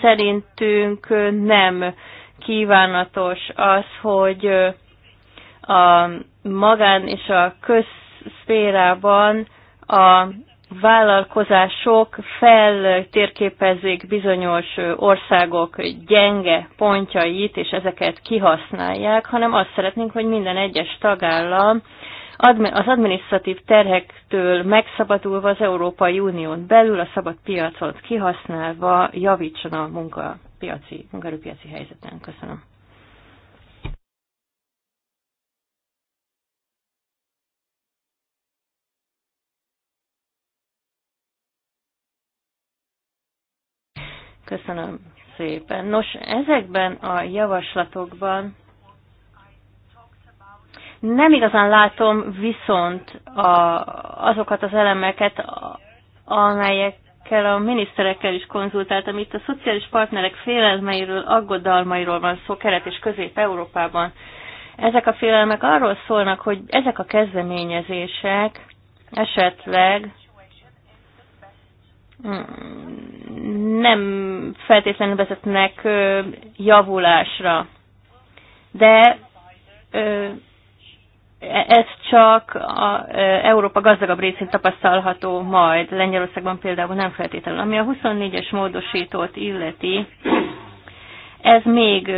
Szerintünk nem kívánatos az, hogy a magán és a közszférában a vállalkozások feltérképezik bizonyos országok gyenge pontjait, és ezeket kihasználják, hanem azt szeretnénk, hogy minden egyes tagállam az adminisztratív terhektől megszabadulva az Európai Unión belül a szabad piacot kihasználva javítson a munkapiaci, munkaerőpiaci helyzeten. Köszönöm. Köszönöm szépen. Nos, ezekben a javaslatokban nem igazán látom viszont a, azokat az elemeket, amelyekkel a miniszterekkel is konzultáltam. Itt a szociális partnerek félelmeiről, aggodalmairól van szó keret és Közép-Európában. Ezek a félelmek arról szólnak, hogy ezek a kezdeményezések esetleg Mm, nem feltétlenül vezetnek javulásra. De e, ez csak a Európa gazdagabb részén tapasztalható majd, Lengyelországban például nem feltétlenül. Ami a 24-es módosítót illeti, ez még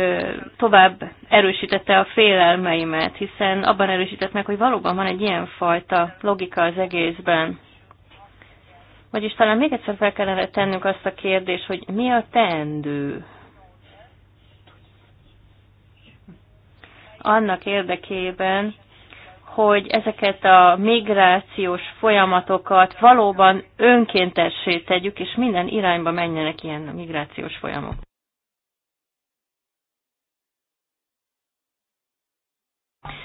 tovább erősítette a félelmeimet, hiszen abban erősített meg, hogy valóban van egy ilyenfajta logika az egészben. Vagyis talán még egyszer fel kellene tennünk azt a kérdést, hogy mi a teendő annak érdekében, hogy ezeket a migrációs folyamatokat valóban önkéntessé tegyük, és minden irányba menjenek ilyen migrációs folyamok.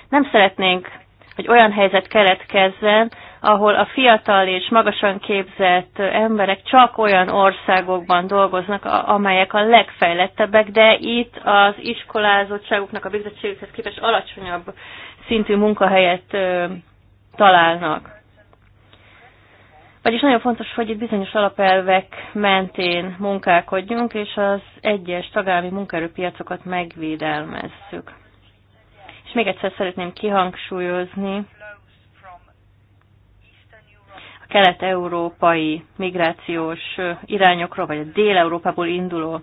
Nem szeretnénk, hogy olyan helyzet keletkezzen, ahol a fiatal és magasan képzett emberek csak olyan országokban dolgoznak, amelyek a legfejlettebbek, de itt az iskolázottságuknak, a végzettségükhez képest alacsonyabb szintű munkahelyet találnak. Vagyis nagyon fontos, hogy itt bizonyos alapelvek mentén munkálkodjunk, és az egyes tagállami munkaerőpiacokat megvédelmezzük. És még egyszer szeretném kihangsúlyozni, kelet-európai migrációs irányokról, vagy a dél-európából induló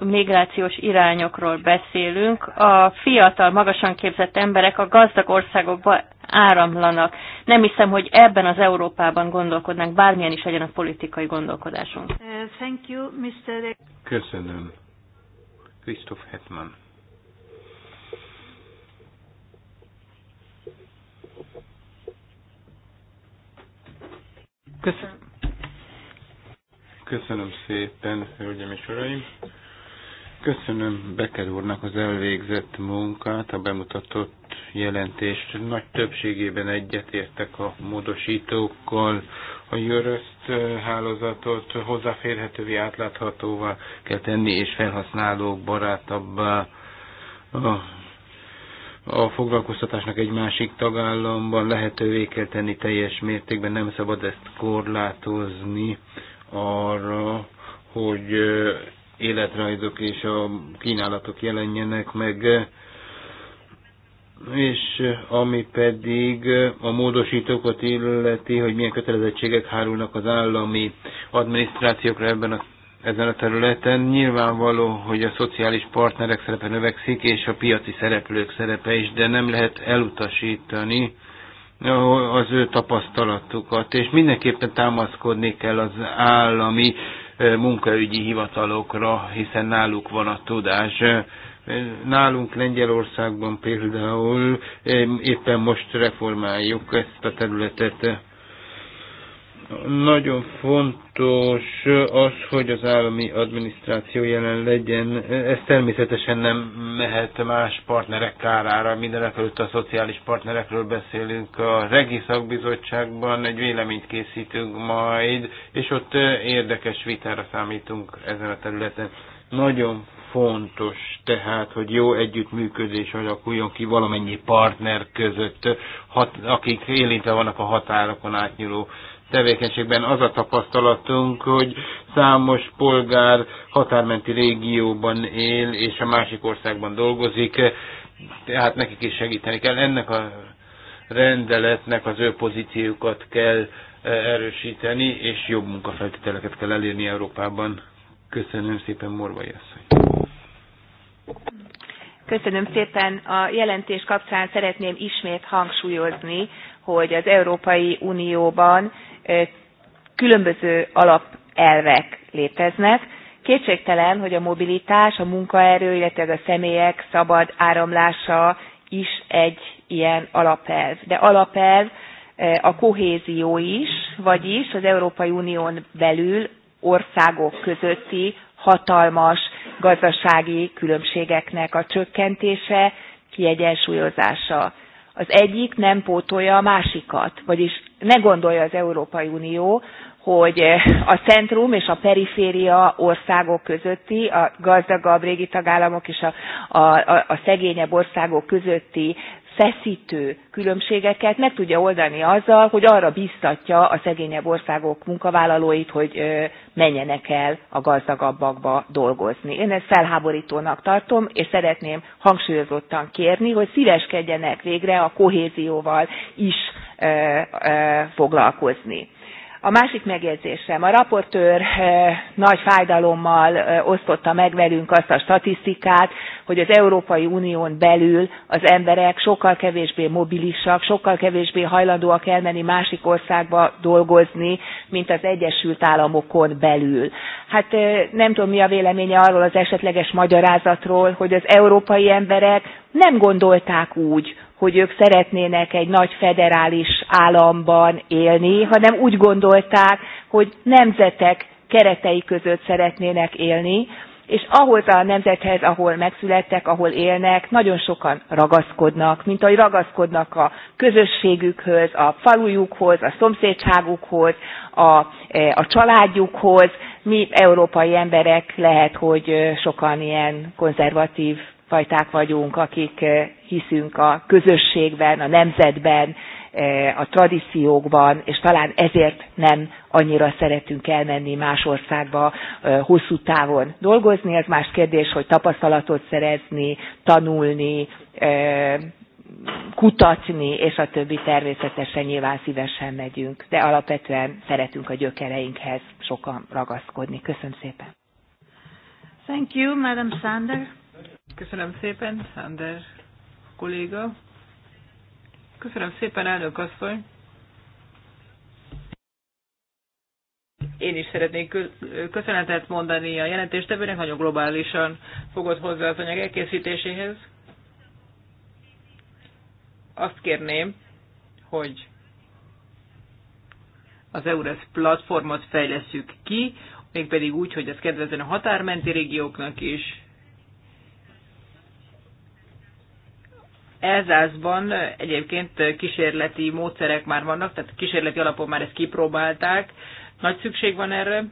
migrációs irányokról beszélünk, a fiatal, magasan képzett emberek a gazdag országokba áramlanak. Nem hiszem, hogy ebben az Európában gondolkodnánk, bármilyen is legyen a politikai gondolkodásunk. Uh, Köszönöm. Christoph Hetman. Köszönöm. Köszönöm szépen, hölgyeim és uraim. Köszönöm Becker úrnak az elvégzett munkát, a bemutatott jelentést. Nagy többségében egyetértek a módosítókkal. A Jöröszt eh, hálózatot hozzáférhetővé, átláthatóvá kell tenni, és felhasználók barátabbá a a foglalkoztatásnak egy másik tagállamban lehetővé kell tenni teljes mértékben, nem szabad ezt korlátozni arra, hogy életrajzok és a kínálatok jelenjenek meg, és ami pedig a módosítókat illeti, hogy milyen kötelezettségek hárulnak az állami adminisztrációkra ebben a ezen a területen. Nyilvánvaló, hogy a szociális partnerek szerepe növekszik, és a piaci szereplők szerepe is, de nem lehet elutasítani az ő tapasztalatukat, és mindenképpen támaszkodni kell az állami munkaügyi hivatalokra, hiszen náluk van a tudás. Nálunk Lengyelországban például éppen most reformáljuk ezt a területet nagyon fontos az, hogy az állami adminisztráció jelen legyen. Ez természetesen nem mehet más partnerek kárára. Mindenek előtt a szociális partnerekről beszélünk. A Regi Szakbizottságban egy véleményt készítünk majd, és ott érdekes vitára számítunk ezen a területen. Nagyon fontos tehát, hogy jó együttműködés alakuljon ki valamennyi partner között, hat, akik élinte vannak a határokon átnyúló tevékenységben az a tapasztalatunk, hogy számos polgár határmenti régióban él, és a másik országban dolgozik, tehát nekik is segíteni kell. Ennek a rendeletnek az ő pozíciókat kell e, erősíteni, és jobb munkafeltételeket kell elérni Európában. Köszönöm szépen, Morvai asszony! Köszönöm szépen. A jelentés kapcsán szeretném ismét hangsúlyozni, hogy az Európai Unióban különböző alapelvek léteznek. Kétségtelen, hogy a mobilitás, a munkaerő, illetve a személyek szabad áramlása is egy ilyen alapelv. De alapelv a kohézió is, vagyis az Európai Unión belül országok közötti hatalmas gazdasági különbségeknek a csökkentése, kiegyensúlyozása. Az egyik nem pótolja a másikat, vagyis ne gondolja az Európai Unió, hogy a centrum és a periféria országok közötti, a gazdagabb régi tagállamok és a, a, a szegényebb országok közötti feszítő különbségeket meg tudja oldani azzal, hogy arra biztatja a szegényebb országok munkavállalóit, hogy menjenek el a gazdagabbakba dolgozni. Én ezt felháborítónak tartom, és szeretném hangsúlyozottan kérni, hogy szíveskedjenek végre a kohézióval is foglalkozni a másik megjegyzésem a raportőr eh, nagy fájdalommal eh, osztotta meg velünk azt a statisztikát hogy az európai unión belül az emberek sokkal kevésbé mobilisak sokkal kevésbé hajlandóak elmenni másik országba dolgozni mint az egyesült államokon belül. hát eh, nem tudom mi a véleménye arról az esetleges magyarázatról hogy az európai emberek nem gondolták úgy hogy ők szeretnének egy nagy federális államban élni, hanem úgy gondolták, hogy nemzetek keretei között szeretnének élni, és ahhoz a nemzethez, ahol megszülettek, ahol élnek, nagyon sokan ragaszkodnak, mint ahogy ragaszkodnak a közösségükhöz, a falujukhoz, a szomszédságukhoz, a, e, a családjukhoz. Mi európai emberek lehet, hogy e, sokan ilyen konzervatív fajták vagyunk, akik eh, hiszünk a közösségben, a nemzetben, eh, a tradíciókban, és talán ezért nem annyira szeretünk elmenni más országba eh, hosszú távon dolgozni. Ez más kérdés, hogy tapasztalatot szerezni, tanulni, kutatni, és a többi természetesen nyilván szívesen megyünk, de alapvetően szeretünk a gyökereinkhez sokan ragaszkodni. Köszönöm szépen. Thank you, Madam Sander. Köszönöm szépen, Sander kolléga. Köszönöm szépen, elnök asszony. Én is szeretnék köszönetet mondani a jelentéstevőnek, nagyon globálisan fogott hozzá az anyag elkészítéséhez. Azt kérném, hogy az EURES platformot fejleszük ki, mégpedig úgy, hogy ez kedvezzen a határmenti régióknak is, Elzászban egyébként kísérleti módszerek már vannak, tehát kísérleti alapon már ezt kipróbálták. Nagy szükség van erre.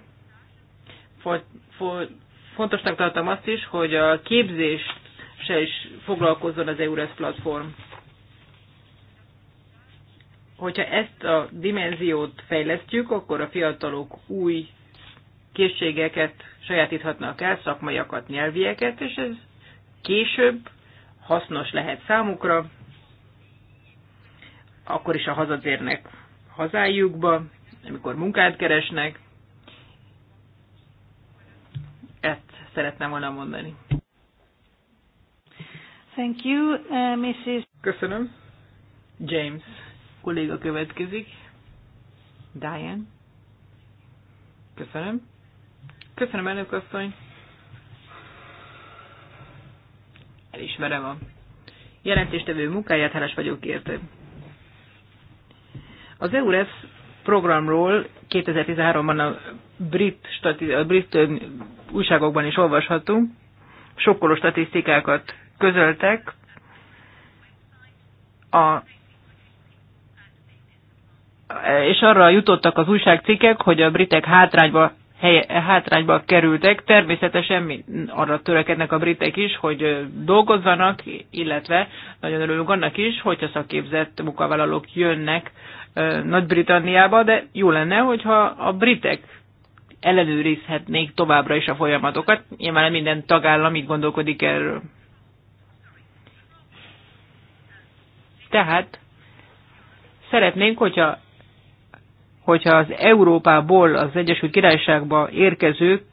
Fontosnak tartom azt is, hogy a képzést se is foglalkozzon az EURES platform. Hogyha ezt a dimenziót fejlesztjük, akkor a fiatalok új készségeket sajátíthatnak el, szakmaiakat, nyelvieket, és ez később hasznos lehet számukra, akkor is a hazatérnek hazájukba, amikor munkát keresnek. Ezt szeretném volna mondani. Thank you, uh, Mrs. Köszönöm. James kolléga következik. Diane. Köszönöm. Köszönöm, elnök asszony. elismerem a jelentéstevő munkáját, hálás vagyok érte. Az EURES programról 2013-ban a brit, stati- a brit újságokban is olvashatunk, sokkoló statisztikákat közöltek. A és arra jutottak az újságcikkek, hogy a britek hátrányba helye, hátrányba kerültek. Természetesen mi arra törekednek a britek is, hogy dolgozzanak, illetve nagyon örülünk annak is, hogyha szakképzett munkavállalók jönnek Nagy-Britanniába, de jó lenne, hogyha a britek ellenőrizhetnék továbbra is a folyamatokat. Nyilván minden tagállam így gondolkodik erről. Tehát szeretnénk, hogyha hogyha az Európából az Egyesült Királyságba érkezők,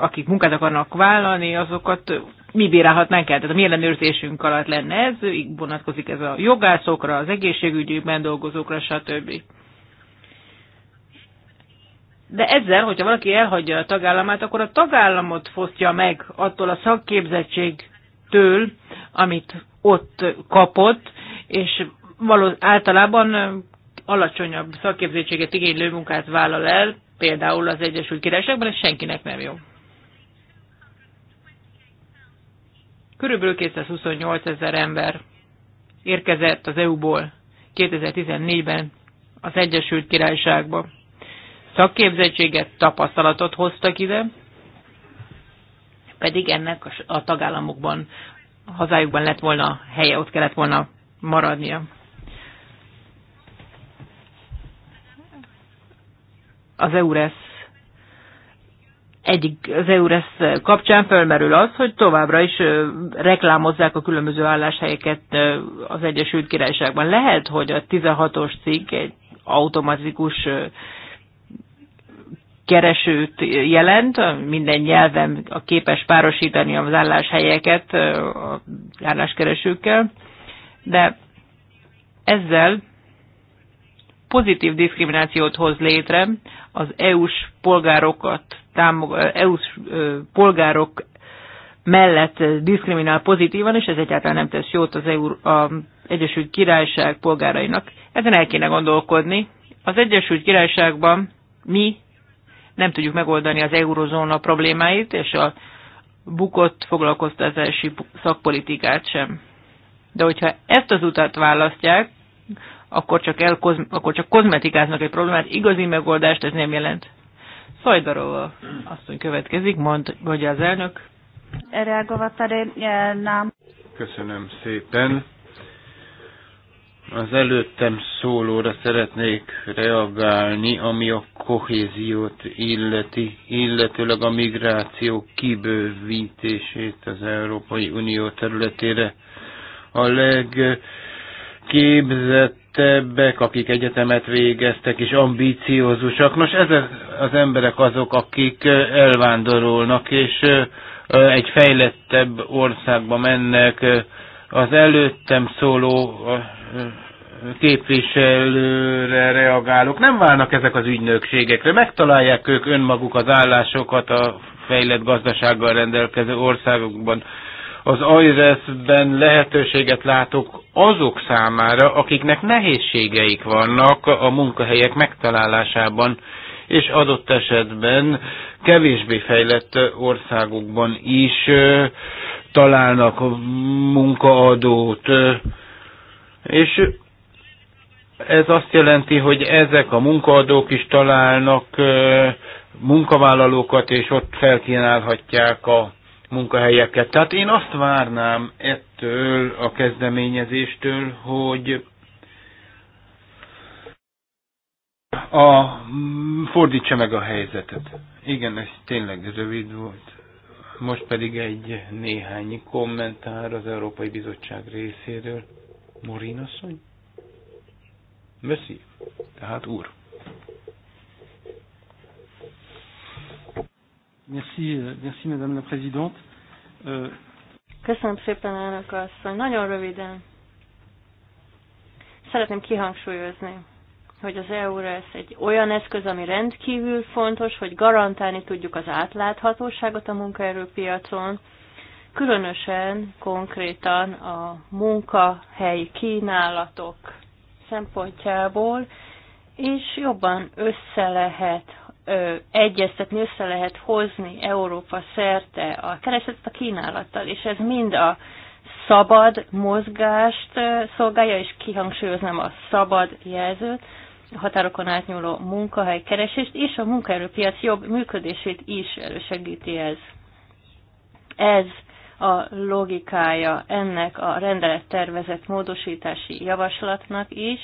akik munkát akarnak vállalni, azokat mi bírálhatnánk el? Tehát a mi ellenőrzésünk alatt lenne ez, így vonatkozik ez a jogászokra, az egészségügyükben dolgozókra, stb. De ezzel, hogyha valaki elhagyja a tagállamát, akkor a tagállamot fosztja meg attól a szakképzettségtől, amit ott kapott, és való, általában alacsonyabb szakképzettséget igénylő munkát vállal el, például az Egyesült Királyságban, ez senkinek nem jó. Körülbelül 228 ezer ember érkezett az EU-ból 2014-ben az Egyesült Királyságba. Szakképzettséget, tapasztalatot hoztak ide, pedig ennek a tagállamokban, a hazájukban lett volna helye, ott kellett volna maradnia. az EURES egyik az EURES kapcsán felmerül az, hogy továbbra is reklámozzák a különböző álláshelyeket az Egyesült Királyságban. Lehet, hogy a 16-os cikk egy automatikus keresőt jelent, minden nyelven a képes párosítani az álláshelyeket az álláskeresőkkel, de ezzel pozitív diszkriminációt hoz létre az EU-s polgárokat, EU-s polgárok mellett diszkriminál pozitívan, és ez egyáltalán nem tesz jót az EU, a Egyesült Királyság polgárainak. Ezen el kéne gondolkodni. Az Egyesült Királyságban mi nem tudjuk megoldani az eurozóna problémáit, és a bukott foglalkoztatási szakpolitikát sem. De hogyha ezt az utat választják, akkor csak, el, akkor csak kozmetikáznak egy problémát, igazi megoldást ez nem jelent. Szajdarova asszony következik, mond, hogy az elnök. Eh, Köszönöm szépen. Az előttem szólóra szeretnék reagálni, ami a kohéziót illeti, illetőleg a migráció kibővítését az Európai Unió területére. A legképzett fejlettebbek, akik egyetemet végeztek és ambíciózusak. Nos, ezek az emberek azok, akik elvándorolnak, és egy fejlettebb országba mennek. Az előttem szóló képviselőre reagálok. Nem válnak ezek az ügynökségekre, megtalálják ők önmaguk az állásokat a fejlett gazdasággal rendelkező országokban az AIRES-ben lehetőséget látok azok számára, akiknek nehézségeik vannak a munkahelyek megtalálásában, és adott esetben kevésbé fejlett országokban is találnak munkaadót. És ez azt jelenti, hogy ezek a munkaadók is találnak munkavállalókat, és ott felkínálhatják a munkahelyeket. Tehát én azt várnám ettől a kezdeményezéstől, hogy a, fordítsa meg a helyzetet. Igen, ez tényleg rövid volt. Most pedig egy néhány kommentár az Európai Bizottság részéről. Morin asszony? Messi, tehát úr. Merci, euh, merci Madame la Présidente. Euh, Köszönöm szépen, elnök asszony. Nagyon röviden. Szeretném kihangsúlyozni, hogy az EURES egy olyan eszköz, ami rendkívül fontos, hogy garantálni tudjuk az átláthatóságot a munkaerőpiacon, különösen konkrétan a munkahelyi kínálatok szempontjából, és jobban össze lehet egyeztetni, össze lehet hozni Európa szerte a keresletet a kínálattal, és ez mind a szabad mozgást szolgálja, és kihangsúlyoznám a szabad jelzőt, a határokon átnyúló munkahelykeresést és a munkaerőpiac jobb működését is elősegíti ez. Ez a logikája ennek a rendelettervezett módosítási javaslatnak is,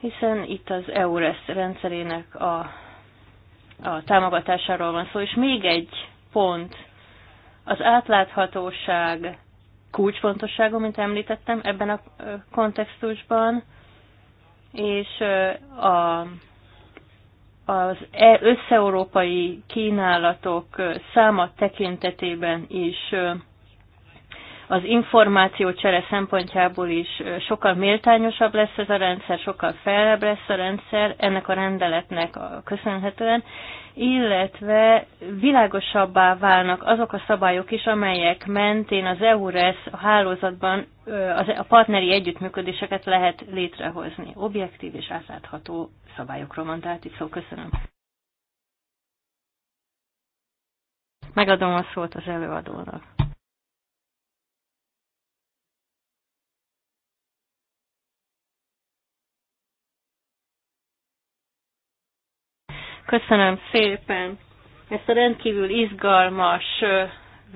hiszen itt az EURES rendszerének a a támogatásáról van szó. És még egy pont, az átláthatóság kulcsfontosságú, mint említettem ebben a kontextusban, és a, az e, összeurópai kínálatok száma tekintetében is az információcsere szempontjából is sokkal méltányosabb lesz ez a rendszer, sokkal felebb lesz a rendszer ennek a rendeletnek köszönhetően, illetve világosabbá válnak azok a szabályok is, amelyek mentén az EURES hálózatban e, a partneri együttműködéseket lehet létrehozni. Objektív és átlátható szabályokról van tehát itt szó. Köszönöm. Megadom a szót az előadónak. Köszönöm szépen ezt a rendkívül izgalmas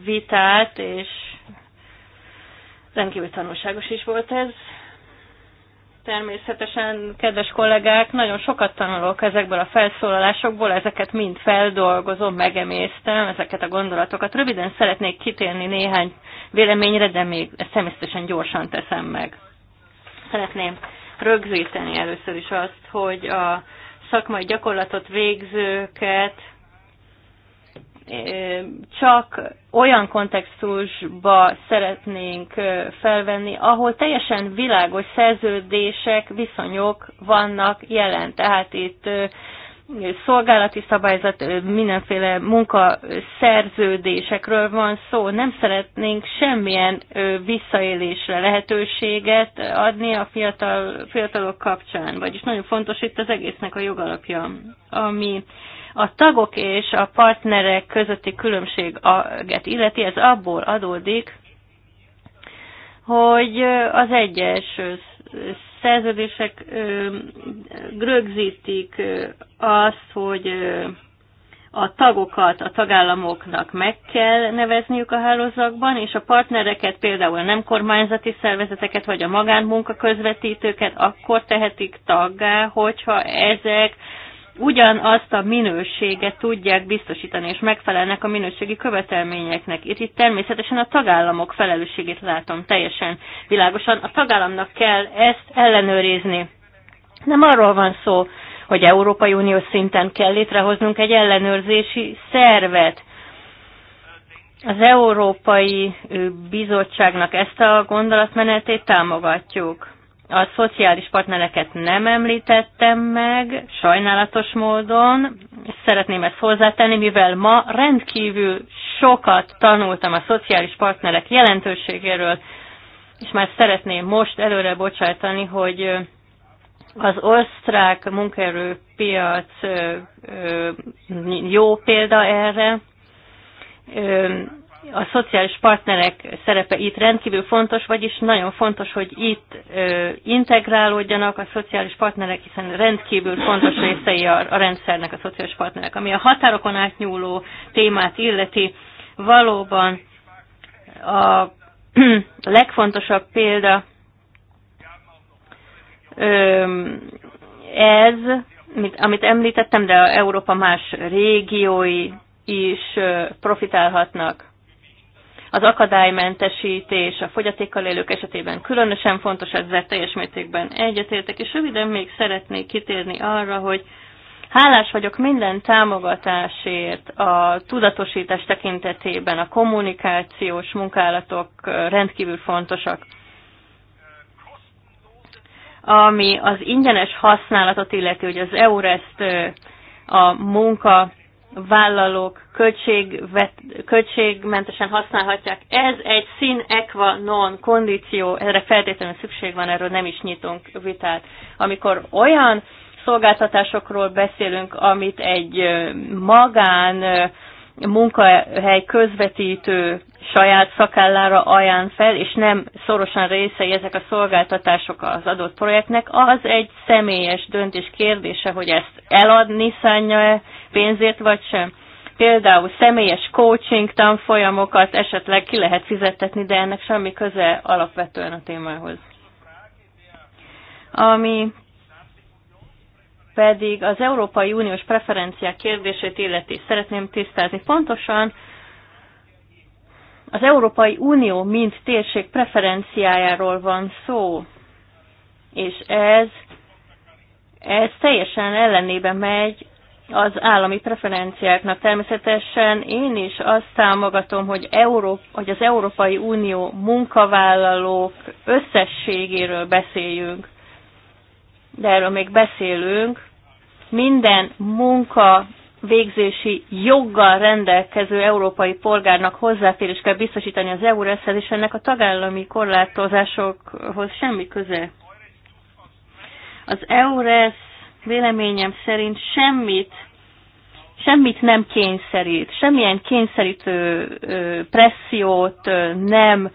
vitát, és rendkívül tanulságos is volt ez. Természetesen, kedves kollégák, nagyon sokat tanulok ezekből a felszólalásokból, ezeket mind feldolgozom, megemésztem ezeket a gondolatokat. Röviden szeretnék kitérni néhány véleményre, de még ezt természetesen gyorsan teszem meg. Szeretném rögzíteni először is azt, hogy a szakmai gyakorlatot végzőket csak olyan kontextusba szeretnénk felvenni, ahol teljesen világos szerződések, viszonyok vannak jelen. Tehát itt szolgálati szabályzat, mindenféle munkaszerződésekről van szó. Nem szeretnénk semmilyen visszaélésre lehetőséget adni a fiatal, fiatalok kapcsán, vagyis nagyon fontos itt az egésznek a jogalapja, ami a tagok és a partnerek közötti különbséget illeti, ez abból adódik, hogy az egyes szerződések rögzítik azt, hogy a tagokat a tagállamoknak meg kell nevezniük a hálózatban, és a partnereket, például a nem kormányzati szervezeteket, vagy a magánmunka közvetítőket akkor tehetik taggá, hogyha ezek ugyanazt a minőséget tudják biztosítani, és megfelelnek a minőségi követelményeknek. Itt, itt természetesen a tagállamok felelősségét látom teljesen világosan. A tagállamnak kell ezt ellenőrizni. Nem arról van szó, hogy Európai Unió szinten kell létrehoznunk egy ellenőrzési szervet. Az Európai Bizottságnak ezt a gondolatmenetét támogatjuk a szociális partnereket nem említettem meg, sajnálatos módon. Szeretném ezt hozzátenni, mivel ma rendkívül sokat tanultam a szociális partnerek jelentőségéről, és már szeretném most előre bocsájtani, hogy az osztrák munkaerőpiac jó példa erre a szociális partnerek szerepe itt rendkívül fontos, vagyis nagyon fontos, hogy itt ö, integrálódjanak a szociális partnerek, hiszen rendkívül fontos részei a, a rendszernek a szociális partnerek. Ami a határokon átnyúló témát illeti, valóban a legfontosabb példa ö, ez, amit említettem, de a Európa más régiói is profitálhatnak az akadálymentesítés a fogyatékkal élők esetében különösen fontos, ezzel teljes mértékben egyetértek, és röviden még szeretnék kitérni arra, hogy Hálás vagyok minden támogatásért a tudatosítás tekintetében, a kommunikációs munkálatok rendkívül fontosak. Ami az ingyenes használatot illeti, hogy az EURESZT a munka vállalók költségvet, költségmentesen használhatják. Ez egy szín equa non kondíció, erre feltétlenül szükség van, erről nem is nyitunk vitát. Amikor olyan szolgáltatásokról beszélünk, amit egy magán munkahely közvetítő saját szakállára ajánl fel, és nem szorosan részei ezek a szolgáltatások az adott projektnek, az egy személyes döntés kérdése, hogy ezt eladni szánja-e pénzért, vagy sem. Például személyes coaching tanfolyamokat esetleg ki lehet fizettetni, de ennek semmi köze alapvetően a témához. Ami pedig az Európai Uniós preferenciák kérdését illeti. Szeretném tisztázni pontosan, az Európai Unió mint térség preferenciájáról van szó, és ez, ez teljesen ellenébe megy az állami preferenciáknak. Természetesen én is azt támogatom, hogy, Európ, hogy az Európai Unió munkavállalók összességéről beszéljünk, de erről még beszélünk, minden munka végzési joggal rendelkező európai polgárnak hozzáférés kell biztosítani az EURES-hez, és ennek a tagállami korlátozásokhoz semmi köze. Az EURES véleményem szerint semmit semmit nem kényszerít, semmilyen kényszerítő pressziót nem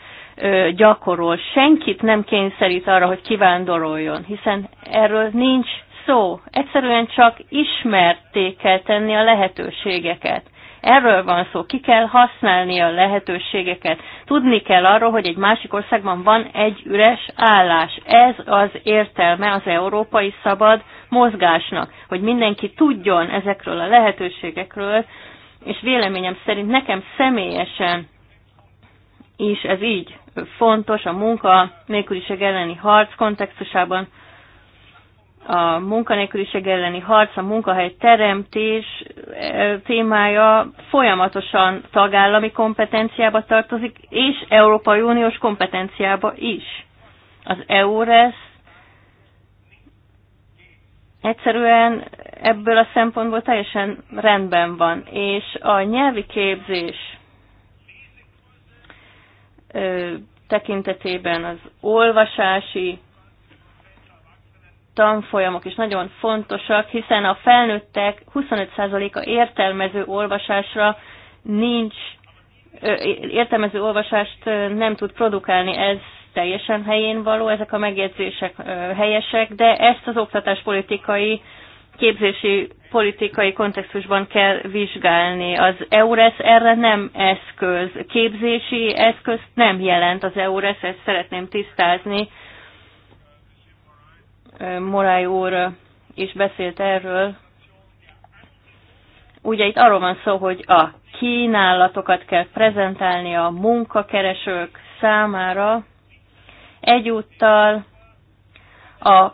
gyakorol, senkit nem kényszerít arra, hogy kivándoroljon, hiszen erről nincs szó, egyszerűen csak ismerté kell tenni a lehetőségeket. Erről van szó, ki kell használni a lehetőségeket. Tudni kell arról, hogy egy másik országban van egy üres állás. Ez az értelme az európai szabad mozgásnak, hogy mindenki tudjon ezekről a lehetőségekről, és véleményem szerint nekem személyesen is ez így fontos a munka nélküliség elleni harc kontextusában, a munkanélküliség elleni harc, a munkahely teremtés e, témája folyamatosan tagállami kompetenciába tartozik, és Európai Uniós kompetenciába is. Az EURES egyszerűen ebből a szempontból teljesen rendben van, és a nyelvi képzés tekintetében az olvasási tanfolyamok is nagyon fontosak, hiszen a felnőttek 25%-a értelmező olvasásra nincs, értelmező olvasást nem tud produkálni, ez teljesen helyén való, ezek a megjegyzések helyesek, de ezt az oktatáspolitikai, képzési politikai kontextusban kell vizsgálni. Az EURES erre nem eszköz, képzési eszköz nem jelent az EURES, ezt szeretném tisztázni, Moráj úr is beszélt erről. Ugye itt arról van szó, hogy a kínálatokat kell prezentálni a munkakeresők számára, egyúttal a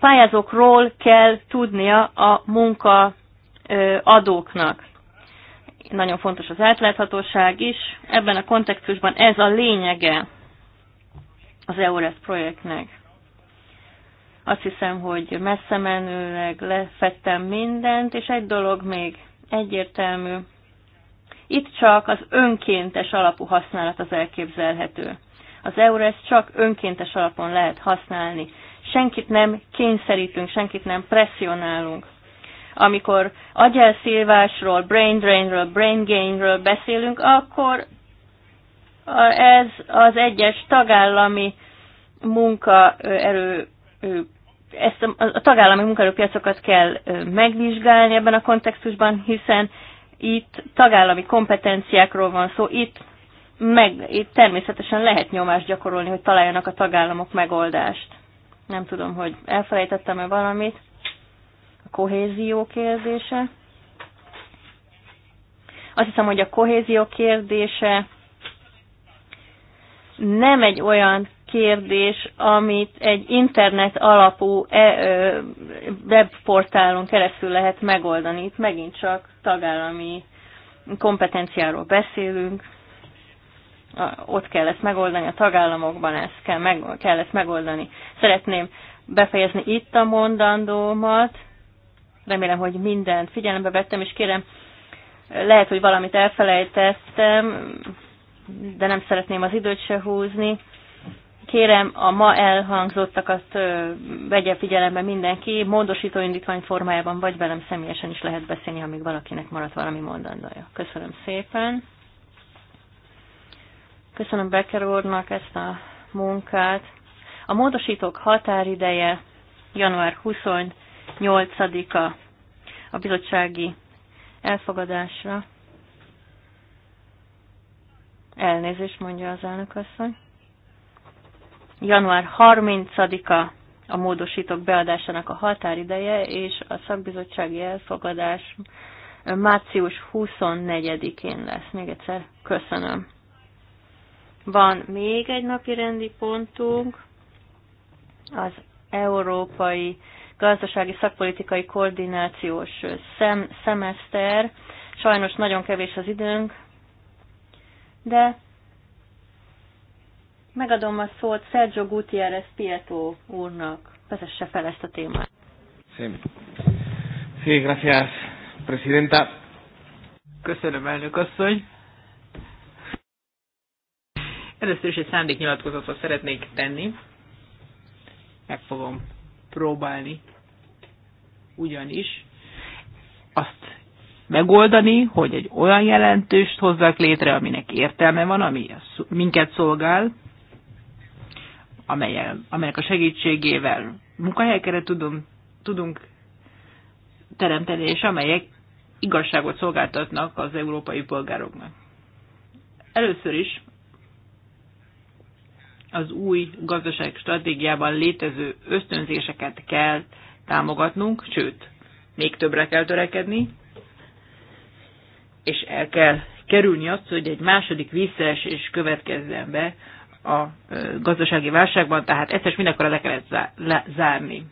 pályázókról kell tudnia a munkaadóknak. Nagyon fontos az átláthatóság is. Ebben a kontextusban ez a lényege az EURES projektnek. Azt hiszem, hogy messze menőleg lefettem mindent, és egy dolog még egyértelmű. Itt csak az önkéntes alapú használat az elképzelhető. Az EURES csak önkéntes alapon lehet használni. Senkit nem kényszerítünk, senkit nem presszionálunk amikor agyelszívásról, brain drainről, brain gainről beszélünk, akkor ez az egyes tagállami munkaerő ezt a, a tagállami munkaerőpiacokat kell megvizsgálni ebben a kontextusban, hiszen itt tagállami kompetenciákról van szó, itt meg itt természetesen lehet nyomást gyakorolni, hogy találjanak a tagállamok megoldást. Nem tudom, hogy elfelejtettem-e valamit. A kohézió kérdése. Azt hiszem, hogy a kohézió kérdése nem egy olyan kérdés, amit egy internet alapú e, webportálon keresztül lehet megoldani. Itt megint csak tagállami kompetenciáról beszélünk, ott kell ezt megoldani, a tagállamokban ezt kell, meg, kell ezt megoldani. Szeretném befejezni itt a mondandómat, remélem, hogy mindent figyelembe vettem, és kérem, lehet, hogy valamit elfelejtettem, de nem szeretném az időt se húzni. Kérem, a ma elhangzottakat vegye figyelembe mindenki, módosító indítvány formájában, vagy velem személyesen is lehet beszélni, amíg valakinek maradt valami mondandója. Köszönöm szépen. Köszönöm Becker úrnak ezt a munkát. A módosítók határideje január 28-a a bizottsági elfogadásra. Elnézést mondja az elnök asszony január 30-a a módosítók beadásának a határideje, és a szakbizottsági elfogadás március 24-én lesz. Még egyszer köszönöm. Van még egy napi rendi pontunk, az Európai Gazdasági Szakpolitikai Koordinációs szem, Szemeszter. Sajnos nagyon kevés az időnk, de Megadom a szót Sergio Gutiérrez Pietó úrnak. Vezesse fel ezt a témát. Sí. Sí, gracias, presidenta. Köszönöm, elnök asszony. Először is egy szándéknyilatkozatot szeretnék tenni. Meg fogom próbálni ugyanis azt megoldani, hogy egy olyan jelentést hozzak létre, aminek értelme van, ami minket szolgál, amelyen, amelyek a segítségével munkahelyeket tudunk, tudunk teremteni, és amelyek igazságot szolgáltatnak az európai polgároknak. Először is az új gazdaság stratégiában létező ösztönzéseket kell támogatnunk, sőt, még többre kell törekedni, és el kell kerülni azt, hogy egy második visszaesés következzen be a gazdasági válságban, tehát ezt is mindenkor le kellett zárni.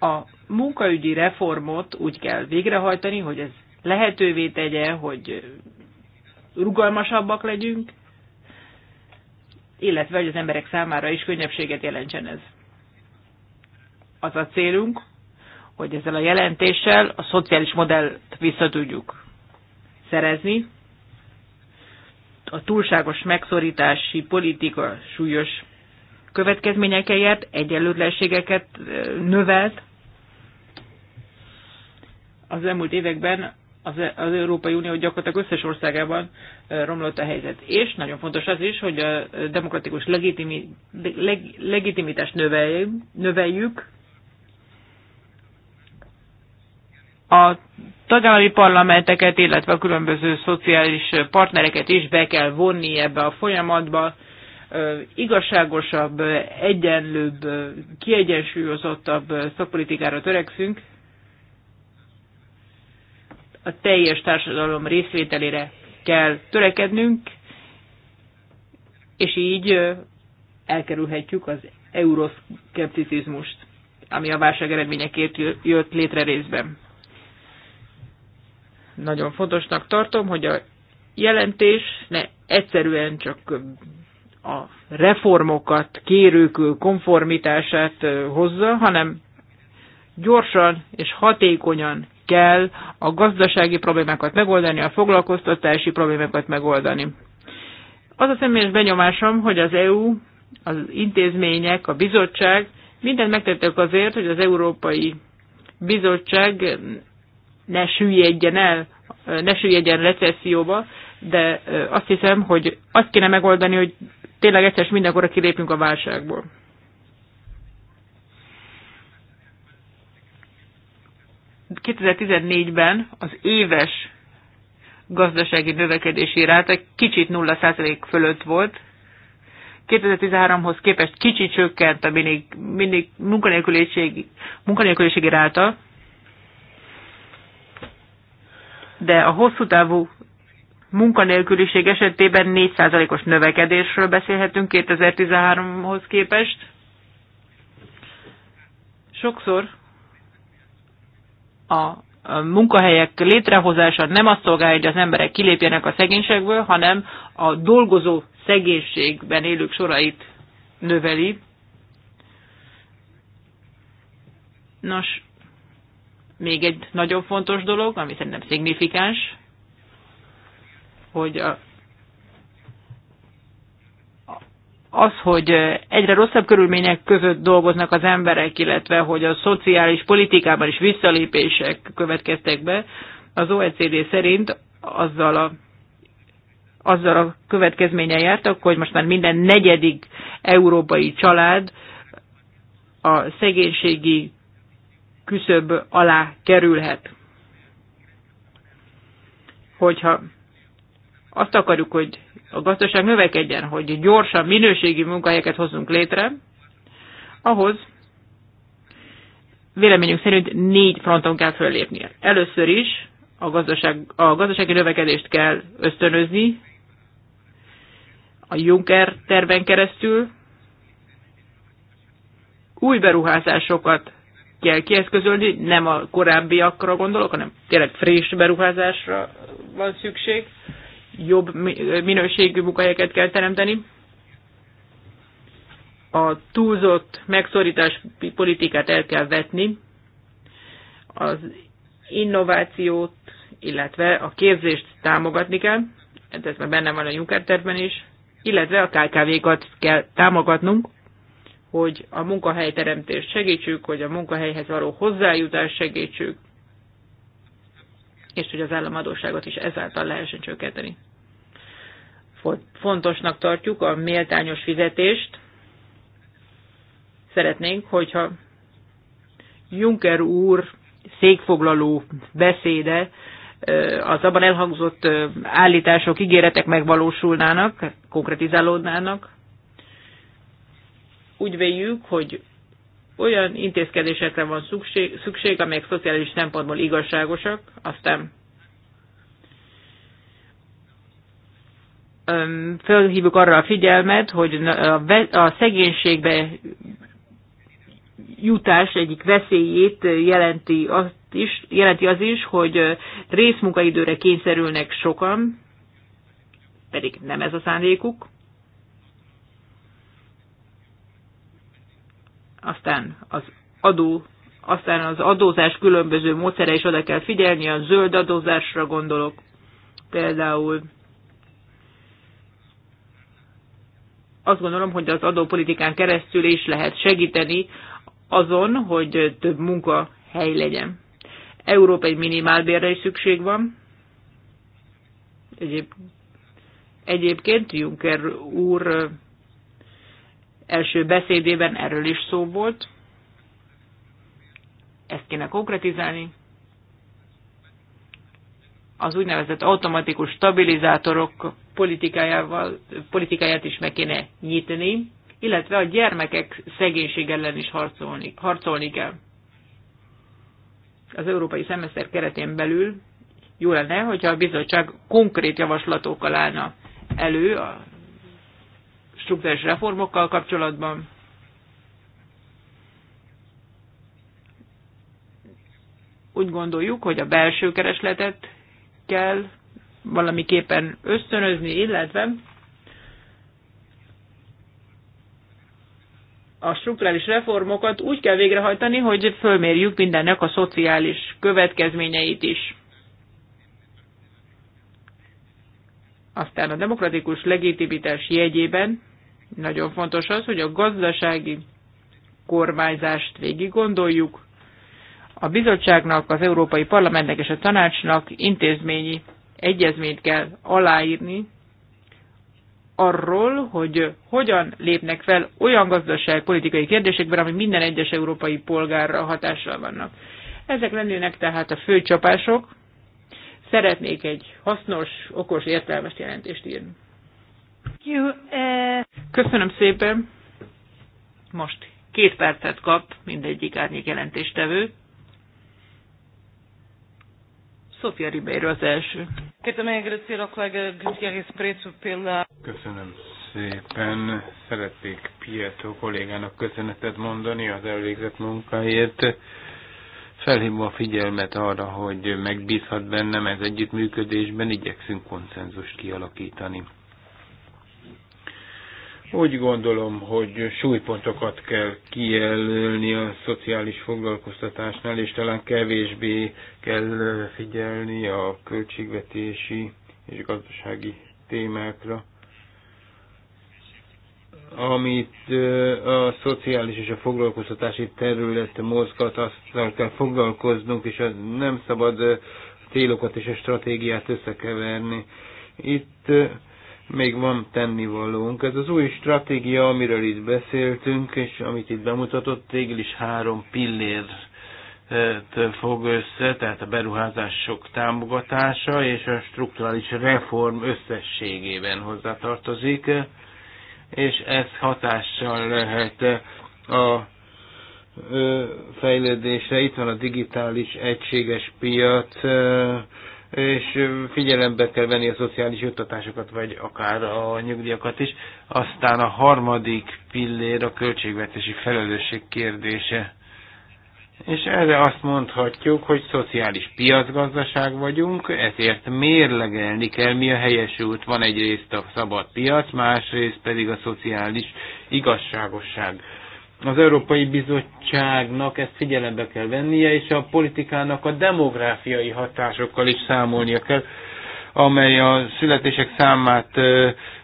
A munkaügyi reformot úgy kell végrehajtani, hogy ez lehetővé tegye, hogy rugalmasabbak legyünk, illetve hogy az emberek számára is könnyebbséget jelentsen ez. Az a célunk, hogy ezzel a jelentéssel a szociális modellt vissza tudjuk szerezni, a túlságos megszorítási politika súlyos következményekeért, egyenlőtlenségeket növelt. Az elmúlt években az, az Európai Unió gyakorlatilag összes országában romlott a helyzet. És nagyon fontos az is, hogy a demokratikus legitimi, leg, legitimitást növeljük. A tagállami parlamenteket, illetve a különböző szociális partnereket is be kell vonni ebbe a folyamatba. Igazságosabb, egyenlőbb, kiegyensúlyozottabb szakpolitikára törekszünk. A teljes társadalom részvételére kell törekednünk, és így elkerülhetjük az euroszkepticizmust, ami a válság eredményeként jött létre részben. Nagyon fontosnak tartom, hogy a jelentés ne egyszerűen csak a reformokat kérők konformitását hozza, hanem gyorsan és hatékonyan kell a gazdasági problémákat megoldani, a foglalkoztatási problémákat megoldani. Az a személyes benyomásom, hogy az EU, az intézmények, a bizottság mindent megtettek azért, hogy az Európai Bizottság ne süllyedjen el, ne süllyedjen recesszióba, de azt hiszem, hogy azt kéne megoldani, hogy tényleg egyszer mindenkorra kilépünk a válságból. ...2014-ben az éves gazdasági növekedési ráta kicsit 0% fölött volt. 2013-hoz képest kicsit csökkent a mindig, mindig munkanélküliségi, munkanélküliségi ráta, de a hosszú távú munkanélküliség esetében 4%-os növekedésről beszélhetünk 2013-hoz képest. Sokszor a munkahelyek létrehozása nem azt szolgálja, hogy az emberek kilépjenek a szegénységből, hanem a dolgozó szegénységben élők sorait növeli. Nos, még egy nagyon fontos dolog, ami szerintem szignifikáns, hogy a, az, hogy egyre rosszabb körülmények között dolgoznak az emberek, illetve hogy a szociális politikában is visszalépések következtek be, az OECD szerint azzal a, azzal a következménye jártak, hogy most már minden negyedik európai család a szegénységi küszöb alá kerülhet. Hogyha azt akarjuk, hogy a gazdaság növekedjen, hogy gyorsan minőségi munkahelyeket hozzunk létre, ahhoz véleményünk szerint négy fronton kell föllépnie. Először is a, gazdaság, a gazdasági növekedést kell ösztönözni, a Juncker terven keresztül új beruházásokat kell kieszközölni, nem a korábbiakra gondolok, hanem tényleg friss beruházásra van szükség, jobb minőségű munkahelyeket kell teremteni. A túlzott megszorítás politikát el kell vetni, az innovációt, illetve a képzést támogatni kell, ez már benne van a Juncker tervben is, illetve a KKV-kat kell támogatnunk, hogy a munkahelyteremtést segítsük, hogy a munkahelyhez való hozzájutást segítsük, és hogy az államadóságot is ezáltal lehessen csökkenteni. Fontosnak tartjuk a méltányos fizetést. Szeretnénk, hogyha Juncker úr székfoglaló beszéde, az abban elhangzott állítások, ígéretek megvalósulnának, konkretizálódnának, úgy véljük, hogy olyan intézkedésekre van szükség, szükség amelyek szociális szempontból igazságosak, aztán felhívjuk arra a figyelmet, hogy a szegénységbe jutás egyik veszélyét jelenti, azt is, jelenti az is, hogy részmunkaidőre kényszerülnek sokan, pedig nem ez a szándékuk. aztán az adó, aztán az adózás különböző módszere is oda kell figyelni, a zöld adózásra gondolok például. Azt gondolom, hogy az adópolitikán keresztül is lehet segíteni azon, hogy több munkahely legyen. Európai minimálbérre is szükség van. Egyéb, egyébként Juncker úr első beszédében erről is szó volt. Ezt kéne konkretizálni. Az úgynevezett automatikus stabilizátorok politikájával, politikáját is meg kéne nyitni, illetve a gyermekek szegénység ellen is harcolni, harcolni kell. Az európai szemeszter keretén belül jó lenne, hogyha a bizottság konkrét javaslatokkal állna elő a struktúrás reformokkal kapcsolatban. Úgy gondoljuk, hogy a belső keresletet kell valamiképpen ösztönözni, illetve a strukturális reformokat úgy kell végrehajtani, hogy fölmérjük mindennek a szociális következményeit is. Aztán a demokratikus legitimitás jegyében nagyon fontos az, hogy a gazdasági kormányzást végig gondoljuk. A bizottságnak, az Európai Parlamentnek és a tanácsnak intézményi egyezményt kell aláírni arról, hogy hogyan lépnek fel olyan gazdaságpolitikai kérdésekben, ami minden egyes európai polgárra hatással vannak. Ezek lennének tehát a fő csapások. Szeretnék egy hasznos, okos, értelmes jelentést írni. You, uh... Köszönöm szépen. Most két percet kap mindegyik árnyék jelentéstevő. Sofia Ribeiro az első. Köszönöm szépen. Szeretnék Pietro kollégának köszönetet mondani az elvégzett munkáért. Felhívom a figyelmet arra, hogy megbízhat bennem ez együttműködésben, igyekszünk konszenzust kialakítani. Úgy gondolom, hogy súlypontokat kell kijelölni a szociális foglalkoztatásnál, és talán kevésbé kell figyelni a költségvetési és gazdasági témákra amit a szociális és a foglalkoztatási terület mozgat, azzal kell foglalkoznunk, és nem szabad célokat és a stratégiát összekeverni. Itt még van tennivalónk. Ez az új stratégia, amiről itt beszéltünk, és amit itt bemutatott, végül is három pillér eh, fog össze, tehát a beruházások támogatása és a strukturális reform összességében hozzátartozik, és ez hatással lehet a eh, fejlődésre. Itt van a digitális egységes piac, eh, és figyelembe kell venni a szociális juttatásokat, vagy akár a nyugdíjakat is. Aztán a harmadik pillér a költségvetési felelősség kérdése. És erre azt mondhatjuk, hogy szociális piacgazdaság vagyunk, ezért mérlegelni kell, mi a helyes út. Van egyrészt a szabad piac, másrészt pedig a szociális igazságosság az Európai Bizottságnak ezt figyelembe kell vennie, és a politikának a demográfiai hatásokkal is számolnia kell, amely a születések számát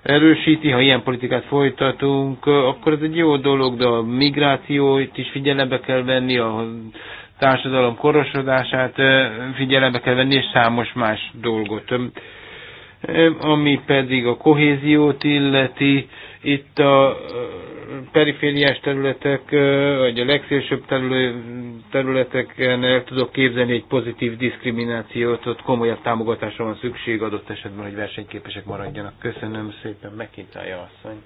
erősíti. Ha ilyen politikát folytatunk, akkor ez egy jó dolog, de a migrációt is figyelembe kell venni, a társadalom korosodását figyelembe kell venni, és számos más dolgot. Ami pedig a kohéziót illeti, itt a perifériás területek, vagy a legszélsőbb területeken el tudok képzelni egy pozitív diszkriminációt, ott komolyabb támogatásra van szükség adott esetben, hogy versenyképesek maradjanak. Köszönöm szépen, McIntyre asszony.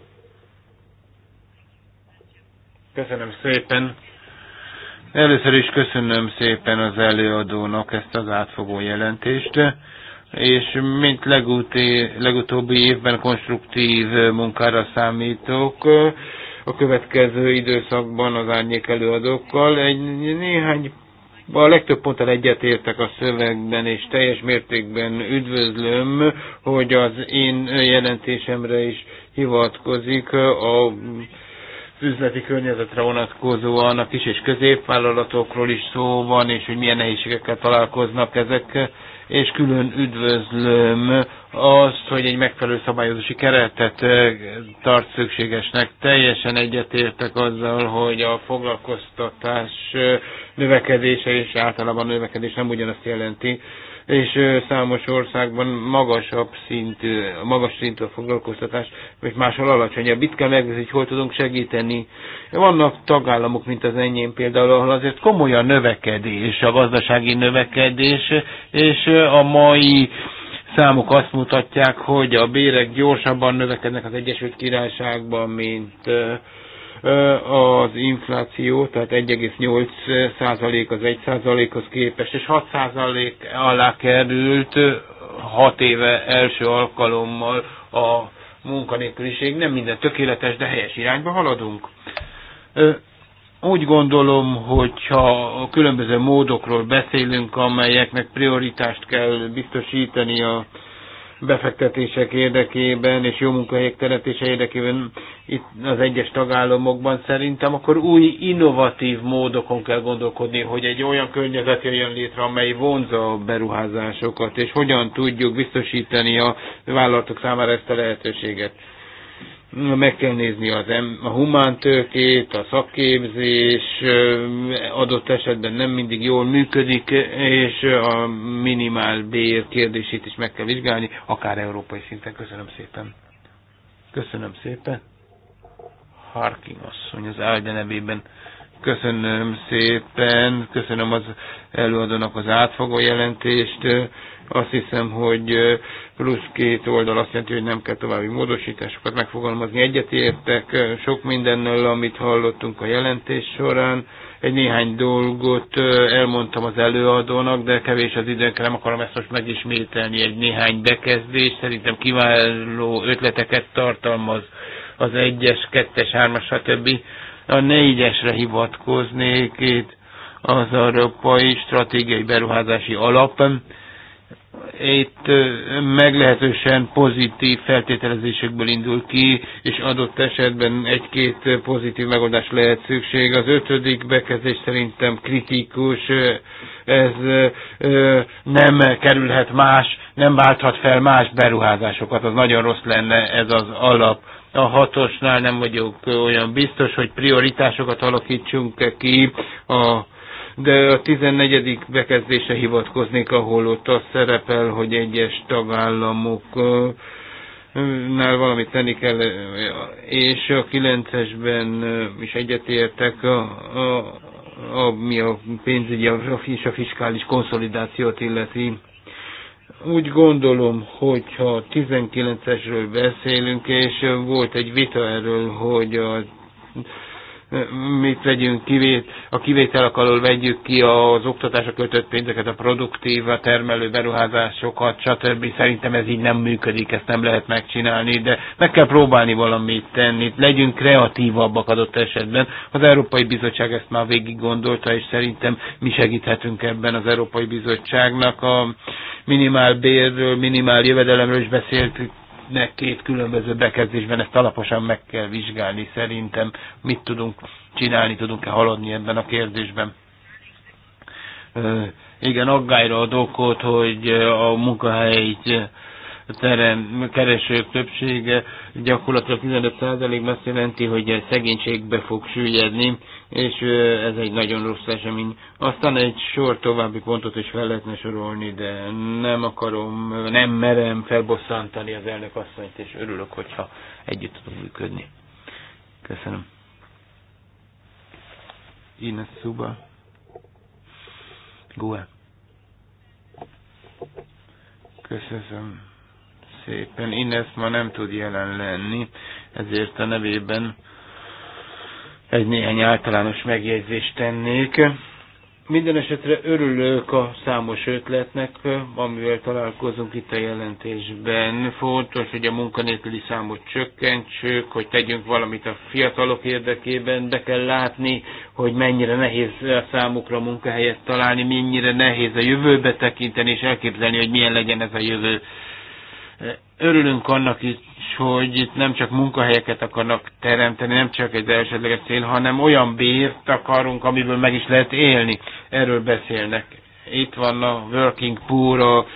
Köszönöm szépen. Először is köszönöm szépen az előadónak ezt az átfogó jelentést és mint leguti, legutóbbi évben konstruktív munkára számítok a következő időszakban az árnyék előadókkal. Egy néhány, a legtöbb ponttal egyetértek a szövegben, és teljes mértékben üdvözlöm, hogy az én jelentésemre is hivatkozik a üzleti környezetre vonatkozóan a kis és középvállalatokról is szó van, és hogy milyen nehézségekkel találkoznak ezek és külön üdvözlöm azt, hogy egy megfelelő szabályozási keretet eh, tart szükségesnek. Teljesen egyetértek azzal, hogy a foglalkoztatás eh, növekedése és általában növekedés nem ugyanazt jelenti, és számos országban magasabb szintű, magas szintű a foglalkoztatás, vagy máshol alacsonyabb. Itt kell megnézni, hogy hol tudunk segíteni. Vannak tagállamok, mint az enyém például, ahol azért komoly a növekedés, a gazdasági növekedés, és a mai számok azt mutatják, hogy a bérek gyorsabban növekednek az Egyesült Királyságban, mint az infláció, tehát 1,8% az 1%-hoz képest, és 6% alá került 6 éve első alkalommal a munkanélküliség. Nem minden tökéletes, de helyes irányba haladunk úgy gondolom, hogyha a különböző módokról beszélünk, amelyeknek prioritást kell biztosítani a befektetések érdekében és jó munkahelyek teretése érdekében itt az egyes tagállamokban szerintem, akkor új innovatív módokon kell gondolkodni, hogy egy olyan környezet jön létre, amely vonza a beruházásokat, és hogyan tudjuk biztosítani a vállalatok számára ezt a lehetőséget meg kell nézni az em, a humántőkét, a szakképzés adott esetben nem mindig jól működik, és a minimál bér kérdését is meg kell vizsgálni, akár európai szinten. Köszönöm szépen. Köszönöm szépen. Harking asszony az áldja nevében. Köszönöm szépen, köszönöm az előadónak az átfogó jelentést azt hiszem, hogy plusz két oldal azt jelenti, hogy nem kell további módosításokat megfogalmazni. Egyetértek sok mindennel, amit hallottunk a jelentés során. Egy néhány dolgot elmondtam az előadónak, de kevés az időnk, nem akarom ezt most megismételni. Egy néhány bekezdés szerintem kiváló ötleteket tartalmaz az egyes, kettes, hármas, stb. A négyesre hivatkoznék itt az Európai Stratégiai Beruházási Alap itt meglehetősen pozitív feltételezésekből indul ki, és adott esetben egy-két pozitív megoldás lehet szükség. Az ötödik bekezdés szerintem kritikus, ez nem kerülhet más, nem válthat fel más beruházásokat, az nagyon rossz lenne ez az alap a hatosnál nem vagyok olyan biztos, hogy prioritásokat alakítsunk ki a de a 14. bekezdése hivatkoznék, ahol ott az szerepel, hogy egyes tagállamok nál valamit tenni kell, és a 9-esben is egyetértek, a, a, mi a pénzügyi és a fiskális konszolidációt illeti. Úgy gondolom, hogyha 19-esről beszélünk, és volt egy vita erről, hogy a mit vegyünk kivét, a kivételek alól vegyük ki az oktatásra költött pénzeket, a produktív, a termelő beruházásokat, stb. Szerintem ez így nem működik, ezt nem lehet megcsinálni, de meg kell próbálni valamit tenni, legyünk kreatívabbak adott esetben. Az Európai Bizottság ezt már végig gondolta, és szerintem mi segíthetünk ebben az Európai Bizottságnak. A minimál bérről, minimál jövedelemről is beszéltük meg két különböző bekezdésben, ezt alaposan meg kell vizsgálni szerintem, mit tudunk csinálni, tudunk-e haladni ebben a kérdésben. Igen, aggályra ad okot, hogy a munkahelyi terem, keresők többsége gyakorlatilag 15 ben azt jelenti, hogy szegénységbe fog süllyedni és ez egy nagyon rossz esemény. Aztán egy sor további pontot is fel lehetne sorolni, de nem akarom, nem merem felbosszantani az elnök asszonyt, és örülök, hogyha együtt tudunk működni. Köszönöm. Ines Szuba. Gue. Köszönöm szépen. Ines ma nem tud jelen lenni, ezért a nevében egy néhány általános megjegyzést tennék. Minden esetre örülök a számos ötletnek, amivel találkozunk itt a jelentésben. Fontos, hogy a munkanélküli számot csökkentsük, hogy tegyünk valamit a fiatalok érdekében. Be kell látni, hogy mennyire nehéz a számukra munkahelyet találni, mennyire nehéz a jövőbe tekinteni, és elképzelni, hogy milyen legyen ez a jövő. Örülünk annak is, hogy itt nem csak munkahelyeket akarnak teremteni, nem csak egy elsődleges cél, hanem olyan bért akarunk, amiből meg is lehet élni. Erről beszélnek. Itt van a working poor, a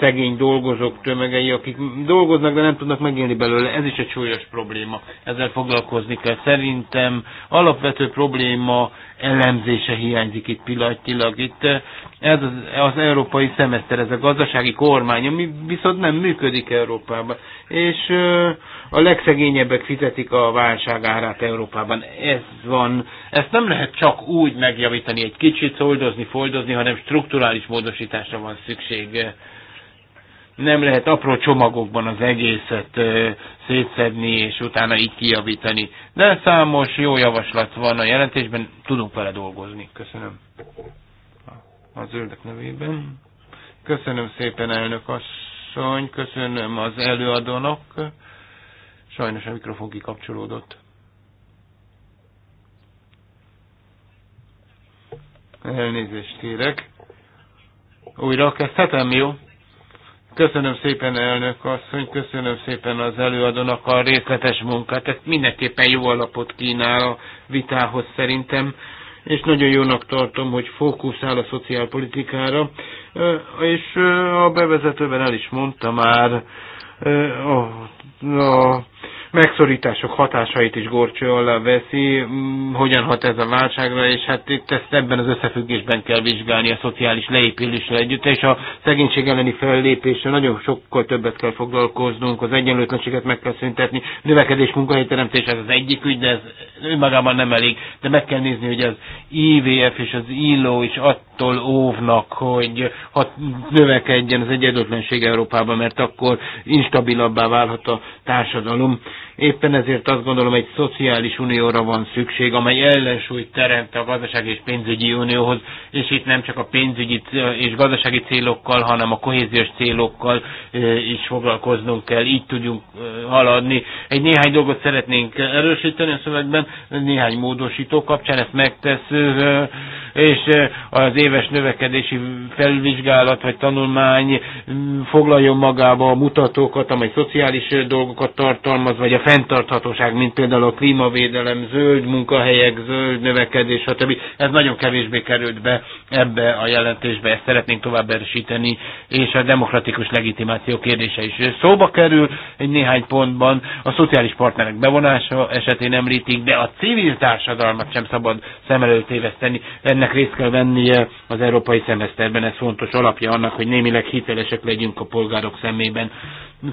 szegény dolgozók tömegei, akik dolgoznak, de nem tudnak megélni belőle. Ez is egy súlyos probléma. Ezzel foglalkozni kell. Szerintem alapvető probléma elemzése hiányzik itt pillanatilag. Itt eh, ez az, az európai szemeszter, ez a gazdasági kormány, ami viszont nem működik Európában. És eh, a legszegényebbek fizetik a válság árát Európában. Ez van. Ezt nem lehet csak úgy megjavítani, egy kicsit szoldozni, foldozni, hanem strukturális módosításra van szükség nem lehet apró csomagokban az egészet ö, szétszedni, és utána így kijavítani. De számos jó javaslat van a jelentésben, tudunk vele dolgozni. Köszönöm. A zöldek nevében. Köszönöm szépen, elnök asszony, köszönöm az előadónak. Sajnos a mikrofon kikapcsolódott. Elnézést kérek. Újra kezdhetem, jó? Köszönöm szépen, elnök asszony, köszönöm szépen az előadónak a részletes munkát. Ez mindenképpen jó alapot kínál a vitához szerintem, és nagyon jónak tartom, hogy fókuszál a szociálpolitikára. És a bevezetőben el is mondta már a, a megszorítások hatásait is gorcső alá veszi, mm, hogyan hat ez a válságra, és hát itt ezt ebben az összefüggésben kell vizsgálni a szociális leépüléssel együtt, és a szegénység elleni fellépéssel nagyon sokkal többet kell foglalkoznunk, az egyenlőtlenséget meg kell szüntetni, növekedés, munkahelyteremtés ez az egyik ügy, de ez önmagában nem elég, de meg kell nézni, hogy az IVF és az ILO is attól óvnak, hogy ha növekedjen az egyenlőtlenség Európában, mert akkor instabilabbá válhat a társadalom Éppen ezért azt gondolom, egy szociális unióra van szükség, amely ellensúlyt teremt a gazdaság és pénzügyi unióhoz, és itt nem csak a pénzügyi és gazdasági célokkal, hanem a kohéziós célokkal is foglalkoznunk kell, így tudjunk haladni. Egy néhány dolgot szeretnénk erősíteni a szövegben, néhány módosító kapcsán ezt megtesz, és az éves növekedési felvizsgálat vagy tanulmány foglaljon magába a mutatókat, amely szociális dolgokat tartalmaz, vagy a fenntarthatóság, mint például a klímavédelem, zöld munkahelyek, zöld növekedés, stb. Ez nagyon kevésbé került be ebbe a jelentésbe, ezt szeretnénk tovább erősíteni, és a demokratikus legitimáció kérdése is szóba kerül egy néhány pontban. A szociális partnerek bevonása esetén említik, de a civil társadalmat sem szabad szem előtt éveszteni. Ennek részt kell vennie az európai szemeszterben, ez fontos alapja annak, hogy némileg hitelesek legyünk a polgárok szemében.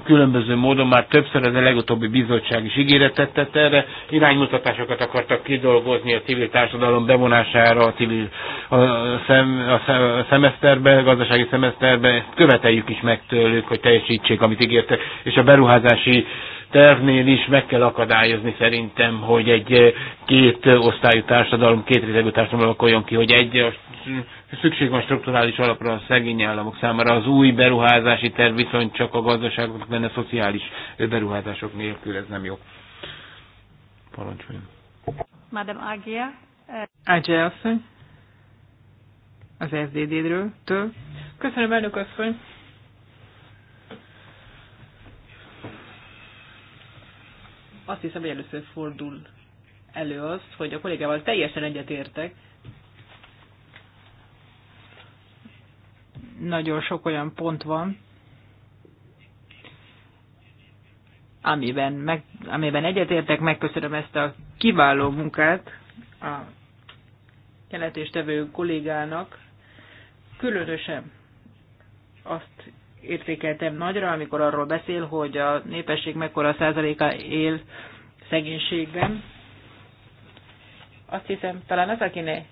Különböző módon már többször az a legutóbbi bizottság bizottság is ígéretet tett erre, iránymutatásokat akartak kidolgozni a civil társadalom bevonására a civil a, szem, a, szem, a szemeszterbe, a gazdasági szemeszterbe, ezt követeljük is meg tőlük, hogy teljesítsék, amit ígértek, és a beruházási tervnél is meg kell akadályozni szerintem, hogy egy eh, két osztályú társadalom, két rétegű társadalom alakuljon ki, hogy egy Szükség van strukturális alapra a szegény államok számára. Az új beruházási terv viszont csak a gazdaságok benne szociális beruházások nélkül, ez nem jó. Parancsoljon. Madam Agia. Eh, Agia asszony, az SZDD-ről, től. Köszönöm, elnök asszony. Azt hiszem, hogy először fordul elő az, hogy a kollégával teljesen egyetértek, nagyon sok olyan pont van, amiben, meg, amiben egyetértek, megköszönöm ezt a kiváló munkát a jelentéstevő kollégának. Különösen azt értékeltem nagyra, amikor arról beszél, hogy a népesség mekkora százaléka él szegénységben. Azt hiszem, talán az, akinek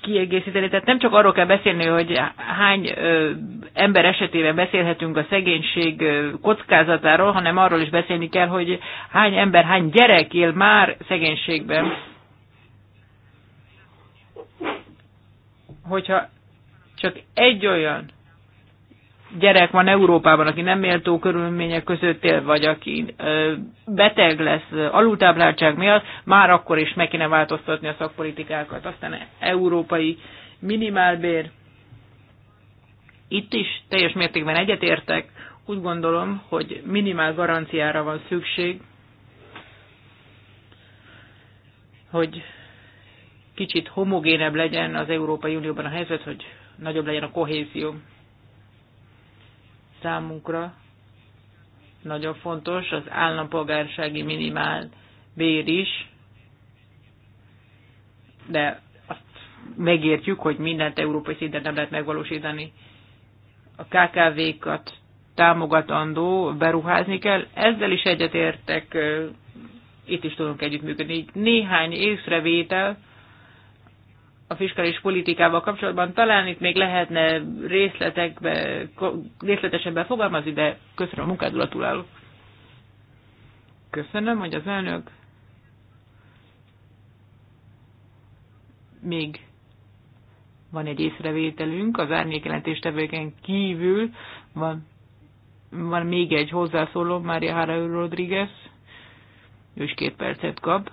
kiegészíteni. Tehát nem csak arról kell beszélni, hogy hány ember esetében beszélhetünk a szegénység kockázatáról, hanem arról is beszélni kell, hogy hány ember, hány gyerek él már szegénységben. Hogyha csak egy olyan gyerek van Európában, aki nem méltó körülmények között él, vagy aki beteg lesz alultápláltság miatt, már akkor is meg kéne változtatni a szakpolitikákat. Aztán európai minimálbér. Itt is teljes mértékben egyetértek. Úgy gondolom, hogy minimál garanciára van szükség, hogy kicsit homogénebb legyen az Európai Unióban a helyzet, hogy nagyobb legyen a kohézió számunkra nagyon fontos az állampolgársági minimál bér is, de azt megértjük, hogy mindent európai szinten nem lehet megvalósítani. A KKV-kat támogatandó, beruházni kell. Ezzel is egyetértek, itt is tudunk együttműködni. Néhány észrevétel, a fiskális politikával kapcsolatban. Talán itt még lehetne részletekbe, részletesebben fogalmazni, de köszönöm a a gratulálok. Köszönöm, hogy az elnök még van egy észrevételünk, az árnyékjelentéstevőken kívül van, van még egy hozzászóló, Mária Hara Rodriguez, ő is két percet kap.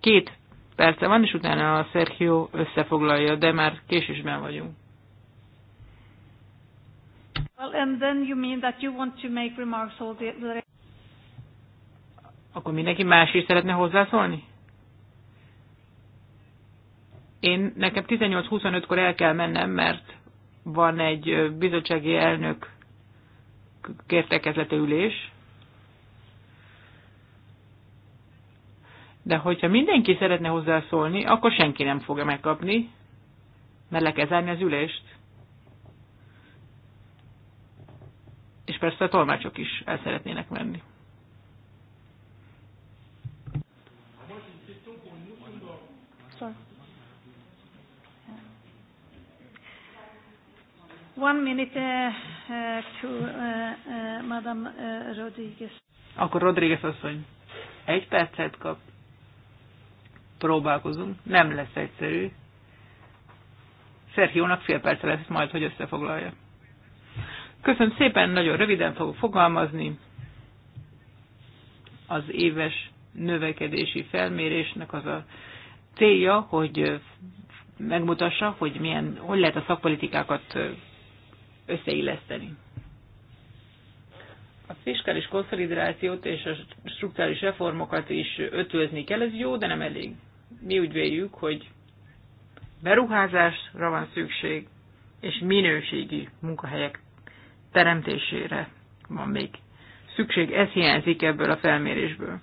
Két perce van, és utána a Sergio összefoglalja, de már késésben vagyunk. Well, and then you mean that you want to make remarks all the, the... Akkor mindenki más is szeretne hozzászólni? Én nekem 18-25-kor el kell mennem, mert van egy bizottsági elnök kértekezlete ülés. de hogyha mindenki szeretne hozzászólni, akkor senki nem fogja megkapni, mert le kell zárni az ülést. És persze a tolmácsok is el szeretnének menni. One minute uh, uh, to uh, uh, Madame uh, Rodriguez. Akkor Rodriguez asszony egy percet kap próbálkozunk. Nem lesz egyszerű. Szerhiónak fél perce lesz majd, hogy összefoglalja. Köszönöm szépen, nagyon röviden fogok fogalmazni. Az éves növekedési felmérésnek az a célja, hogy megmutassa, hogy milyen, hogy lehet a szakpolitikákat összeilleszteni. A fiskális konszolidációt és a strukturális reformokat is ötvözni kell, ez jó, de nem elég mi úgy véljük, hogy beruházásra van szükség, és minőségi munkahelyek teremtésére van még szükség. Ez hiányzik ebből a felmérésből.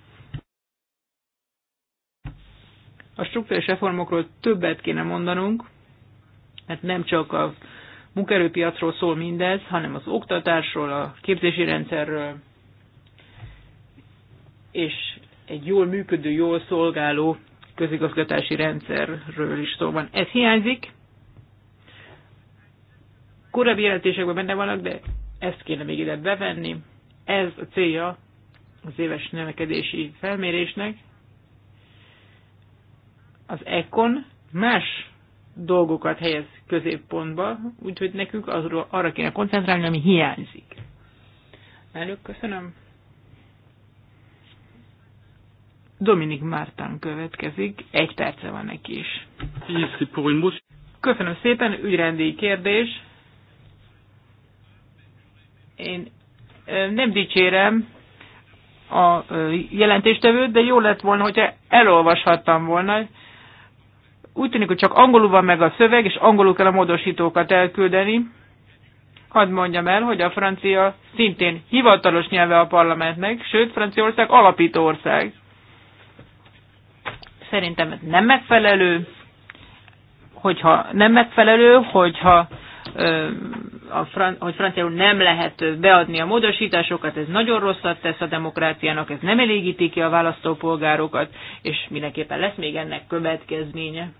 A struktúrás reformokról többet kéne mondanunk, mert nem csak a munkerőpiacról szól mindez, hanem az oktatásról, a képzési rendszerről, és egy jól működő, jól szolgáló közigazgatási rendszerről is szó van. Ez hiányzik. Korábbi jelentésekben benne vannak, de ezt kéne még ide bevenni. Ez a célja az éves növekedési felmérésnek. Az ECON más dolgokat helyez középpontba, úgyhogy nekünk arra kéne koncentrálni, ami hiányzik. Elnök, köszönöm. Dominik Mártán következik, egy perce van neki is. Köszönöm szépen, ügyrendi kérdés. Én nem dicsérem a jelentéstevőt, de jó lett volna, hogyha elolvashattam volna. Úgy tűnik, hogy csak angolul van meg a szöveg, és angolul kell a módosítókat elküldeni. Hadd mondjam el, hogy a francia szintén hivatalos nyelve a parlamentnek, sőt, Franciaország alapító ország. Szerintem ez nem megfelelő, hogyha nem megfelelő, hogyha a fran- hogy franciául nem lehet beadni a módosításokat, ez nagyon rosszat tesz a demokráciának, ez nem elégíti ki a választópolgárokat, és mindenképpen lesz még ennek következménye.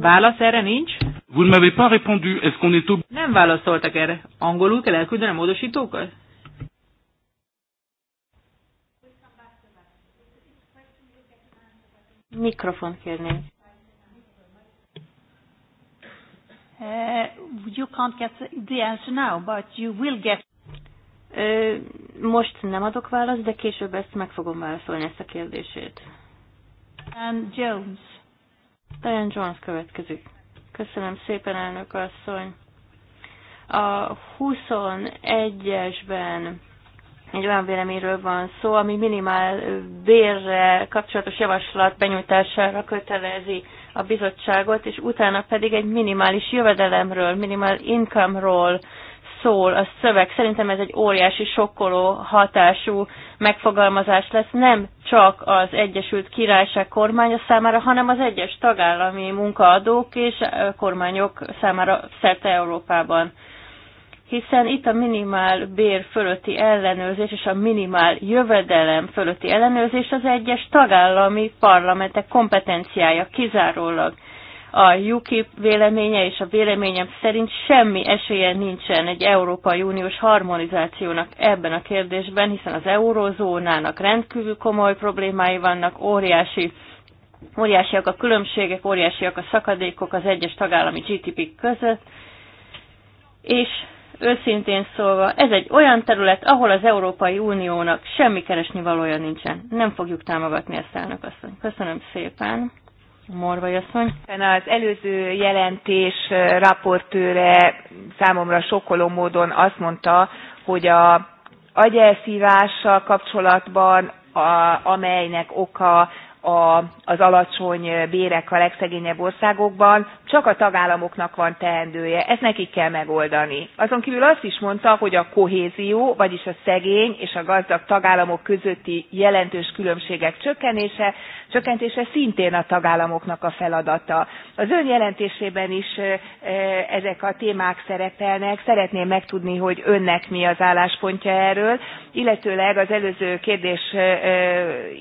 Válasz erre nincs? Vous ne pas répondu. est est Nem válaszoltak erre. Angolul kell elküldeni a módosítókat? Mikrofon kérném. Uh, you can't get the answer now, but you will get. Uh, most nem adok választ, de később ezt meg fogom válaszolni ezt a kérdését. And Jones. Diane Jones következik. Köszönöm szépen, elnök asszony. A 21-esben egy olyan véleményről van szó, ami minimál bérre kapcsolatos javaslat benyújtására kötelezi a bizottságot, és utána pedig egy minimális jövedelemről, minimál income-ról szól a szöveg. Szerintem ez egy óriási, sokkoló hatású megfogalmazás lesz nem csak az Egyesült Királyság kormánya számára, hanem az egyes tagállami munkaadók és kormányok számára szerte Európában hiszen itt a minimál bér fölötti ellenőrzés és a minimál jövedelem fölötti ellenőrzés az egyes tagállami parlamentek kompetenciája kizárólag. A UKIP véleménye és a véleményem szerint semmi esélye nincsen egy Európai Uniós harmonizációnak ebben a kérdésben, hiszen az eurozónának rendkívül komoly problémái vannak, óriási óriásiak a különbségek, óriásiak a szakadékok az egyes tagállami GDP között, és Őszintén szólva, ez egy olyan terület, ahol az Európai Uniónak semmi keresni valója nincsen. Nem fogjuk támogatni ezt elnök asszony. Köszönöm szépen. Morvai asszony. Az előző jelentés raportőre számomra sokkoló módon azt mondta, hogy a agyelszívással kapcsolatban, a, amelynek oka a, az alacsony bérek a legszegényebb országokban csak a tagállamoknak van teendője, ezt nekik kell megoldani. Azon kívül azt is mondta, hogy a kohézió, vagyis a szegény és a gazdag tagállamok közötti jelentős különbségek csökkenése, csökkentése szintén a tagállamoknak a feladata. Az ön jelentésében is ezek a témák szerepelnek, szeretném megtudni, hogy önnek mi az álláspontja erről, illetőleg az előző kérdés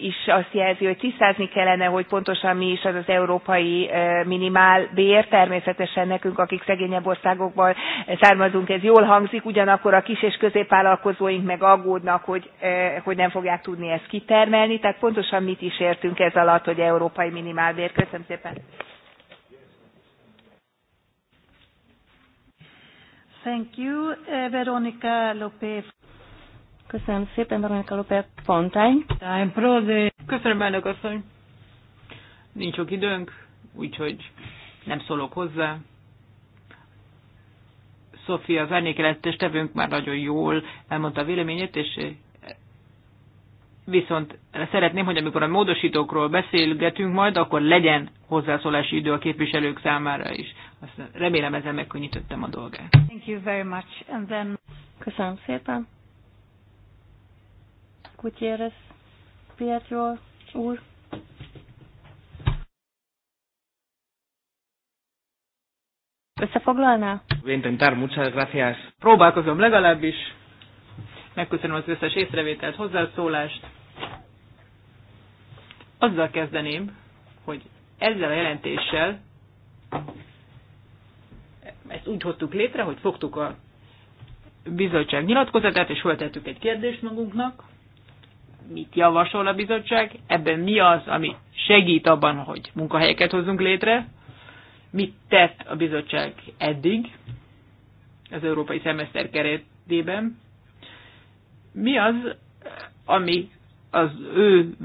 is azt jelzi, hogy tisztázni kellene, hogy pontosan mi is az az európai minimálbér, ér. Természetesen nekünk, akik szegényebb országokból származunk, ez jól hangzik, ugyanakkor a kis és középvállalkozóink meg aggódnak, hogy, eh, hogy nem fogják tudni ezt kitermelni. Tehát pontosan mit is értünk ez alatt, hogy európai minimálbér. Köszönöm szépen. Thank you, eh, Veronika López. Köszönöm szépen, Veronika López Fontány. Köszönöm, elnök asszony. Nincs sok időnk, úgyhogy nem szólok hozzá. Sofia, az árnyékjelentés tevünk már nagyon jól elmondta a véleményét, és viszont szeretném, hogy amikor a módosítókról beszélgetünk majd, akkor legyen hozzászólási idő a képviselők számára is. Azt remélem ezzel megkönnyítettem a dolgát. Thank you very much. And then... Köszönöm szépen. Gutierrez Pietro úr. Összefoglalná? Intentár, muchas gracias. Próbálkozom legalábbis. Megköszönöm az összes észrevételt, hozzászólást. Azzal kezdeném, hogy ezzel a jelentéssel ezt úgy hoztuk létre, hogy fogtuk a bizottság nyilatkozatát, és feltettük egy kérdést magunknak, mit javasol a bizottság, ebben mi az, ami segít abban, hogy munkahelyeket hozzunk létre, mit tett a bizottság eddig az európai szemeszter keretében, mi az, ami az ő,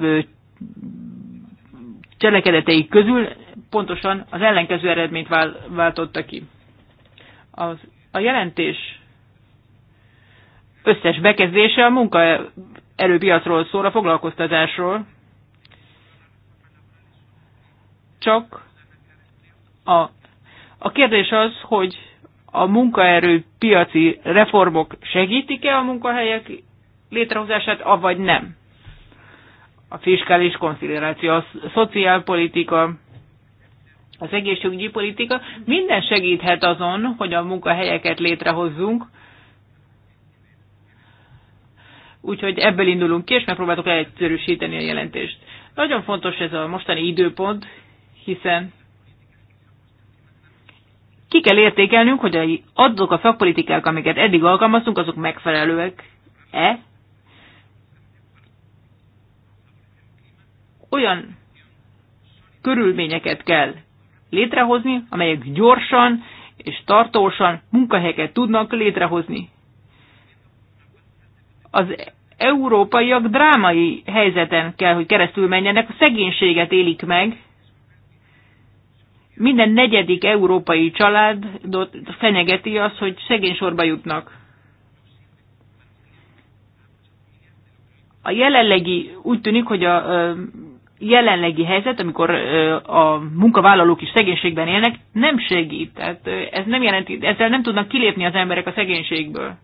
cselekedetei közül pontosan az ellenkező eredményt váltotta ki. Az, a jelentés összes bekezdése a munkaerőpiacról szól, a foglalkoztatásról, csak a, a kérdés az, hogy a munkaerő piaci reformok segítik-e a munkahelyek létrehozását, avagy nem. A fiskális konszideráció, a szociálpolitika, az egészségügyi politika, minden segíthet azon, hogy a munkahelyeket létrehozzunk, Úgyhogy ebből indulunk ki, és megpróbáltuk leegyszerűsíteni a jelentést. Nagyon fontos ez a mostani időpont, hiszen ki kell értékelnünk, hogy azok a szakpolitikák, amiket eddig alkalmaztunk, azok megfelelőek-e? Olyan körülményeket kell létrehozni, amelyek gyorsan és tartósan munkahelyeket tudnak létrehozni. Az európaiak drámai helyzeten kell, hogy keresztül menjenek, a szegénységet élik meg, minden negyedik európai család fenyegeti az, hogy szegény sorba jutnak. A jelenlegi, úgy tűnik, hogy a jelenlegi helyzet, amikor a munkavállalók is szegénységben élnek, nem segít. Tehát ez nem jelenti, ezzel nem tudnak kilépni az emberek a szegénységből.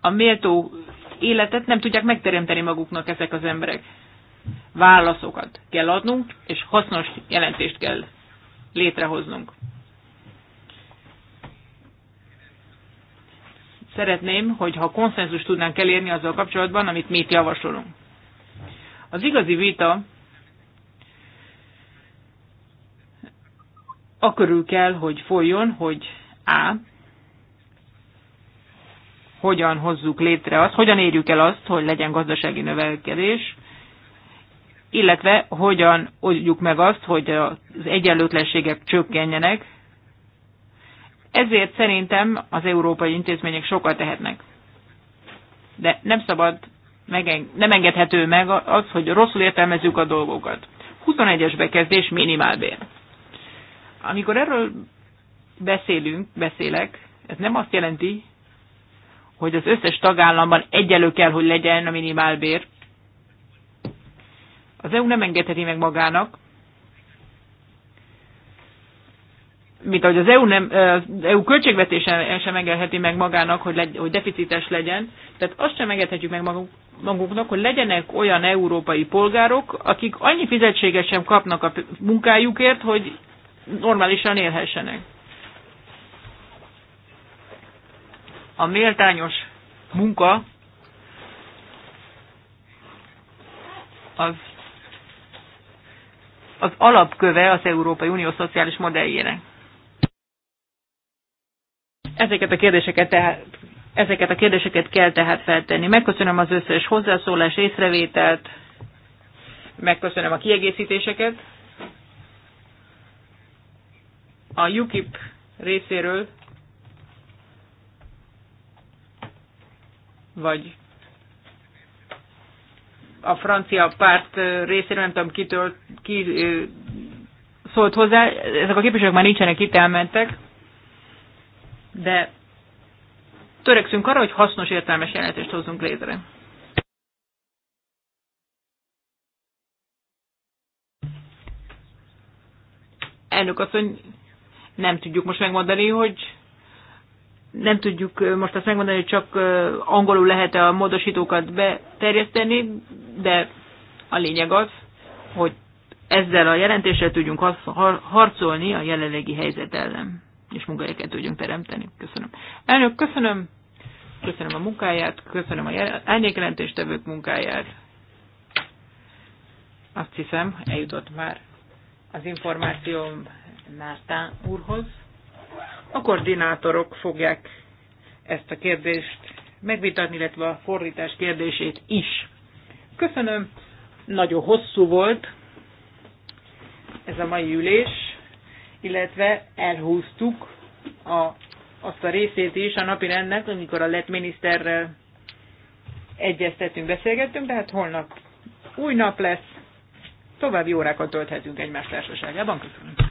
A méltó életet nem tudják megteremteni maguknak ezek az emberek válaszokat kell adnunk, és hasznos jelentést kell létrehoznunk. Szeretném, hogyha konszenzus tudnánk elérni azzal kapcsolatban, amit mi itt javasolunk. Az igazi vita akörül kell, hogy folyjon, hogy A. Hogyan hozzuk létre azt, hogyan érjük el azt, hogy legyen gazdasági növekedés, illetve hogyan oldjuk meg azt, hogy az egyenlőtlenségek csökkenjenek. Ezért szerintem az európai intézmények sokat tehetnek. De nem szabad, nem engedhető meg az, hogy rosszul értelmezzük a dolgokat. 21-es bekezdés minimálbér. Amikor erről beszélünk, beszélek, ez nem azt jelenti, hogy az összes tagállamban egyelő kell, hogy legyen a minimálbér. Az EU nem engedheti meg magának, mint ahogy az EU, nem, az EU költségvetésen sem engedheti meg magának, hogy, legy, hogy deficites legyen, tehát azt sem engedhetjük meg magunk, magunknak, hogy legyenek olyan európai polgárok, akik annyi fizetséget sem kapnak a munkájukért, hogy normálisan élhessenek. A méltányos munka az az alapköve az Európai Unió szociális modelljének. Ezeket a kérdéseket tehát Ezeket a kérdéseket kell tehát feltenni. Megköszönöm az összes hozzászólás, észrevételt, megköszönöm a kiegészítéseket. A UKIP részéről, vagy a francia párt részéről, nem tudom kitől, ki szólt hozzá, ezek a képviselők már nincsenek itt, elmentek, de törekszünk arra, hogy hasznos, értelmes jelentést hozzunk létre. Elnök asszony, nem tudjuk most megmondani, hogy nem tudjuk most azt megmondani, hogy csak angolul lehet-e a módosítókat beterjeszteni, de a lényeg az, hogy ezzel a jelentéssel tudjunk harcolni a jelenlegi helyzet ellen, és munkahelyeket tudjunk teremteni. Köszönöm. Elnök, köszönöm. Köszönöm a munkáját, köszönöm a árnyékjelentéstevők munkáját. Azt hiszem, eljutott már az információm Nártán úrhoz. A koordinátorok fogják ezt a kérdést megvitatni, illetve a fordítás kérdését is. Köszönöm, nagyon hosszú volt ez a mai ülés, illetve elhúztuk a, azt a részét is a napi rendnek, amikor a lett miniszterrel egyeztetünk, beszélgettünk, tehát holnap új nap lesz, további órákat tölthetünk egymás társaságában. Köszönöm.